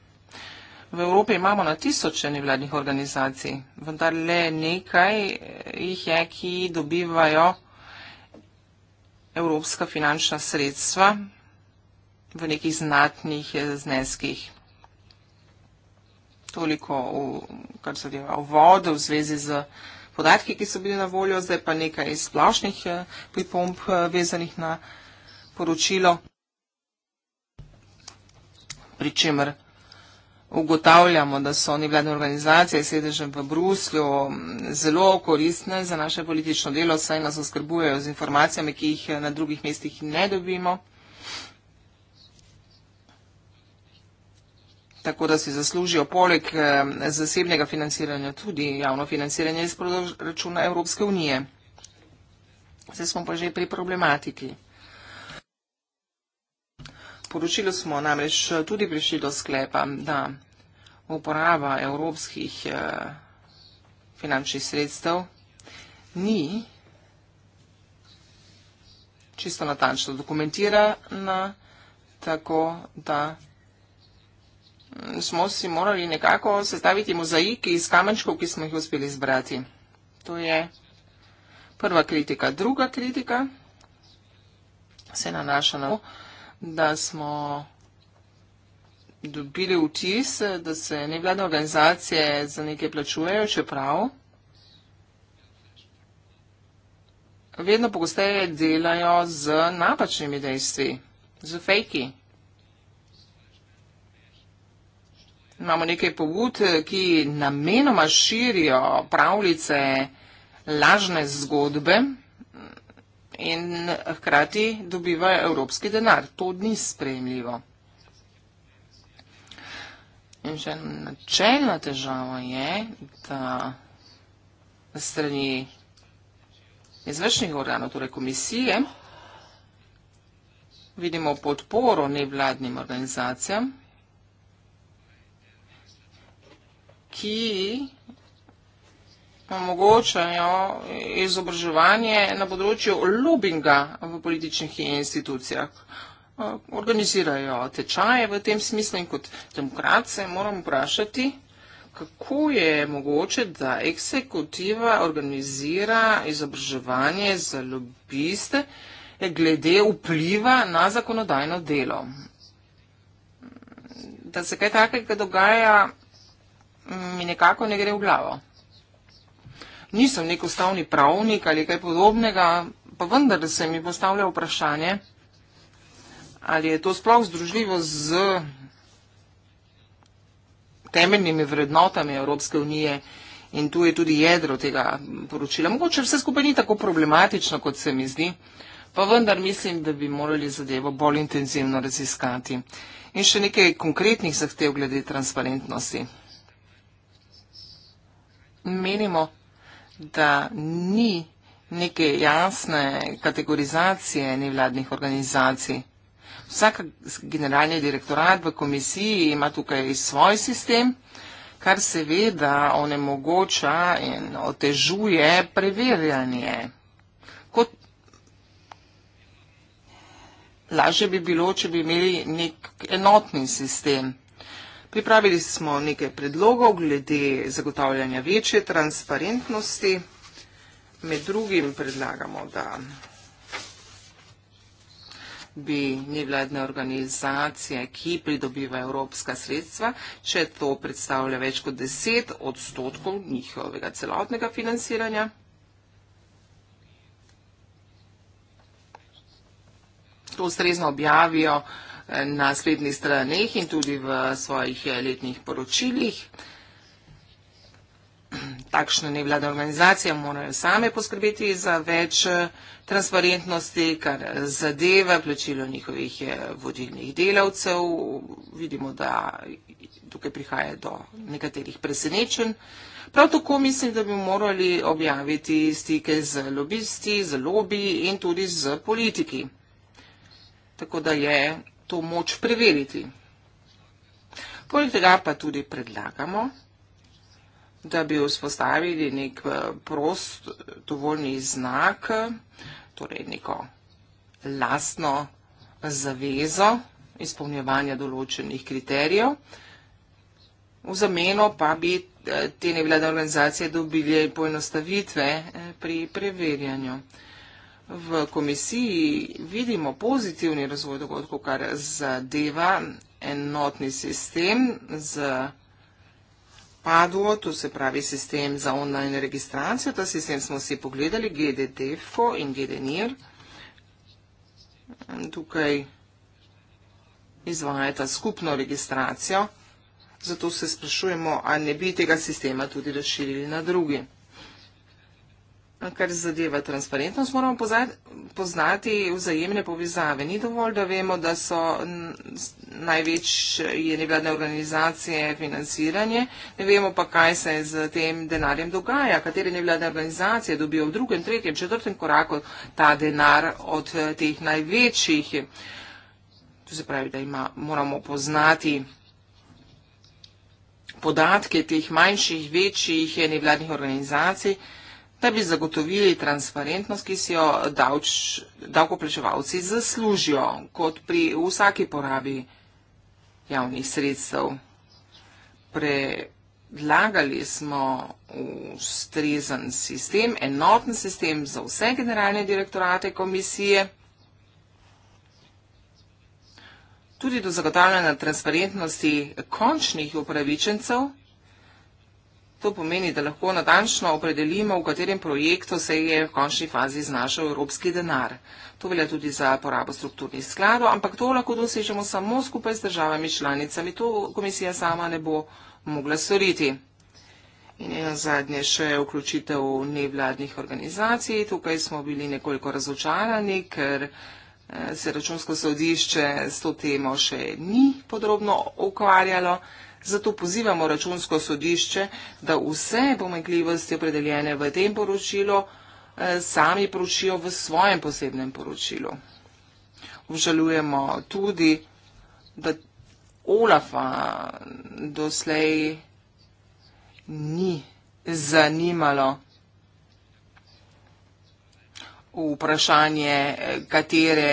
V Evropi imamo na tisoče nevladnih organizacij, vendar le nekaj jih je, ki dobivajo evropska finančna sredstva, v nekih znatnih eh, zneskih. Toliko, v, kar se deva v vodo v zvezi z podatki, ki so bili na voljo, zdaj pa nekaj splošnih eh, pripomp eh, vezanih na poročilo. Pričemer ugotavljamo, da so nevladne organizacije sedežem v Bruslju mm, zelo koristne za naše politično delo, saj nas oskrbujejo z informacijami, ki jih na drugih mestih ne dobimo. tako da si zaslužijo poleg eh, zasebnega financiranja tudi javno financiranje iz proračuna Evropske unije. Zdaj smo pa že pri problematiki. Poročilo smo namreč tudi prišli do sklepa, da uporaba evropskih eh, finančnih sredstev ni čisto natančno dokumentirana, tako da smo si morali nekako sestaviti mozaiki iz kamenčkov, ki smo jih uspeli zbrati. To je prva kritika. Druga kritika se nanaša na to, da smo dobili vtis, da se nevladne organizacije za nekaj plačujejo, čeprav vedno pogosteje delajo z napačnimi dejstvi, z fejki. Imamo nekaj pobud, ki namenoma širijo pravljice, lažne zgodbe in hkrati dobivajo evropski denar. To ni sprejemljivo. In še načelna težava je, da strani izvršnih organov, torej komisije, vidimo podporo nevladnim organizacijam ki omogočajo izobraževanje na področju lobinga v političnih institucijah. Organizirajo tečaje v tem smislu in kot demokrat se moram vprašati, kako je mogoče, da eksekutiva organizira izobraževanje za lobiste glede vpliva na zakonodajno delo. Da se kaj takega dogaja mi nekako ne gre v glavo. Nisem nek ustavni pravnik ali kaj podobnega, pa vendar se mi postavlja vprašanje, ali je to sploh združljivo z temeljnimi vrednotami Evropske unije in tu je tudi jedro tega poročila. Mogoče vse skupaj ni tako problematično, kot se mi zdi, pa vendar mislim, da bi morali zadevo bolj intenzivno raziskati. In še nekaj konkretnih zahtev glede transparentnosti menimo, da ni neke jasne kategorizacije nevladnih organizacij. Vsak generalni direktorat v komisiji ima tukaj svoj sistem, kar seveda onemogoča in otežuje preverjanje. Kot lažje bi bilo, če bi imeli nek enotni sistem. Pripravili smo nekaj predlogov glede zagotavljanja večje transparentnosti. Med drugim predlagamo, da bi nevladne organizacije, ki pridobivajo evropska sredstva, če to predstavlja več kot 10 odstotkov njihovega celotnega financiranja. To ustrezno objavijo uh, na spletnih straneh in tudi v svojih eh, letnih poročilih. Takšne nevladne organizacije morajo same poskrbeti za več eh, transparentnosti, kar zadeva plačilo njihovih eh, vodilnih delavcev. Vidimo, da tukaj prihaja do nekaterih presenečenj. Prav tako mislim, da bi morali objaviti stike z lobisti, z lobiji in tudi z politiki. Tako da je to moč preveriti. Poleg tega pa tudi predlagamo, da bi vzpostavili nek eh, prost, dovoljni znak, torej neko lastno zavezo izpolnjevanja določenih kriterijev. V zameno pa bi eh, te nevladne organizacije dobili poenostavitve eh, pri preverjanju v komisiji vidimo pozitivni razvoj dogodkov, kar zadeva enotni sistem z PADO, to se pravi sistem za online registracijo. Ta sistem smo si pogledali, GD DEFCO in GD NIR. Tukaj izvajata skupno registracijo, zato se sprašujemo, a ne bi tega sistema tudi razširili na drugi kar zadeva transparentnost, moramo poznati vzajemne povezave. Ni dovolj, da vemo, da so največ nevladne organizacije financiranje, ne vemo pa, kaj se z tem denarjem dogaja, katere nevladne organizacije dobijo v drugem, tretjem, četrtem koraku ta denar od teh največjih. To se pravi, da ima, moramo poznati podatke teh manjših, večjih nevladnih organizacij da bi zagotovili transparentnost, ki si jo davč, davkoplačevalci zaslužijo, kot pri vsaki porabi javnih sredstev. Predlagali smo ustrezen sistem, enoten sistem za vse generalne direktorate komisije. Tudi do zagotavljanja transparentnosti končnih upravičencev. To pomeni, da lahko natančno opredelimo, v katerem projektu se je v končni fazi znašel evropski denar. To velja tudi za porabo strukturnih skladov, ampak to lahko dosežemo samo skupaj z državami članicami. To komisija sama ne bo mogla storiti. In eno zadnje še je vključitev nevladnih organizacij. Tukaj smo bili nekoliko razočarani, ker eh, se računsko sodišče s to temo še ni podrobno ukvarjalo. Zato pozivamo računsko sodišče, da vse pomegljivosti opredeljene v tem poročilu eh, sami poročijo v svojem posebnem poročilu. Obžalujemo tudi, da Olafa doslej ni zanimalo vprašanje, katere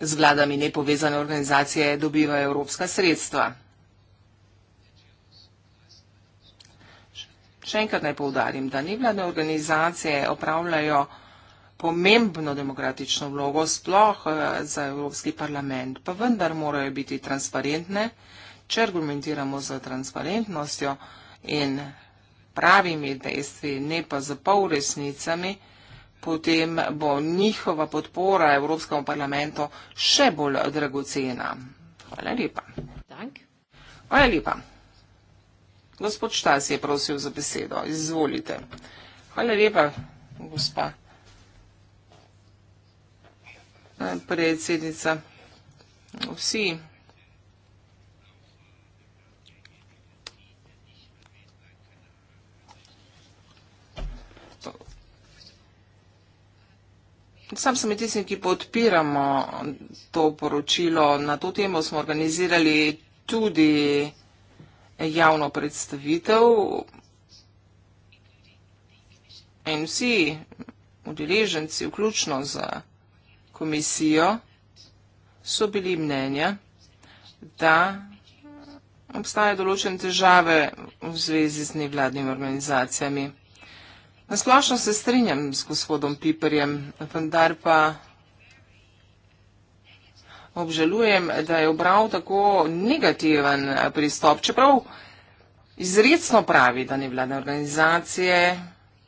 z vladami nepovezane organizacije dobivajo evropska sredstva. Še enkrat naj povdarim, da nevladne organizacije opravljajo pomembno demokratično vlogo, sploh eh, za Evropski parlament, pa vendar morajo biti transparentne, če argumentiramo z transparentnostjo in pravimi dejstvi, ne pa z pol resnicami, potem bo njihova podpora Evropskemu parlamentu še bolj dragocena. Hvala lepa. Hvala lepa. Gospod Štas je prosil za besedo. Izvolite. Hvala lepa, gospa. Eh, predsednica. Vsi. Sam sem med tistim, ki podpiramo to poročilo. Na to temo smo organizirali tudi javno predstavitev in vsi udeleženci, vključno z komisijo, so bili mnenja, da obstaje določene težave v zvezi z nevladnimi organizacijami. Nasplošno se strinjam z gospodom Piperjem, vendar pa obžalujem, da je obral tako negativen eh, pristop, čeprav izredno pravi, da nevladne organizacije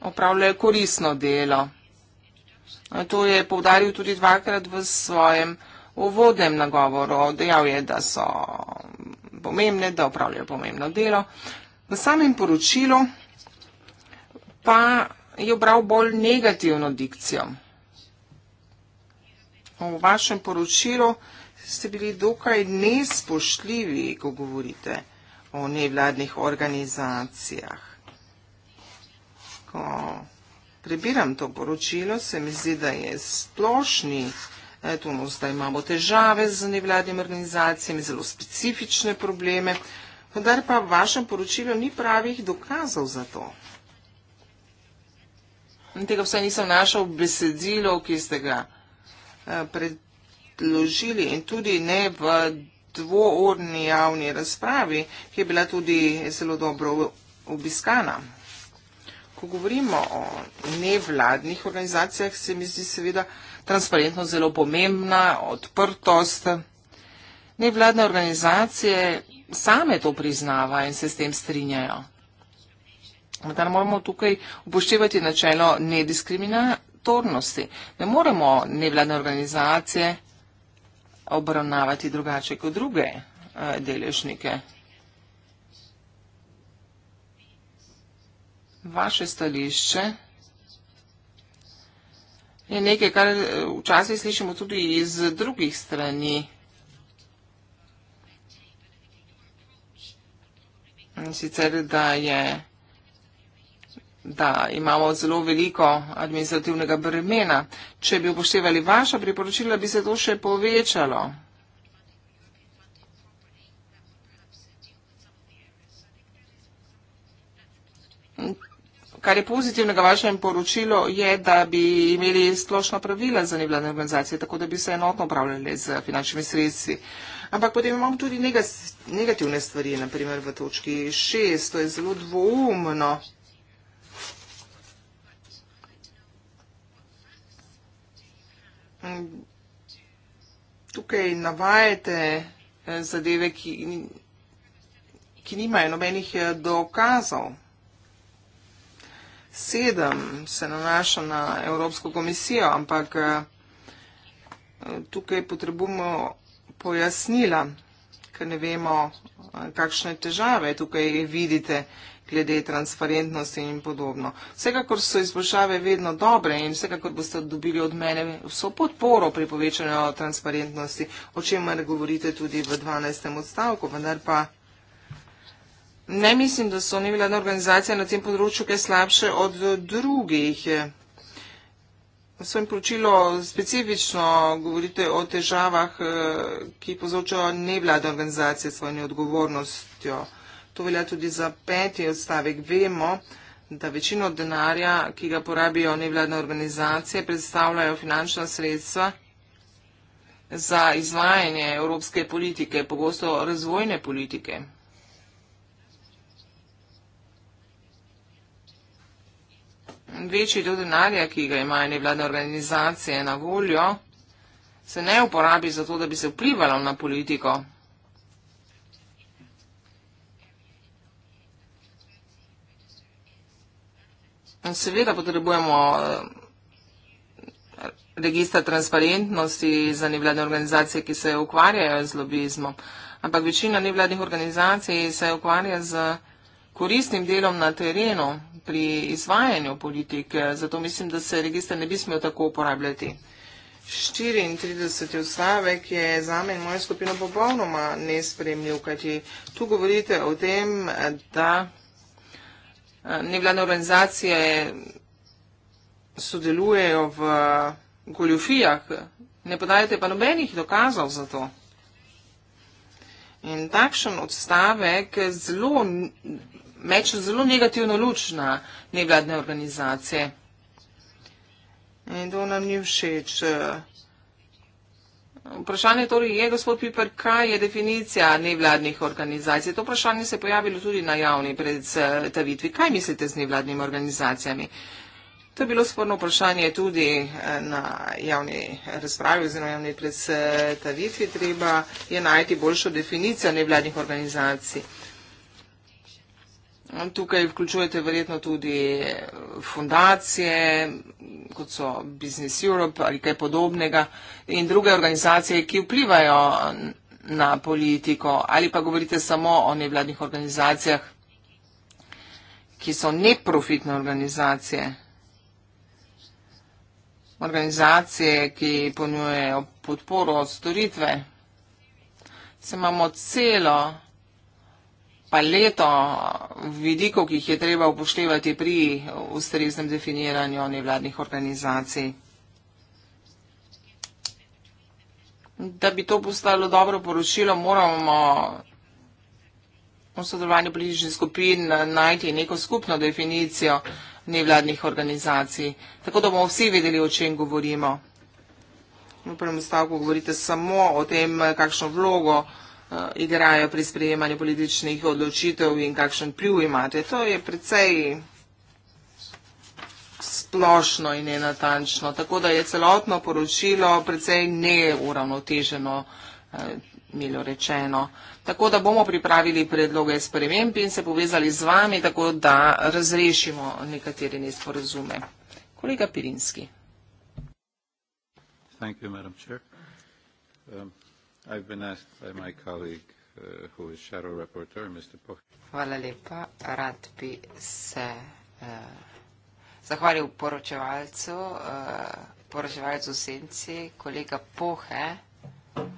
opravljajo korisno delo. Eh, to je povdaril tudi dvakrat v svojem uvodnem nagovoru. Dejal je, da so pomembne, da opravljajo pomembno delo. V samem poročilu pa je obral bolj negativno dikcijo. V vašem poročilu ste bili dokaj nespoštljivi, ko govorite o nevladnih organizacijah. Ko prebiram to poročilo, se mi zdi, da je splošni, eto, eh, no, zdaj imamo težave z nevladnim organizacijami, zelo specifične probleme, vendar pa v vašem poročilu ni pravih dokazov za to. In tega vsaj nisem našel v besedilu, ki ste ga eh, pred predložili in tudi ne v dvourni javni razpravi, ki je bila tudi zelo dobro obiskana. Ko govorimo o nevladnih organizacijah, se mi zdi seveda transparentno zelo pomembna, odprtost. Nevladne organizacije same to priznavajo in se s tem strinjajo. Vendar moramo tukaj upoštevati načelo nediskriminatornosti. Ne moremo nevladne organizacije obravnavati drugače kot druge eh, deležnike. Vaše stališče je nekaj, kar eh, včasih slišimo tudi iz drugih strani. In sicer, da je da imamo zelo veliko administrativnega bremena. Če bi upoštevali vaša priporočila, bi se to še povečalo. Kar je pozitivnega vašem poročilo, je, da bi imeli splošno pravila za nevladne organizacije, tako da bi se enotno upravljali z finančnimi sredstvi. Ampak potem imamo tudi negativne stvari, naprimer v točki 6, to je zelo dvoumno. Mm. tukaj navajate eh, zadeve, ki, ki nimajo nobenih eh, dokazov. Sedem se nanaša na Evropsko komisijo, ampak eh, tukaj potrebujemo pojasnila, ker ne vemo, kakšne težave tukaj vidite glede transparentnosti in podobno. Vsekakor so izboljšave vedno dobre in vsekakor boste dobili od mene vso podporo pri povečanju transparentnosti, o čemer govorite tudi v 12. odstavku, vendar pa. Ne mislim, da so nevladne organizacije na tem področju kaj slabše od drugih. V svojem poročilu specifično govorite o težavah, eh, ki povzročajo nevladne organizacije s svojo neodgovornostjo. To velja tudi za peti odstavek. Vemo, da večino denarja, ki ga porabijo nevladne organizacije, predstavljajo finančna sredstva za izvajanje evropske politike, pogosto razvojne politike. Večji del denarja, ki ga imajo nevladne organizacije na voljo, se ne uporabi za to, da bi se vplivalo na politiko. Seveda potrebujemo eh, registra transparentnosti za nevladne organizacije, ki se ukvarjajo z lobizmom. Ampak večina nevladnih organizacij se ukvarja z koristnim delom na terenu pri izvajanju politik. Eh, zato mislim, da se registra ne bi smel tako uporabljati. 34. odstavek je za me in mojo skupino popolnoma nespremljiv, kajti tu govorite o tem, eh, da Eh, nevladne organizacije sodelujejo v goljofijah, ne podajate pa nobenih dokazov za to. In takšen odstavek zelo, meče zelo negativno luč na nevladne organizacije. In to nam ni všeč. Eh, Vprašanje torej je, gospod Piper, kaj je definicija nevladnih organizacij? To vprašanje se je pojavilo tudi na javni predstavitvi. Kaj mislite z nevladnimi organizacijami? To je bilo sporno vprašanje tudi eh, na javni razpravi oziroma javni predstavitvi. Treba je najti boljšo definicijo nevladnih organizacij. Tukaj vključujete verjetno tudi fundacije, kot so Business Europe ali kaj podobnega in druge organizacije, ki vplivajo na politiko ali pa govorite samo o nevladnih organizacijah, ki so neprofitne organizacije. Organizacije, ki ponujejo podporo storitve. Se imamo celo paleto vidikov, ki jih je treba upoštevati pri ustreznem definiranju nevladnih organizacij. Da bi to postalo dobro poročilo, moramo v sodelovanju političnih skupin najti neko skupno definicijo nevladnih organizacij, tako da bomo vsi vedeli, o čem govorimo. V prvem stavku govorite samo o tem, kakšno vlogo uh, igrajo pri sprejemanju političnih odločitev in kakšen pliv imate. To je precej splošno in nenatančno, tako da je celotno poročilo precej neuravnoteženo, eh, milo rečeno. Tako da bomo pripravili predloge sprememb in se povezali z vami, tako da razrešimo nekatere nesporazume. Kolega Pirinski. Thank you, Madam Chair. Um, I've been asked by my colleague uh, who is shadow rapporteur, Mr. Poh. Hvala lepa. Rad bi se uh, zahvalil poročevalcu, uh, poročevalcu Senci, kolega Pohe uh,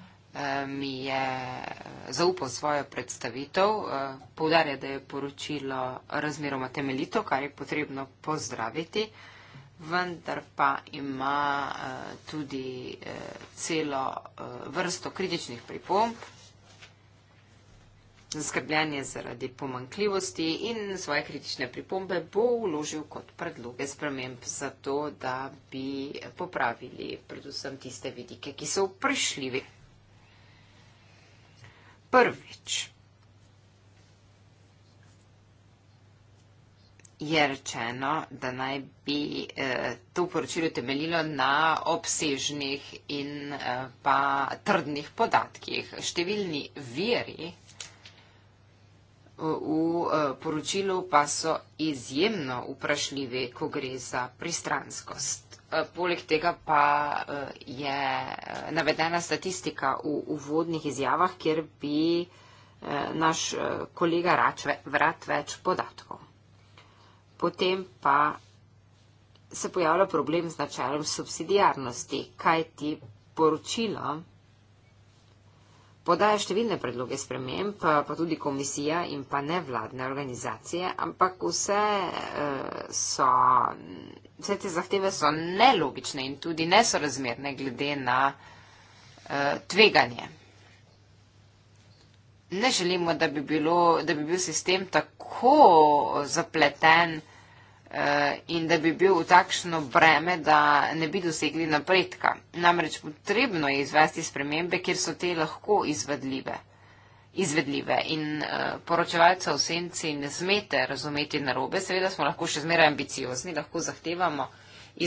mi je uh, zaupal svojo predstavitev, uh, poudarja, da je poročilo razmeroma temeljito, kar je potrebno pozdraviti vendar pa ima eh, tudi eh, celo eh, vrsto kritičnih pripomb, zaskrbljanje zaradi pomankljivosti in svoje kritične pripombe bo uložil kot predloge sprememb za to, da bi popravili predvsem tiste vidike, ki so vprašljivi. Prvič. je rečeno, da naj bi eh, to poročilo temeljilo na obsežnih in eh, pa trdnih podatkih. Številni veri eh, v eh, poročilu pa so izjemno vprašljivi, ko gre za pristranskost. Eh, poleg tega pa je navedena statistika v uvodnih izjavah, kjer bi naš kolega Rač vrat več podatkov. Potem pa se pojavlja problem z načelom subsidijarnosti, kaj ti poročilo podaja številne predloge sprememb, pa, pa tudi komisija in pa nevladne organizacije, ampak vse, eh, so, vse te zahteve so nelogične in tudi nesorazmerne glede na eh, tveganje. Ne želimo, da bi, bilo, da bi bil sistem tako zapleten, Eh, in da bi bil v takšno breme, da ne bi dosegli napredka. Namreč potrebno je izvesti spremembe, kjer so te lahko izvedljive. Izvedljive in uh, poročevalca v senci ne smete razumeti narobe, seveda smo lahko še zmeraj ambiciozni, lahko zahtevamo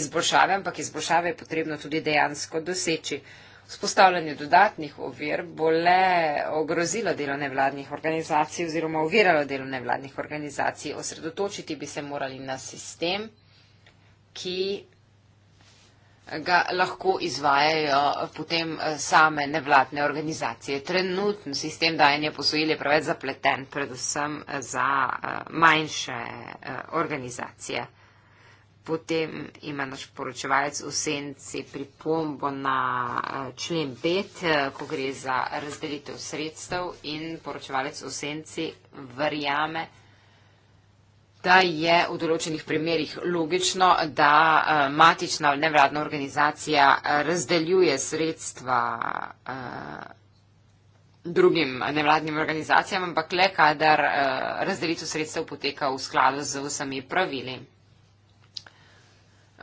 izboljšave, ampak izboljšave je potrebno tudi dejansko doseči. Uh, Vzpostavljanje dodatnih ovir bo le ogrozilo delo nevladnih organizacij oziroma oviralo delo nevladnih organizacij. Osredotočiti bi se morali na sistem, ki ga lahko izvajajo potem eh, same nevladne organizacije. Trenutni sistem dajanja posojil je preveč zapleten, predvsem eh, za eh, manjše organizacije. Potem ima naš poročevalec v senci pripombo na eh, člen 5, eh, ko gre za razdelitev sredstev in poročevalec v senci verjame, da je v določenih primerjih logično, da eh, matična nevladna organizacija razdeljuje sredstva drugim nevladnim organizacijam, ampak le kadar razdelitev sredstev poteka v skladu z vsemi pravili.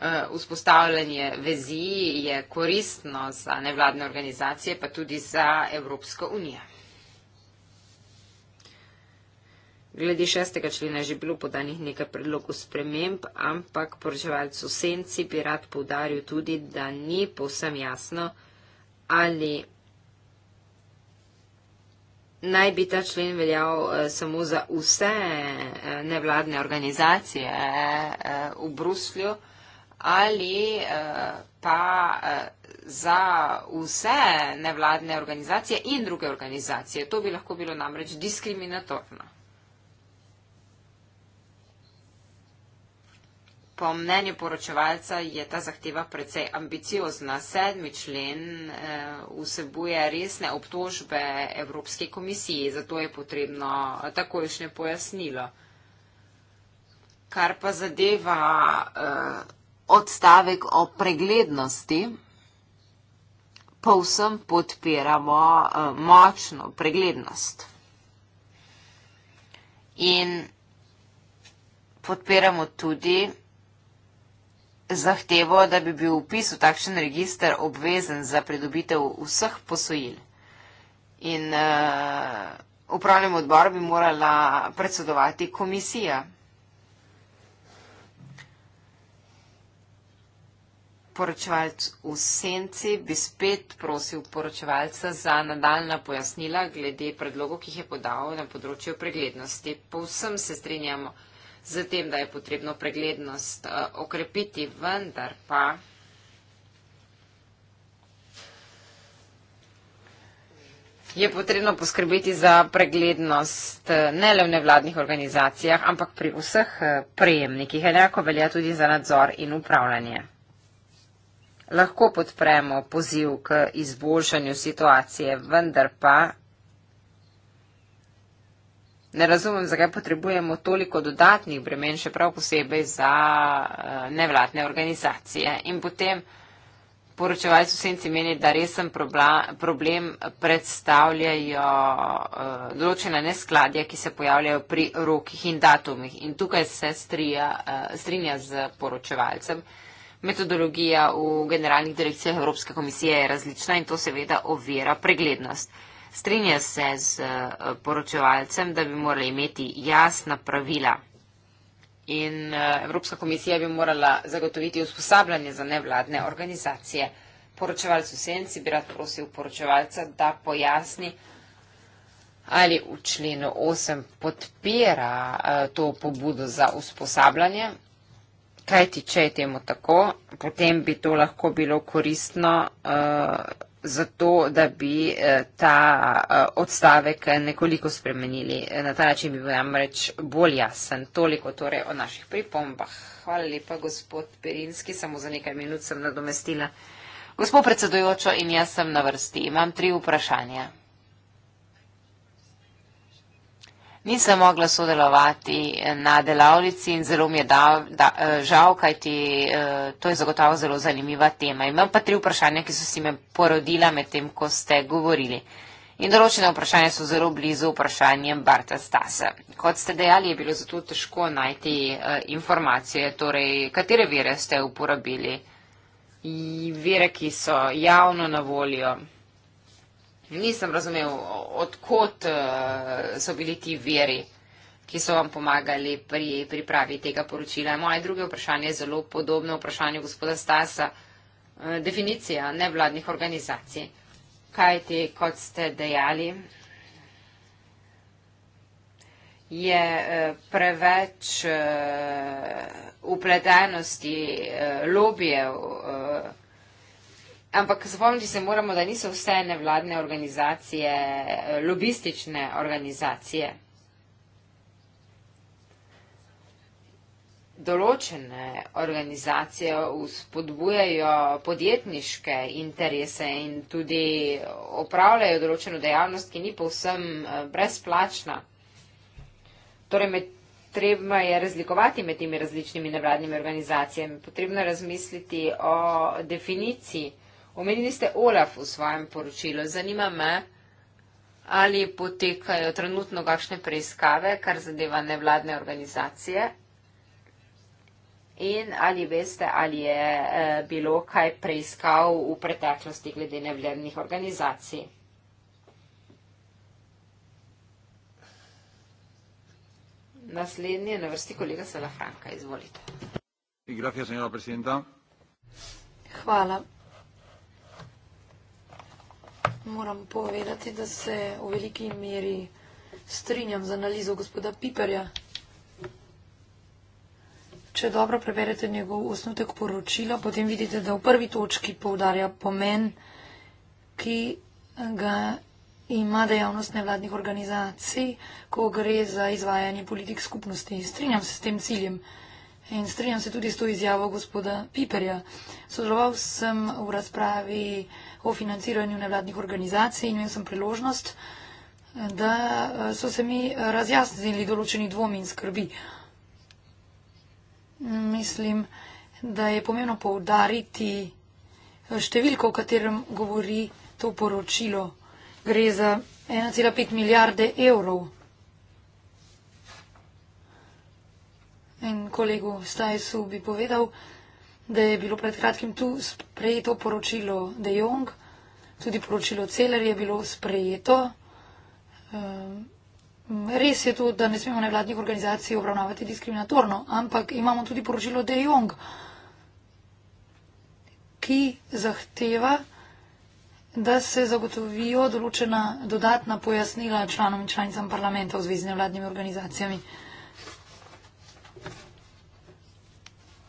Eh, vzpostavljanje vezi je koristno za nevladne organizacije, pa tudi za Evropsko unijo. Glede šestega člena je že bilo podanih nekaj predlogov sprememb, ampak poročevalec v senci bi rad povdaril tudi, da ni povsem jasno, ali naj bi ta člen veljal eh, samo za vse eh, nevladne organizacije v Bruslju ali eh, pa eh, za vse nevladne organizacije in druge organizacije. To bi lahko bilo namreč diskriminatorno. Po mnenju poročevalca je ta zahteva precej ambiciozna. Sedmi člen eh, vsebuje resne obtožbe Evropske komisije, zato je potrebno takojšnje pojasnilo. Kar pa zadeva uh, odstavek o preglednosti, povsem podpiramo eh, močno preglednost. In podpiramo tudi zahtevo, da bi bil vpis v takšen register obvezen za pridobitev vseh posojil. In eh, upravljanjem odbor bi morala predsedovati komisija. poročevalc v senci, bi spet prosil poročevalca za nadaljna pojasnila glede predlogov, ki jih je podal na področju preglednosti. Povsem se strinjamo z tem, da je potrebno preglednost uh, okrepiti, vendar pa. Je potrebno poskrbeti za preglednost eh, ne le v nevladnih organizacijah, ampak pri vseh eh, prejemnikih. Enako velja tudi za nadzor in upravljanje lahko podpremo poziv k izboljšanju situacije, vendar pa ne razumem, zakaj potrebujemo toliko dodatnih bremen, še prav posebej za eh, nevladne organizacije. In potem poročevalci v senci meni, da resen problem predstavljajo eh, določena neskladja, ki se pojavljajo pri rokih in datumih. In tukaj se strija, strinja z eh, poročevalcem metodologija v generalnih direkcijah Evropske komisije je različna in to seveda ovira preglednost. Strinja se z eh, poročevalcem, da bi morali imeti jasna pravila in eh, Evropska komisija bi morala zagotoviti usposabljanje za nevladne organizacije. Poročevalc v senci bi rad prosil poročevalca, da pojasni, ali v členu 8 podpira eh, to pobudo za usposabljanje kaj ti, če je temu tako, potem bi to lahko bilo koristno uh, eh, za to, da bi uh, ta uh, odstavek nekoliko spremenili. Na ta način bi bil namreč bolj jasen. Toliko torej o naših pripombah. Hvala lepa, gospod Perinski. Samo za nekaj minut sem nadomestila. Gospod predsedujočo in jaz sem na vrsti. Imam tri vprašanja. nisem mogla sodelovati na delavnici in zelo mi je da, da, eh, žal, kajti eh, to je zagotovo zelo zanimiva tema. Imam pa tri vprašanja, ki so si me porodila med tem, ko ste govorili. In določene vprašanja so zelo blizu vprašanjem Barta Stasa. Kot ste dejali, je bilo zato težko najti eh, informacije, torej katere vire ste uporabili, vire, ki so javno na voljo. Nisem razumel, odkot uh, eh, so bili ti veri, ki so vam pomagali pri pripravi tega poročila. Moje druge vprašanje je zelo podobno vprašanju gospoda Stasa. Uh, definicija nevladnih organizacij. Kaj ti, kot ste dejali, je eh, preveč upletenosti lobijev Ampak spomniti se moramo, da niso vse nevladne organizacije, eh, lobistične organizacije. Določene organizacije vzpodbujajo podjetniške interese in tudi opravljajo določeno dejavnost, ki ni povsem eh, brezplačna. Torej, med, treba je razlikovati med temi različnimi nevladnimi organizacijami. Potrebno je razmisliti o definiciji Omenili ste Olaf v svojem poročilu. Zanima me, ali potekajo trenutno kakšne preiskave, kar zadeva nevladne organizacije. In ali veste, ali je eh, bilo kaj preiskav v preteklosti glede nevladnih organizacij. Naslednji je na vrsti kolega Salafranka. Izvolite. Hvala moram povedati, da se v veliki meri strinjam z analizo gospoda Piperja. Če dobro preberete njegov osnutek poročila, potem vidite, da v prvi točki poudarja pomen, ki ga ima dejavnost nevladnih organizacij, ko gre za izvajanje politik skupnosti. Strinjam se s tem ciljem. In strinjam se tudi s to izjavo gospoda Piperja. Sodeloval sem v razpravi o financiranju nevladnih organizacij in imel sem priložnost, da eh, so se mi razjasnili določeni dvomi in skrbi. Mislim, da je pomembno poudariti eh, številko, o katerem govori to poročilo. Gre za 1,5 milijarde evrov. in kolegu Stajsu bi povedal, da je bilo pred kratkim tu sprejeto poročilo De Jong, tudi poročilo Celer je bilo sprejeto. Ehm, res je to, da ne smemo nevladnih organizacij obravnavati diskriminatorno, ampak imamo tudi poročilo De Jong, ki zahteva, da se zagotovijo določena dodatna pojasnila članom in članicam parlamenta v zvezi z nevladnimi organizacijami.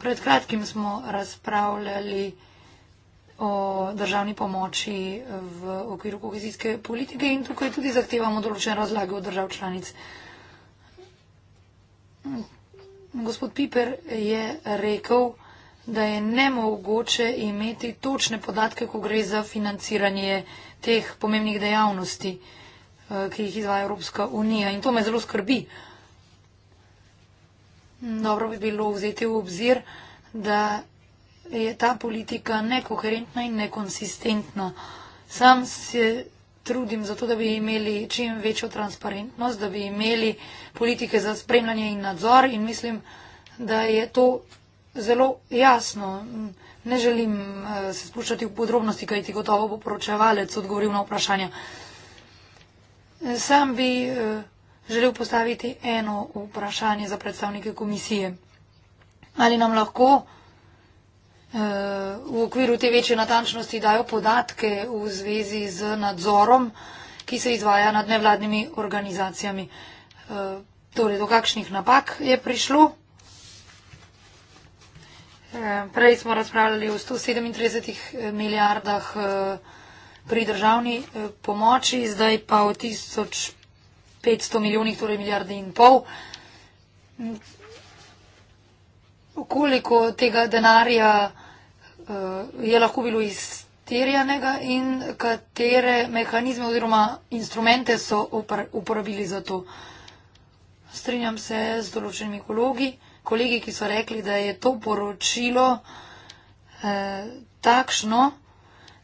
Pred kratkim smo razpravljali o državni pomoči v okviru kohezijske politike in tukaj tudi zahtevamo določene razlage od držav članic. Gospod Piper je rekel, da je nemogoče imeti točne podatke, ko gre za financiranje teh pomembnih dejavnosti, eh, ki jih izvaja Evropska unija. In to me zelo skrbi dobro bi bilo vzeti v obzir, da je ta politika nekoherentna in nekonsistentna. Sam se trudim za to, da bi imeli čim večjo transparentnost, da bi imeli politike za spremljanje in nadzor in mislim, da je to zelo jasno. Ne želim eh, se spuščati v podrobnosti, kaj ti gotovo bo poročevalec odgovoril na vprašanja. Eh, sam bi eh, želel postaviti eno vprašanje za predstavnike komisije. Ali nam lahko eh, v okviru te večje natančnosti dajo podatke v zvezi z nadzorom, ki se izvaja nad nevladnimi organizacijami? Eh, torej, do kakšnih napak je prišlo? Eh, prej smo razpravljali o 137 milijardah pri državni pomoči, zdaj pa o 1500 500 milijonih, torej milijarde in pol. Koliko tega denarja uh, je lahko bilo izterjanega in katere mehanizme oziroma instrumente so upar, uporabili za to? Strinjam se z določenimi kolegi, kolegi, ki so rekli, da je to poročilo eh, takšno,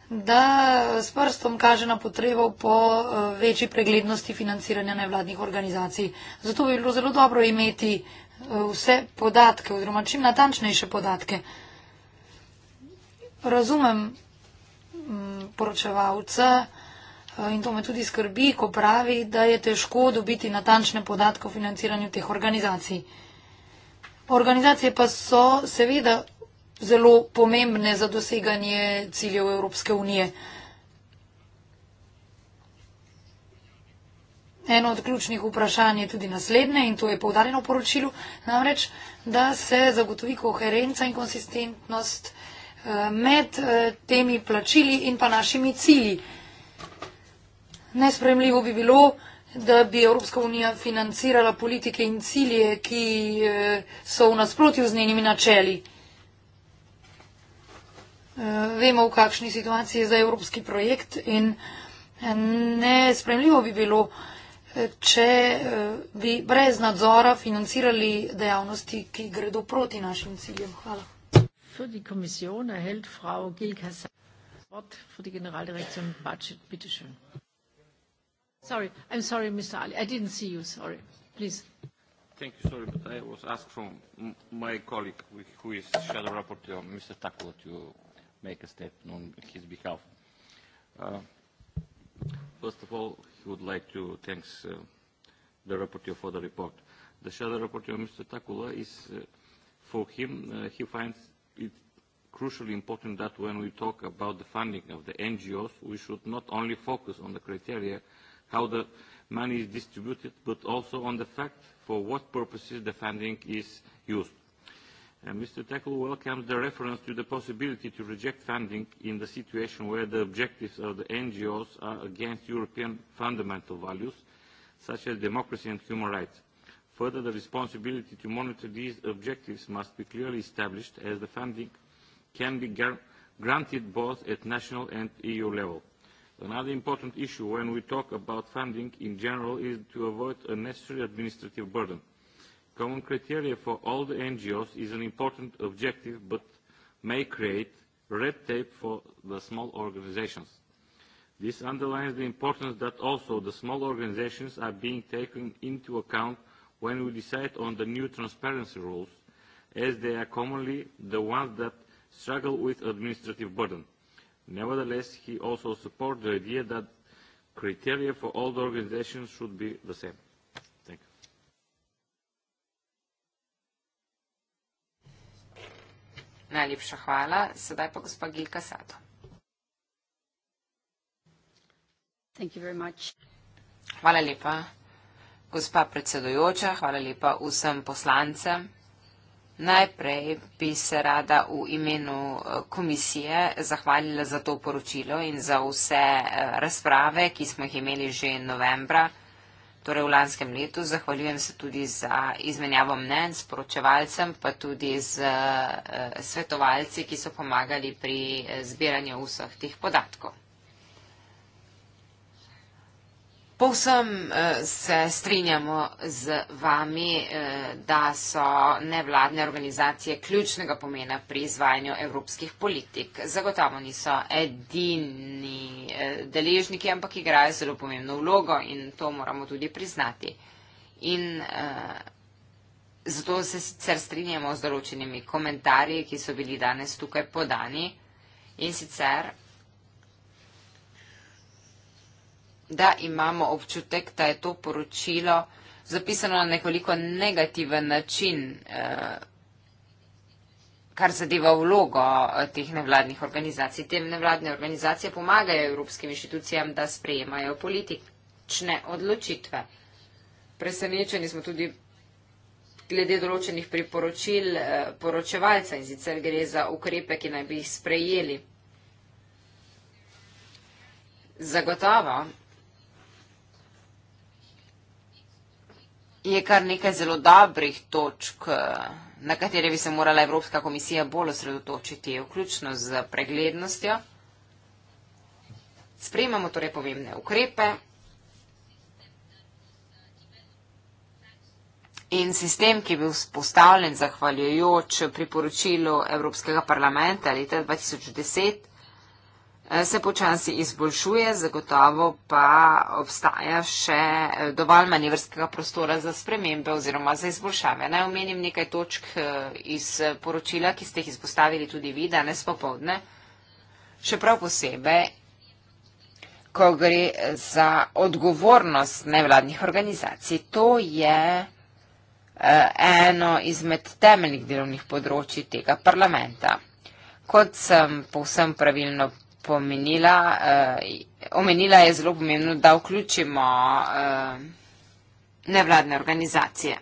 da s prstom kaže na potrebo po eh, večji preglednosti financiranja nevladnih organizacij. Zato bi bilo zelo dobro imeti eh, vse podatke oziroma čim natančnejše podatke. Razumem mm, poročevalca eh, in to me tudi skrbi, ko pravi, da je težko dobiti natančne podatke o financiranju teh organizacij. Organizacije pa so seveda zelo pomembne za doseganje ciljev Evropske unije. Eno od ključnih vprašanj je tudi naslednje in to je povdarjeno v poročilu, namreč, da se zagotovi koherenca in konsistentnost eh, med eh, temi plačili in pa našimi cilji. Nespremljivo bi bilo, da bi Evropska unija financirala politike in cilje, ki eh, so v nasprotju z njenimi načeli. Eh, vemo, v kakšni situaciji je za evropski projekt in eh, nespremljivo bi bilo, eh, če bi brez nadzora financirali dejavnosti, ki gredo proti našim ciljem. Hvala. Sorry, sorry, you, make a step on his behalf. Uh, first of all, he would like to thank uh, the rapporteur for the report. The shadow rapporteur, Mr. Takula, is uh, for him, uh, he finds it crucially important that when we talk about the funding of the NGOs, we should not only focus on the criteria how the money is distributed, but also on the fact for what purposes the funding is used. Mr. Tackle welcomes the reference to the possibility to reject funding in the situation where the objectives of the NGOs are against European fundamental values, such as democracy and human rights. Further, the responsibility to monitor these objectives must be clearly established as the funding can be granted both at national and EU level. Another important issue when we talk about funding in general is to avoid unnecessary administrative burden common criteria for all the ngos is an important objective but may create red tape for the small organisations. this underlines the importance that also the small organisations are being taken into account when we decide on the new transparency rules as they are commonly the ones that struggle with administrative burden. nevertheless, he also supports the idea that criteria for all the organisations should be the same. Najlepša hvala. Sedaj pa gospa Gilka Sato. Hvala lepa, gospa predsedojoča, hvala lepa vsem poslancem. Najprej bi se rada v imenu eh, komisije zahvalila za to poročilo in za vse eh, razprave, ki smo jih imeli že novembra torej v lanskem letu. Zahvaljujem se tudi za izmenjavo mnen s poročevalcem, pa tudi z eh, svetovalci, ki so pomagali pri eh, zbiranju vseh teh podatkov. Povsem eh, se strinjamo z vami, eh, da so nevladne organizacije ključnega pomena pri izvajanju evropskih politik. Zagotovo niso edini eh, deležniki, ampak igrajo zelo pomembno vlogo in to moramo tudi priznati. In zato se sicer strinjamo z določenimi komentarji, ki so bili danes tukaj podani. In sicer da imamo občutek, da je to poročilo zapisano na nekoliko negativen način, eh, kar zadeva vlogo eh, teh nevladnih organizacij. Te nevladne organizacije pomagajo evropskim inštitucijam, da sprejemajo politične odločitve. Presenečeni smo tudi glede določenih priporočil eh, poročevalca in sicer gre za ukrepe, ki naj bi jih sprejeli. Zagotovo je kar nekaj zelo dobrih točk, eh, na katere bi se morala Evropska komisija bolj osredotočiti, vključno z preglednostjo. Sprejmamo torej pomembne ukrepe in sistem, ki je bil spostavljen zahvaljujoč priporočilu Evropskega parlamenta leta 2010, Eh, se počasi izboljšuje, zagotovo pa obstaja še eh, dovolj manevrskega prostora za spremembe oziroma za izboljšave. Naj omenim nekaj točk eh, iz poročila, ki ste jih izpostavili tudi vi danes popovdne. Še prav posebej, ko gre za odgovornost nevladnih organizacij, to je eno izmed temeljnih delovnih področji tega parlamenta. Kot sem povsem pravilno pomenila, uh, omenila je zelo pomembno, da vključimo uh, nevladne organizacije.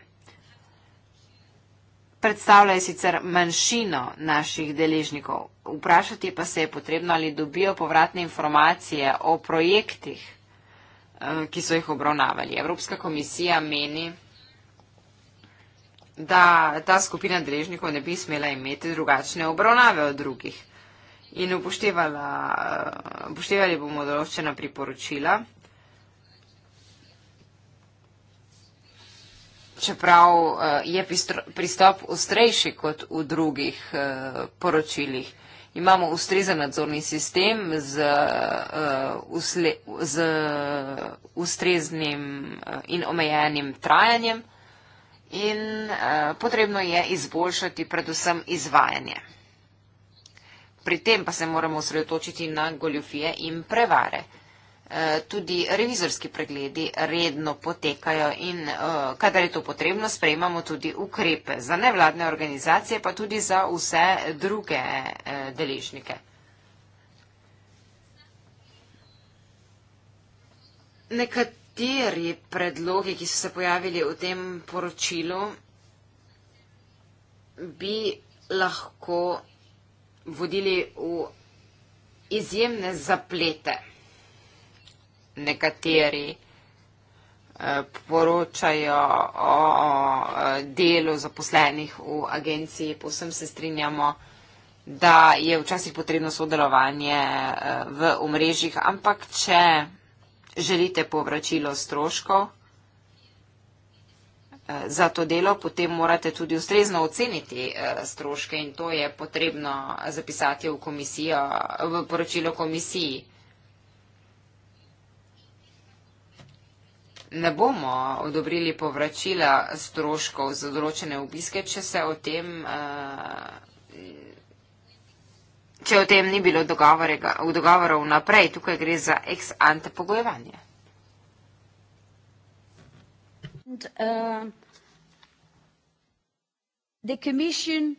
Predstavlja je sicer manjšino naših deležnikov. Vprašati pa se je potrebno, ali dobijo povratne informacije o projektih, eh, ki so jih obravnavali. Evropska komisija meni, da ta skupina deležnikov ne bi smela imeti drugačne obravnave od drugih in upoštevala, eh, upoštevali bomo določena priporočila. Čeprav eh, je pristop ustrejši kot v drugih eh, poročilih. Imamo ustrezen nadzorni sistem z, uh, usle, z ustreznim in omejenim trajanjem in uh, potrebno je izboljšati predvsem izvajanje pri tem pa se moramo osredotočiti na goljofije in prevare. E, tudi revizorski pregledi redno potekajo in e, kadar je to potrebno, sprejmamo tudi ukrepe za nevladne organizacije, pa tudi za vse druge e, deležnike. Nekateri predlogi, ki so se pojavili v tem poročilu, bi lahko vodili v izjemne zaplete. Nekateri eh, poročajo o delu zaposlenih v agenciji, povsem se strinjamo, da je včasih potrebno sodelovanje eh, v omrežjih, ampak če želite povračilo stroškov, Eh, za to delo, potem morate tudi ustrezno oceniti eh, stroške in to je potrebno zapisati v, v poročilo komisiji. Ne bomo odobrili povračila stroškov za določene obiske, če se o tem, eh, če o tem ni bilo dogovora vnaprej. Tukaj gre za ex ante pogojevanje. And uh, the Commission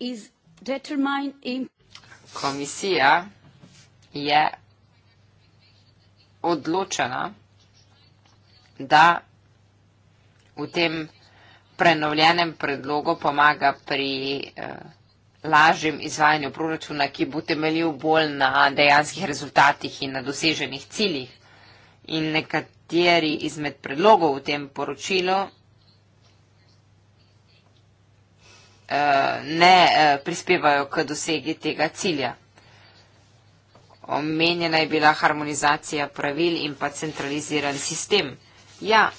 is determined in. Komisija je odločena, da v tem prenovljenem predlogu pomaga pri eh, lažjem izvajanju proračuna, ki bo temeljil bolj na dejanskih rezultatih in na doseženih ciljih. In nekat, kateri izmed predlogov v tem poročilu eh, ne eh, prispevajo k dosegi tega cilja. Omenjena je bila harmonizacija pravil in pa centraliziran sistem. Ja,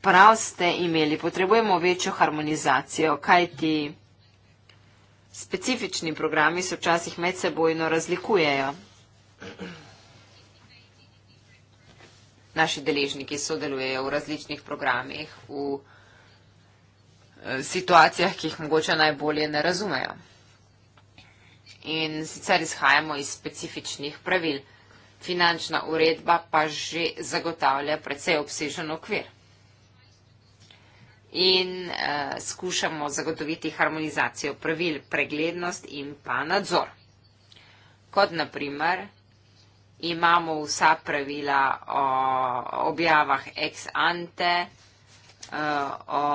prav ste imeli, potrebujemo večjo harmonizacijo, kaj ti specifični programi se včasih med sebojno razlikujejo naši deležniki sodelujejo v različnih programih, v eh, situacijah, ki jih mogoče najbolje ne razumejo. In sicer izhajamo iz specifičnih pravil. Finančna uredba pa že zagotavlja precej obsežen okvir. In eh, skušamo zagotoviti harmonizacijo pravil, preglednost in pa nadzor. Kot naprimer, imamo vsa pravila o objavah ex ante, eh, o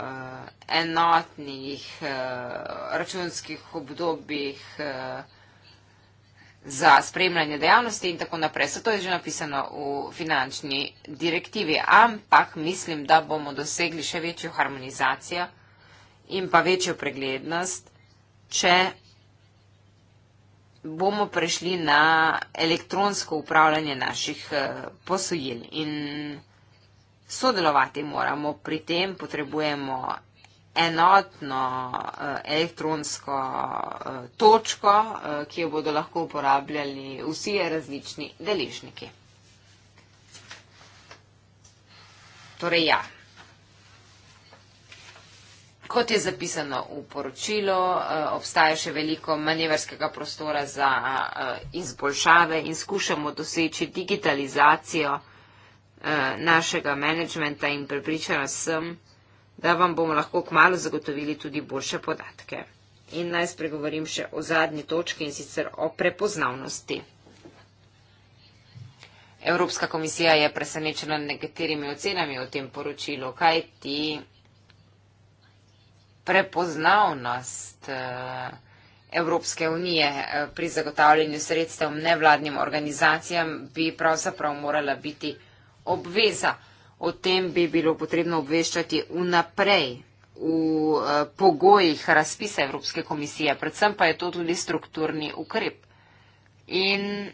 eh, enotnih eh, računskih obdobjih za spremljanje dejavnosti in tako naprej. Zato je že napisano v finančni direktivi, ampak mislim, da bomo dosegli še večjo harmonizacijo in pa večjo preglednost, če bomo prešli na elektronsko upravljanje naših eh, posojil in sodelovati moramo pri tem, potrebujemo enotno eh, elektronsko eh, točko, ki jo bodo lahko uporabljali vsi različni deležniki. Torej ja, Kot je zapisano v poročilu, eh, obstaja še veliko manevrskega prostora za eh, izboljšave in skušamo doseči digitalizacijo eh, našega menedžmenta in prepričana sem, da vam bomo lahko kmalo zagotovili tudi boljše podatke. In naj spregovorim še o zadnji točki in sicer o prepoznavnosti. Evropska komisija je presenečena nekaterimi ocenami o tem poročilu, kaj ti prepoznavnost eh, Evropske unije eh, pri zagotavljanju sredstev nevladnim organizacijam bi pravzaprav morala biti obveza. O tem bi bilo potrebno obveščati vnaprej v eh, pogojih razpisa Evropske komisije, predvsem pa je to tudi strukturni ukrep. In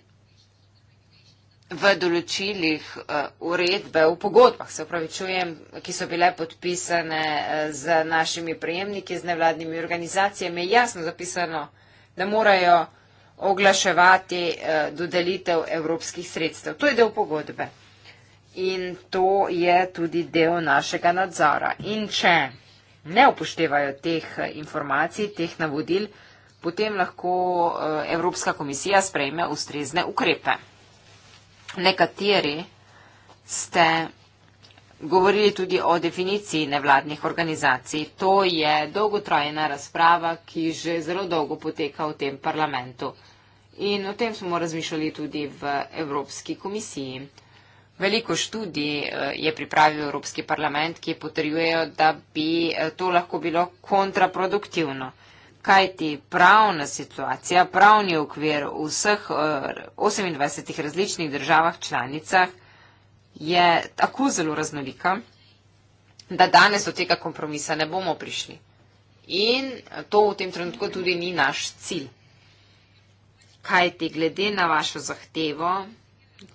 v določilih eh, uredbe, v pogodbah, se upravičujem, ki so bile podpisane eh, z našimi prejemniki, z nevladnimi organizacijami, je jasno zapisano, da morajo oglaševati eh, dodelitev evropskih sredstev. To je del pogodbe. In to je tudi del našega nadzora. In če ne upoštevajo teh informacij, teh navodil, potem lahko Evropska komisija sprejme ustrezne ukrepe nekateri ste govorili tudi o definiciji nevladnih organizacij. To je dolgotrajna razprava, ki že zelo dolgo poteka v tem parlamentu. In o tem smo razmišljali tudi v Evropski komisiji. Veliko študij eh, je pripravil Evropski parlament, ki potrjujejo, da bi eh, to lahko bilo kontraproduktivno kajti pravna situacija, pravni okvir v vseh 28 eh, različnih državah članicah je tako zelo raznolika, da danes do tega kompromisa ne bomo prišli. In to v tem trenutku tudi ni naš cilj. Kajti glede na vašo zahtevo,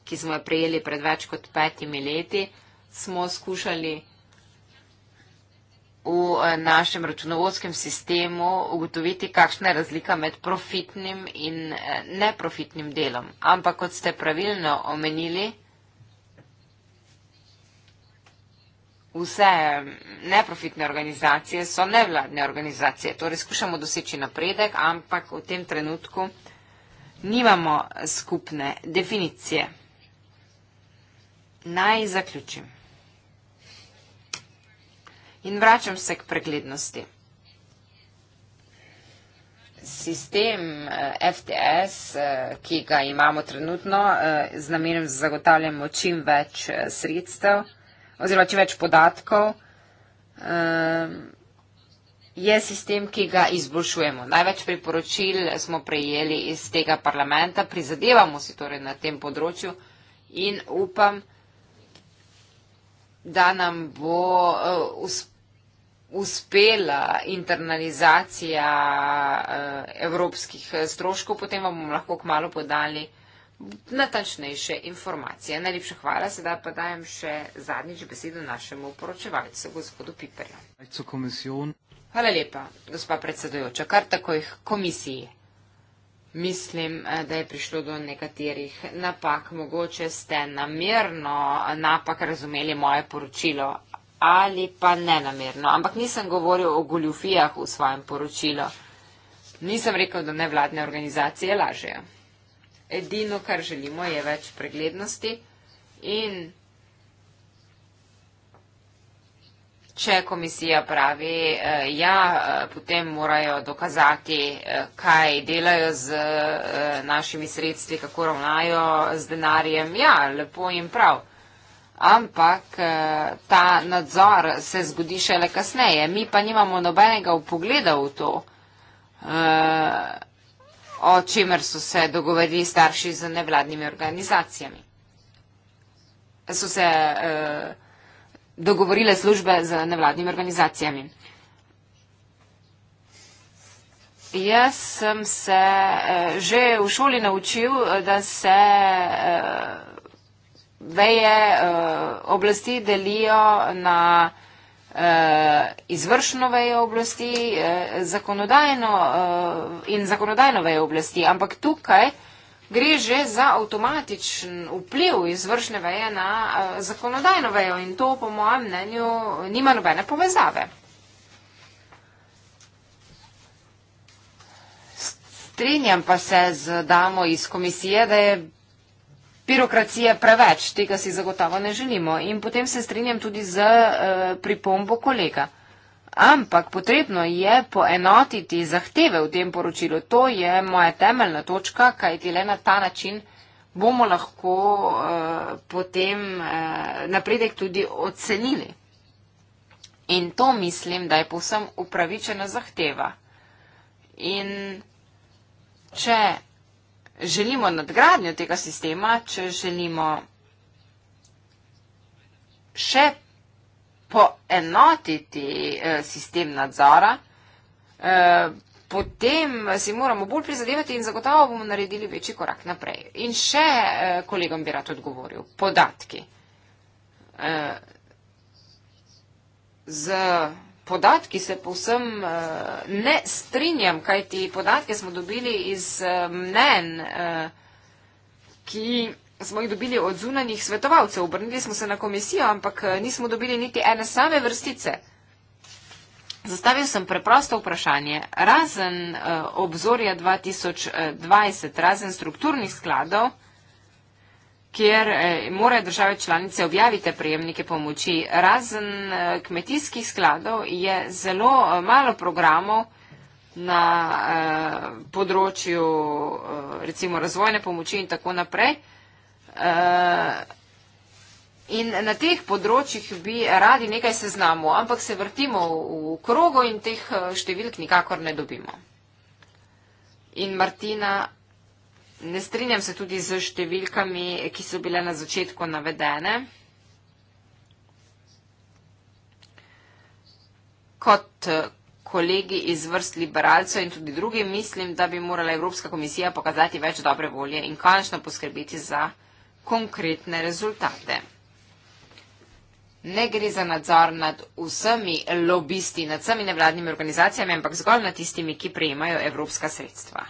ki smo jo prejeli pred več kot petimi leti, smo skušali v eh, našem računovodskem sistemu ugotoviti, kakšna je razlika med profitnim in eh, neprofitnim delom. Ampak, kot ste pravilno omenili, vse neprofitne organizacije so nevladne organizacije. Torej, skušamo doseči napredek, ampak v tem trenutku nimamo skupne definicije. Naj zaključim. In vračam se k preglednosti. Sistem eh, FTS, eh, ki ga imamo trenutno, eh, z namenom zagotavljamo čim več sredstev oziroma čim več podatkov, je sistem, ki ga izboljšujemo. Največ priporočil smo prejeli iz tega parlamenta, prizadevamo si torej na tem področju in upam, da nam bo uspravljeno uspela internalizacija eh, evropskih eh, stroškov, potem vam bomo lahko kmalo podali natančnejše informacije. Najlepša hvala, sedaj pa dajem še zadnjič besedo našemu poročevalcu, gospodu Piperju. Hvala lepa, gospa predsedujoča. Kar takoj k komisiji. Mislim, eh, da je prišlo do nekaterih napak. Mogoče ste namerno napak razumeli moje poročilo ali pa nenamerno. Ampak nisem govoril o goljufijah v svojem poročilu. Nisem rekel, da nevladne organizacije lažejo. Edino, kar želimo, je več preglednosti in če komisija pravi, eh, ja, eh, potem morajo dokazati, eh, kaj delajo z našimi sredstvi, kako ravnajo z denarjem. Ja, lepo in prav ampak eh, ta nadzor se zgodi šele kasneje. Mi pa nimamo nobenega upogleda v to, eh, o čemer so se dogovorili starši z nevladnimi organizacijami. So se eh, dogovorile službe z nevladnimi organizacijami. Jaz sem se že v šoli naučil, da se veje uh, oblasti delijo na uh, izvršno vejo oblasti, uh, zakonodajno uh, in zakonodajno vejo oblasti, ampak tukaj gre že za avtomatičen vpliv izvršne veje na uh, zakonodajno vejo in to, po mojem mnenju, nima nobene povezave. Strinjam pa se z damo iz komisije, da je Birokracije preveč, tega si zagotovo ne želimo in potem se strinjam tudi z uh, pripombo kolega. Ampak potrebno je poenotiti zahteve v tem poročilu. To je moja temeljna točka, kajti le na ta način bomo lahko uh, potem uh, napredek tudi ocenili. In to mislim, da je povsem upravičena zahteva. In če želimo nadgradnjo tega sistema, če želimo še poenotiti eh, sistem nadzora, eh, potem si moramo bolj prizadevati in zagotovo bomo naredili večji korak naprej. In še eh, kolegom bi rad odgovoril. Podatki. Z podatki se povsem eh, ne strinjam, kaj ti podatke smo dobili iz eh, mnen, eh, ki smo jih dobili od zunanjih svetovalcev. Obrnili smo se na komisijo, ampak nismo dobili niti ene same vrstice. Zastavil sem preprosto vprašanje. Razen obzorja 2020, razen strukturnih skladov, kjer eh, morajo države članice objaviti prejemnike pomoči. Razen eh, kmetijskih skladov je zelo eh, malo programov na področju recimo razvojne pomoči in tako naprej. In na teh področjih bi radi nekaj seznamo, ampak se vrtimo v krogo in teh številk nikakor ne dobimo. In Martina Ne strinjam se tudi z številkami, ki so bile na začetku navedene. Kot eh, kolegi iz vrst liberalcev in tudi drugi mislim, da bi morala Evropska komisija pokazati več dobre volje in končno poskrbiti za konkretne rezultate. Ne gre za nadzor nad vsemi lobisti, nad vsemi nevladnimi organizacijami, ampak zgolj nad tistimi, ki prejemajo evropska sredstva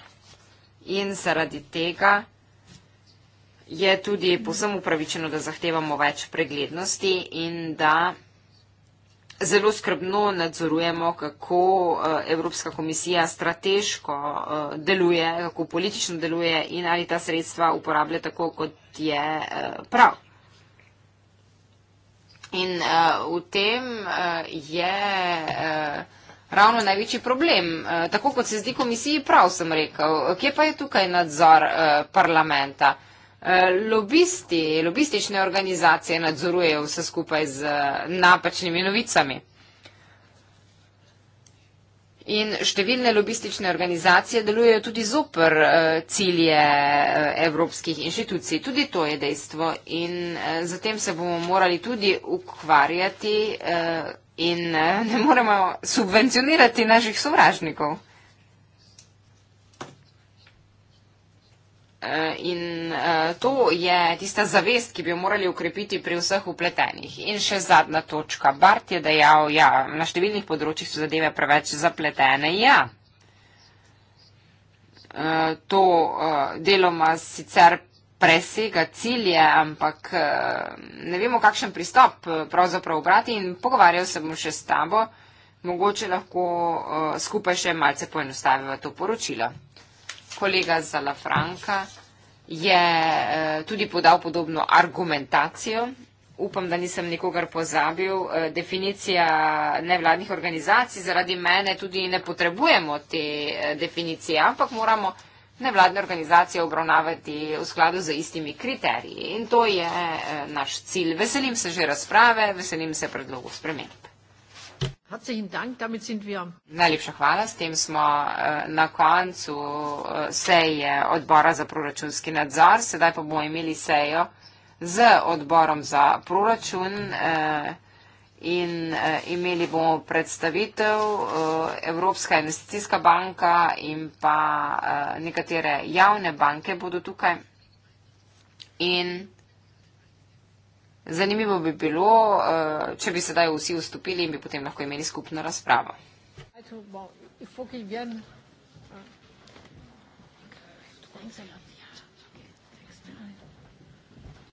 in zaradi tega je tudi povsem upravičeno, da zahtevamo več preglednosti in da zelo skrbno nadzorujemo, kako eh, Evropska komisija strateško eh, deluje, kako politično deluje in ali ta sredstva uporablja tako, kot je eh, prav. In uh, v tem uh, je uh, ravno največji problem. Eh, tako kot se zdi komisiji, prav sem rekel, kje pa je tukaj nadzor eh, parlamenta? Eh, lobisti, lobistične organizacije nadzorujejo vse skupaj z napačnimi novicami. In številne lobistične organizacije delujejo tudi zoper cilje evropskih inštitucij. Tudi to je dejstvo in zatem se bomo morali tudi ukvarjati, in eh, ne moremo subvencionirati naših sovražnikov. Eh, in eh, to je tista zavest, ki bi jo morali ukrepiti pri vseh upletenih. In še zadnja točka. Bart je dejal, ja, na številnih področjih so zadeve preveč zapletene. Ja, to deloma sicer presega cilje, ampak eh, ne vemo, kakšen pristop eh, pravzaprav obrati in pogovarjal sem mu še s tabo, mogoče lahko eh, skupaj še malce poenostavimo to poročilo. Kolega Zalafranka je tudi podal podobno argumentacijo. Upam, da nisem nikogar pozabil. Definicija nevladnih organizacij, zaradi mene tudi ne potrebujemo te definicije, ampak moramo nevladne organizacije obravnavati v skladu z istimi kriteriji. In to je eh, naš cilj. Veselim se že razprave, veselim se predlogu sprememb. Najlepša hvala, s tem smo eh, na koncu eh, seje odbora za proračunski nadzor. Sedaj pa bomo imeli sejo z odborom za proračun. Eh, in eh, imeli bomo predstavitev eh, Evropska investicijska banka in pa eh, nekatere javne banke bodo tukaj. In zanimivo bi bilo, če bi sedaj vsi vstopili in bi potem lahko imeli skupno razpravo. Thank you.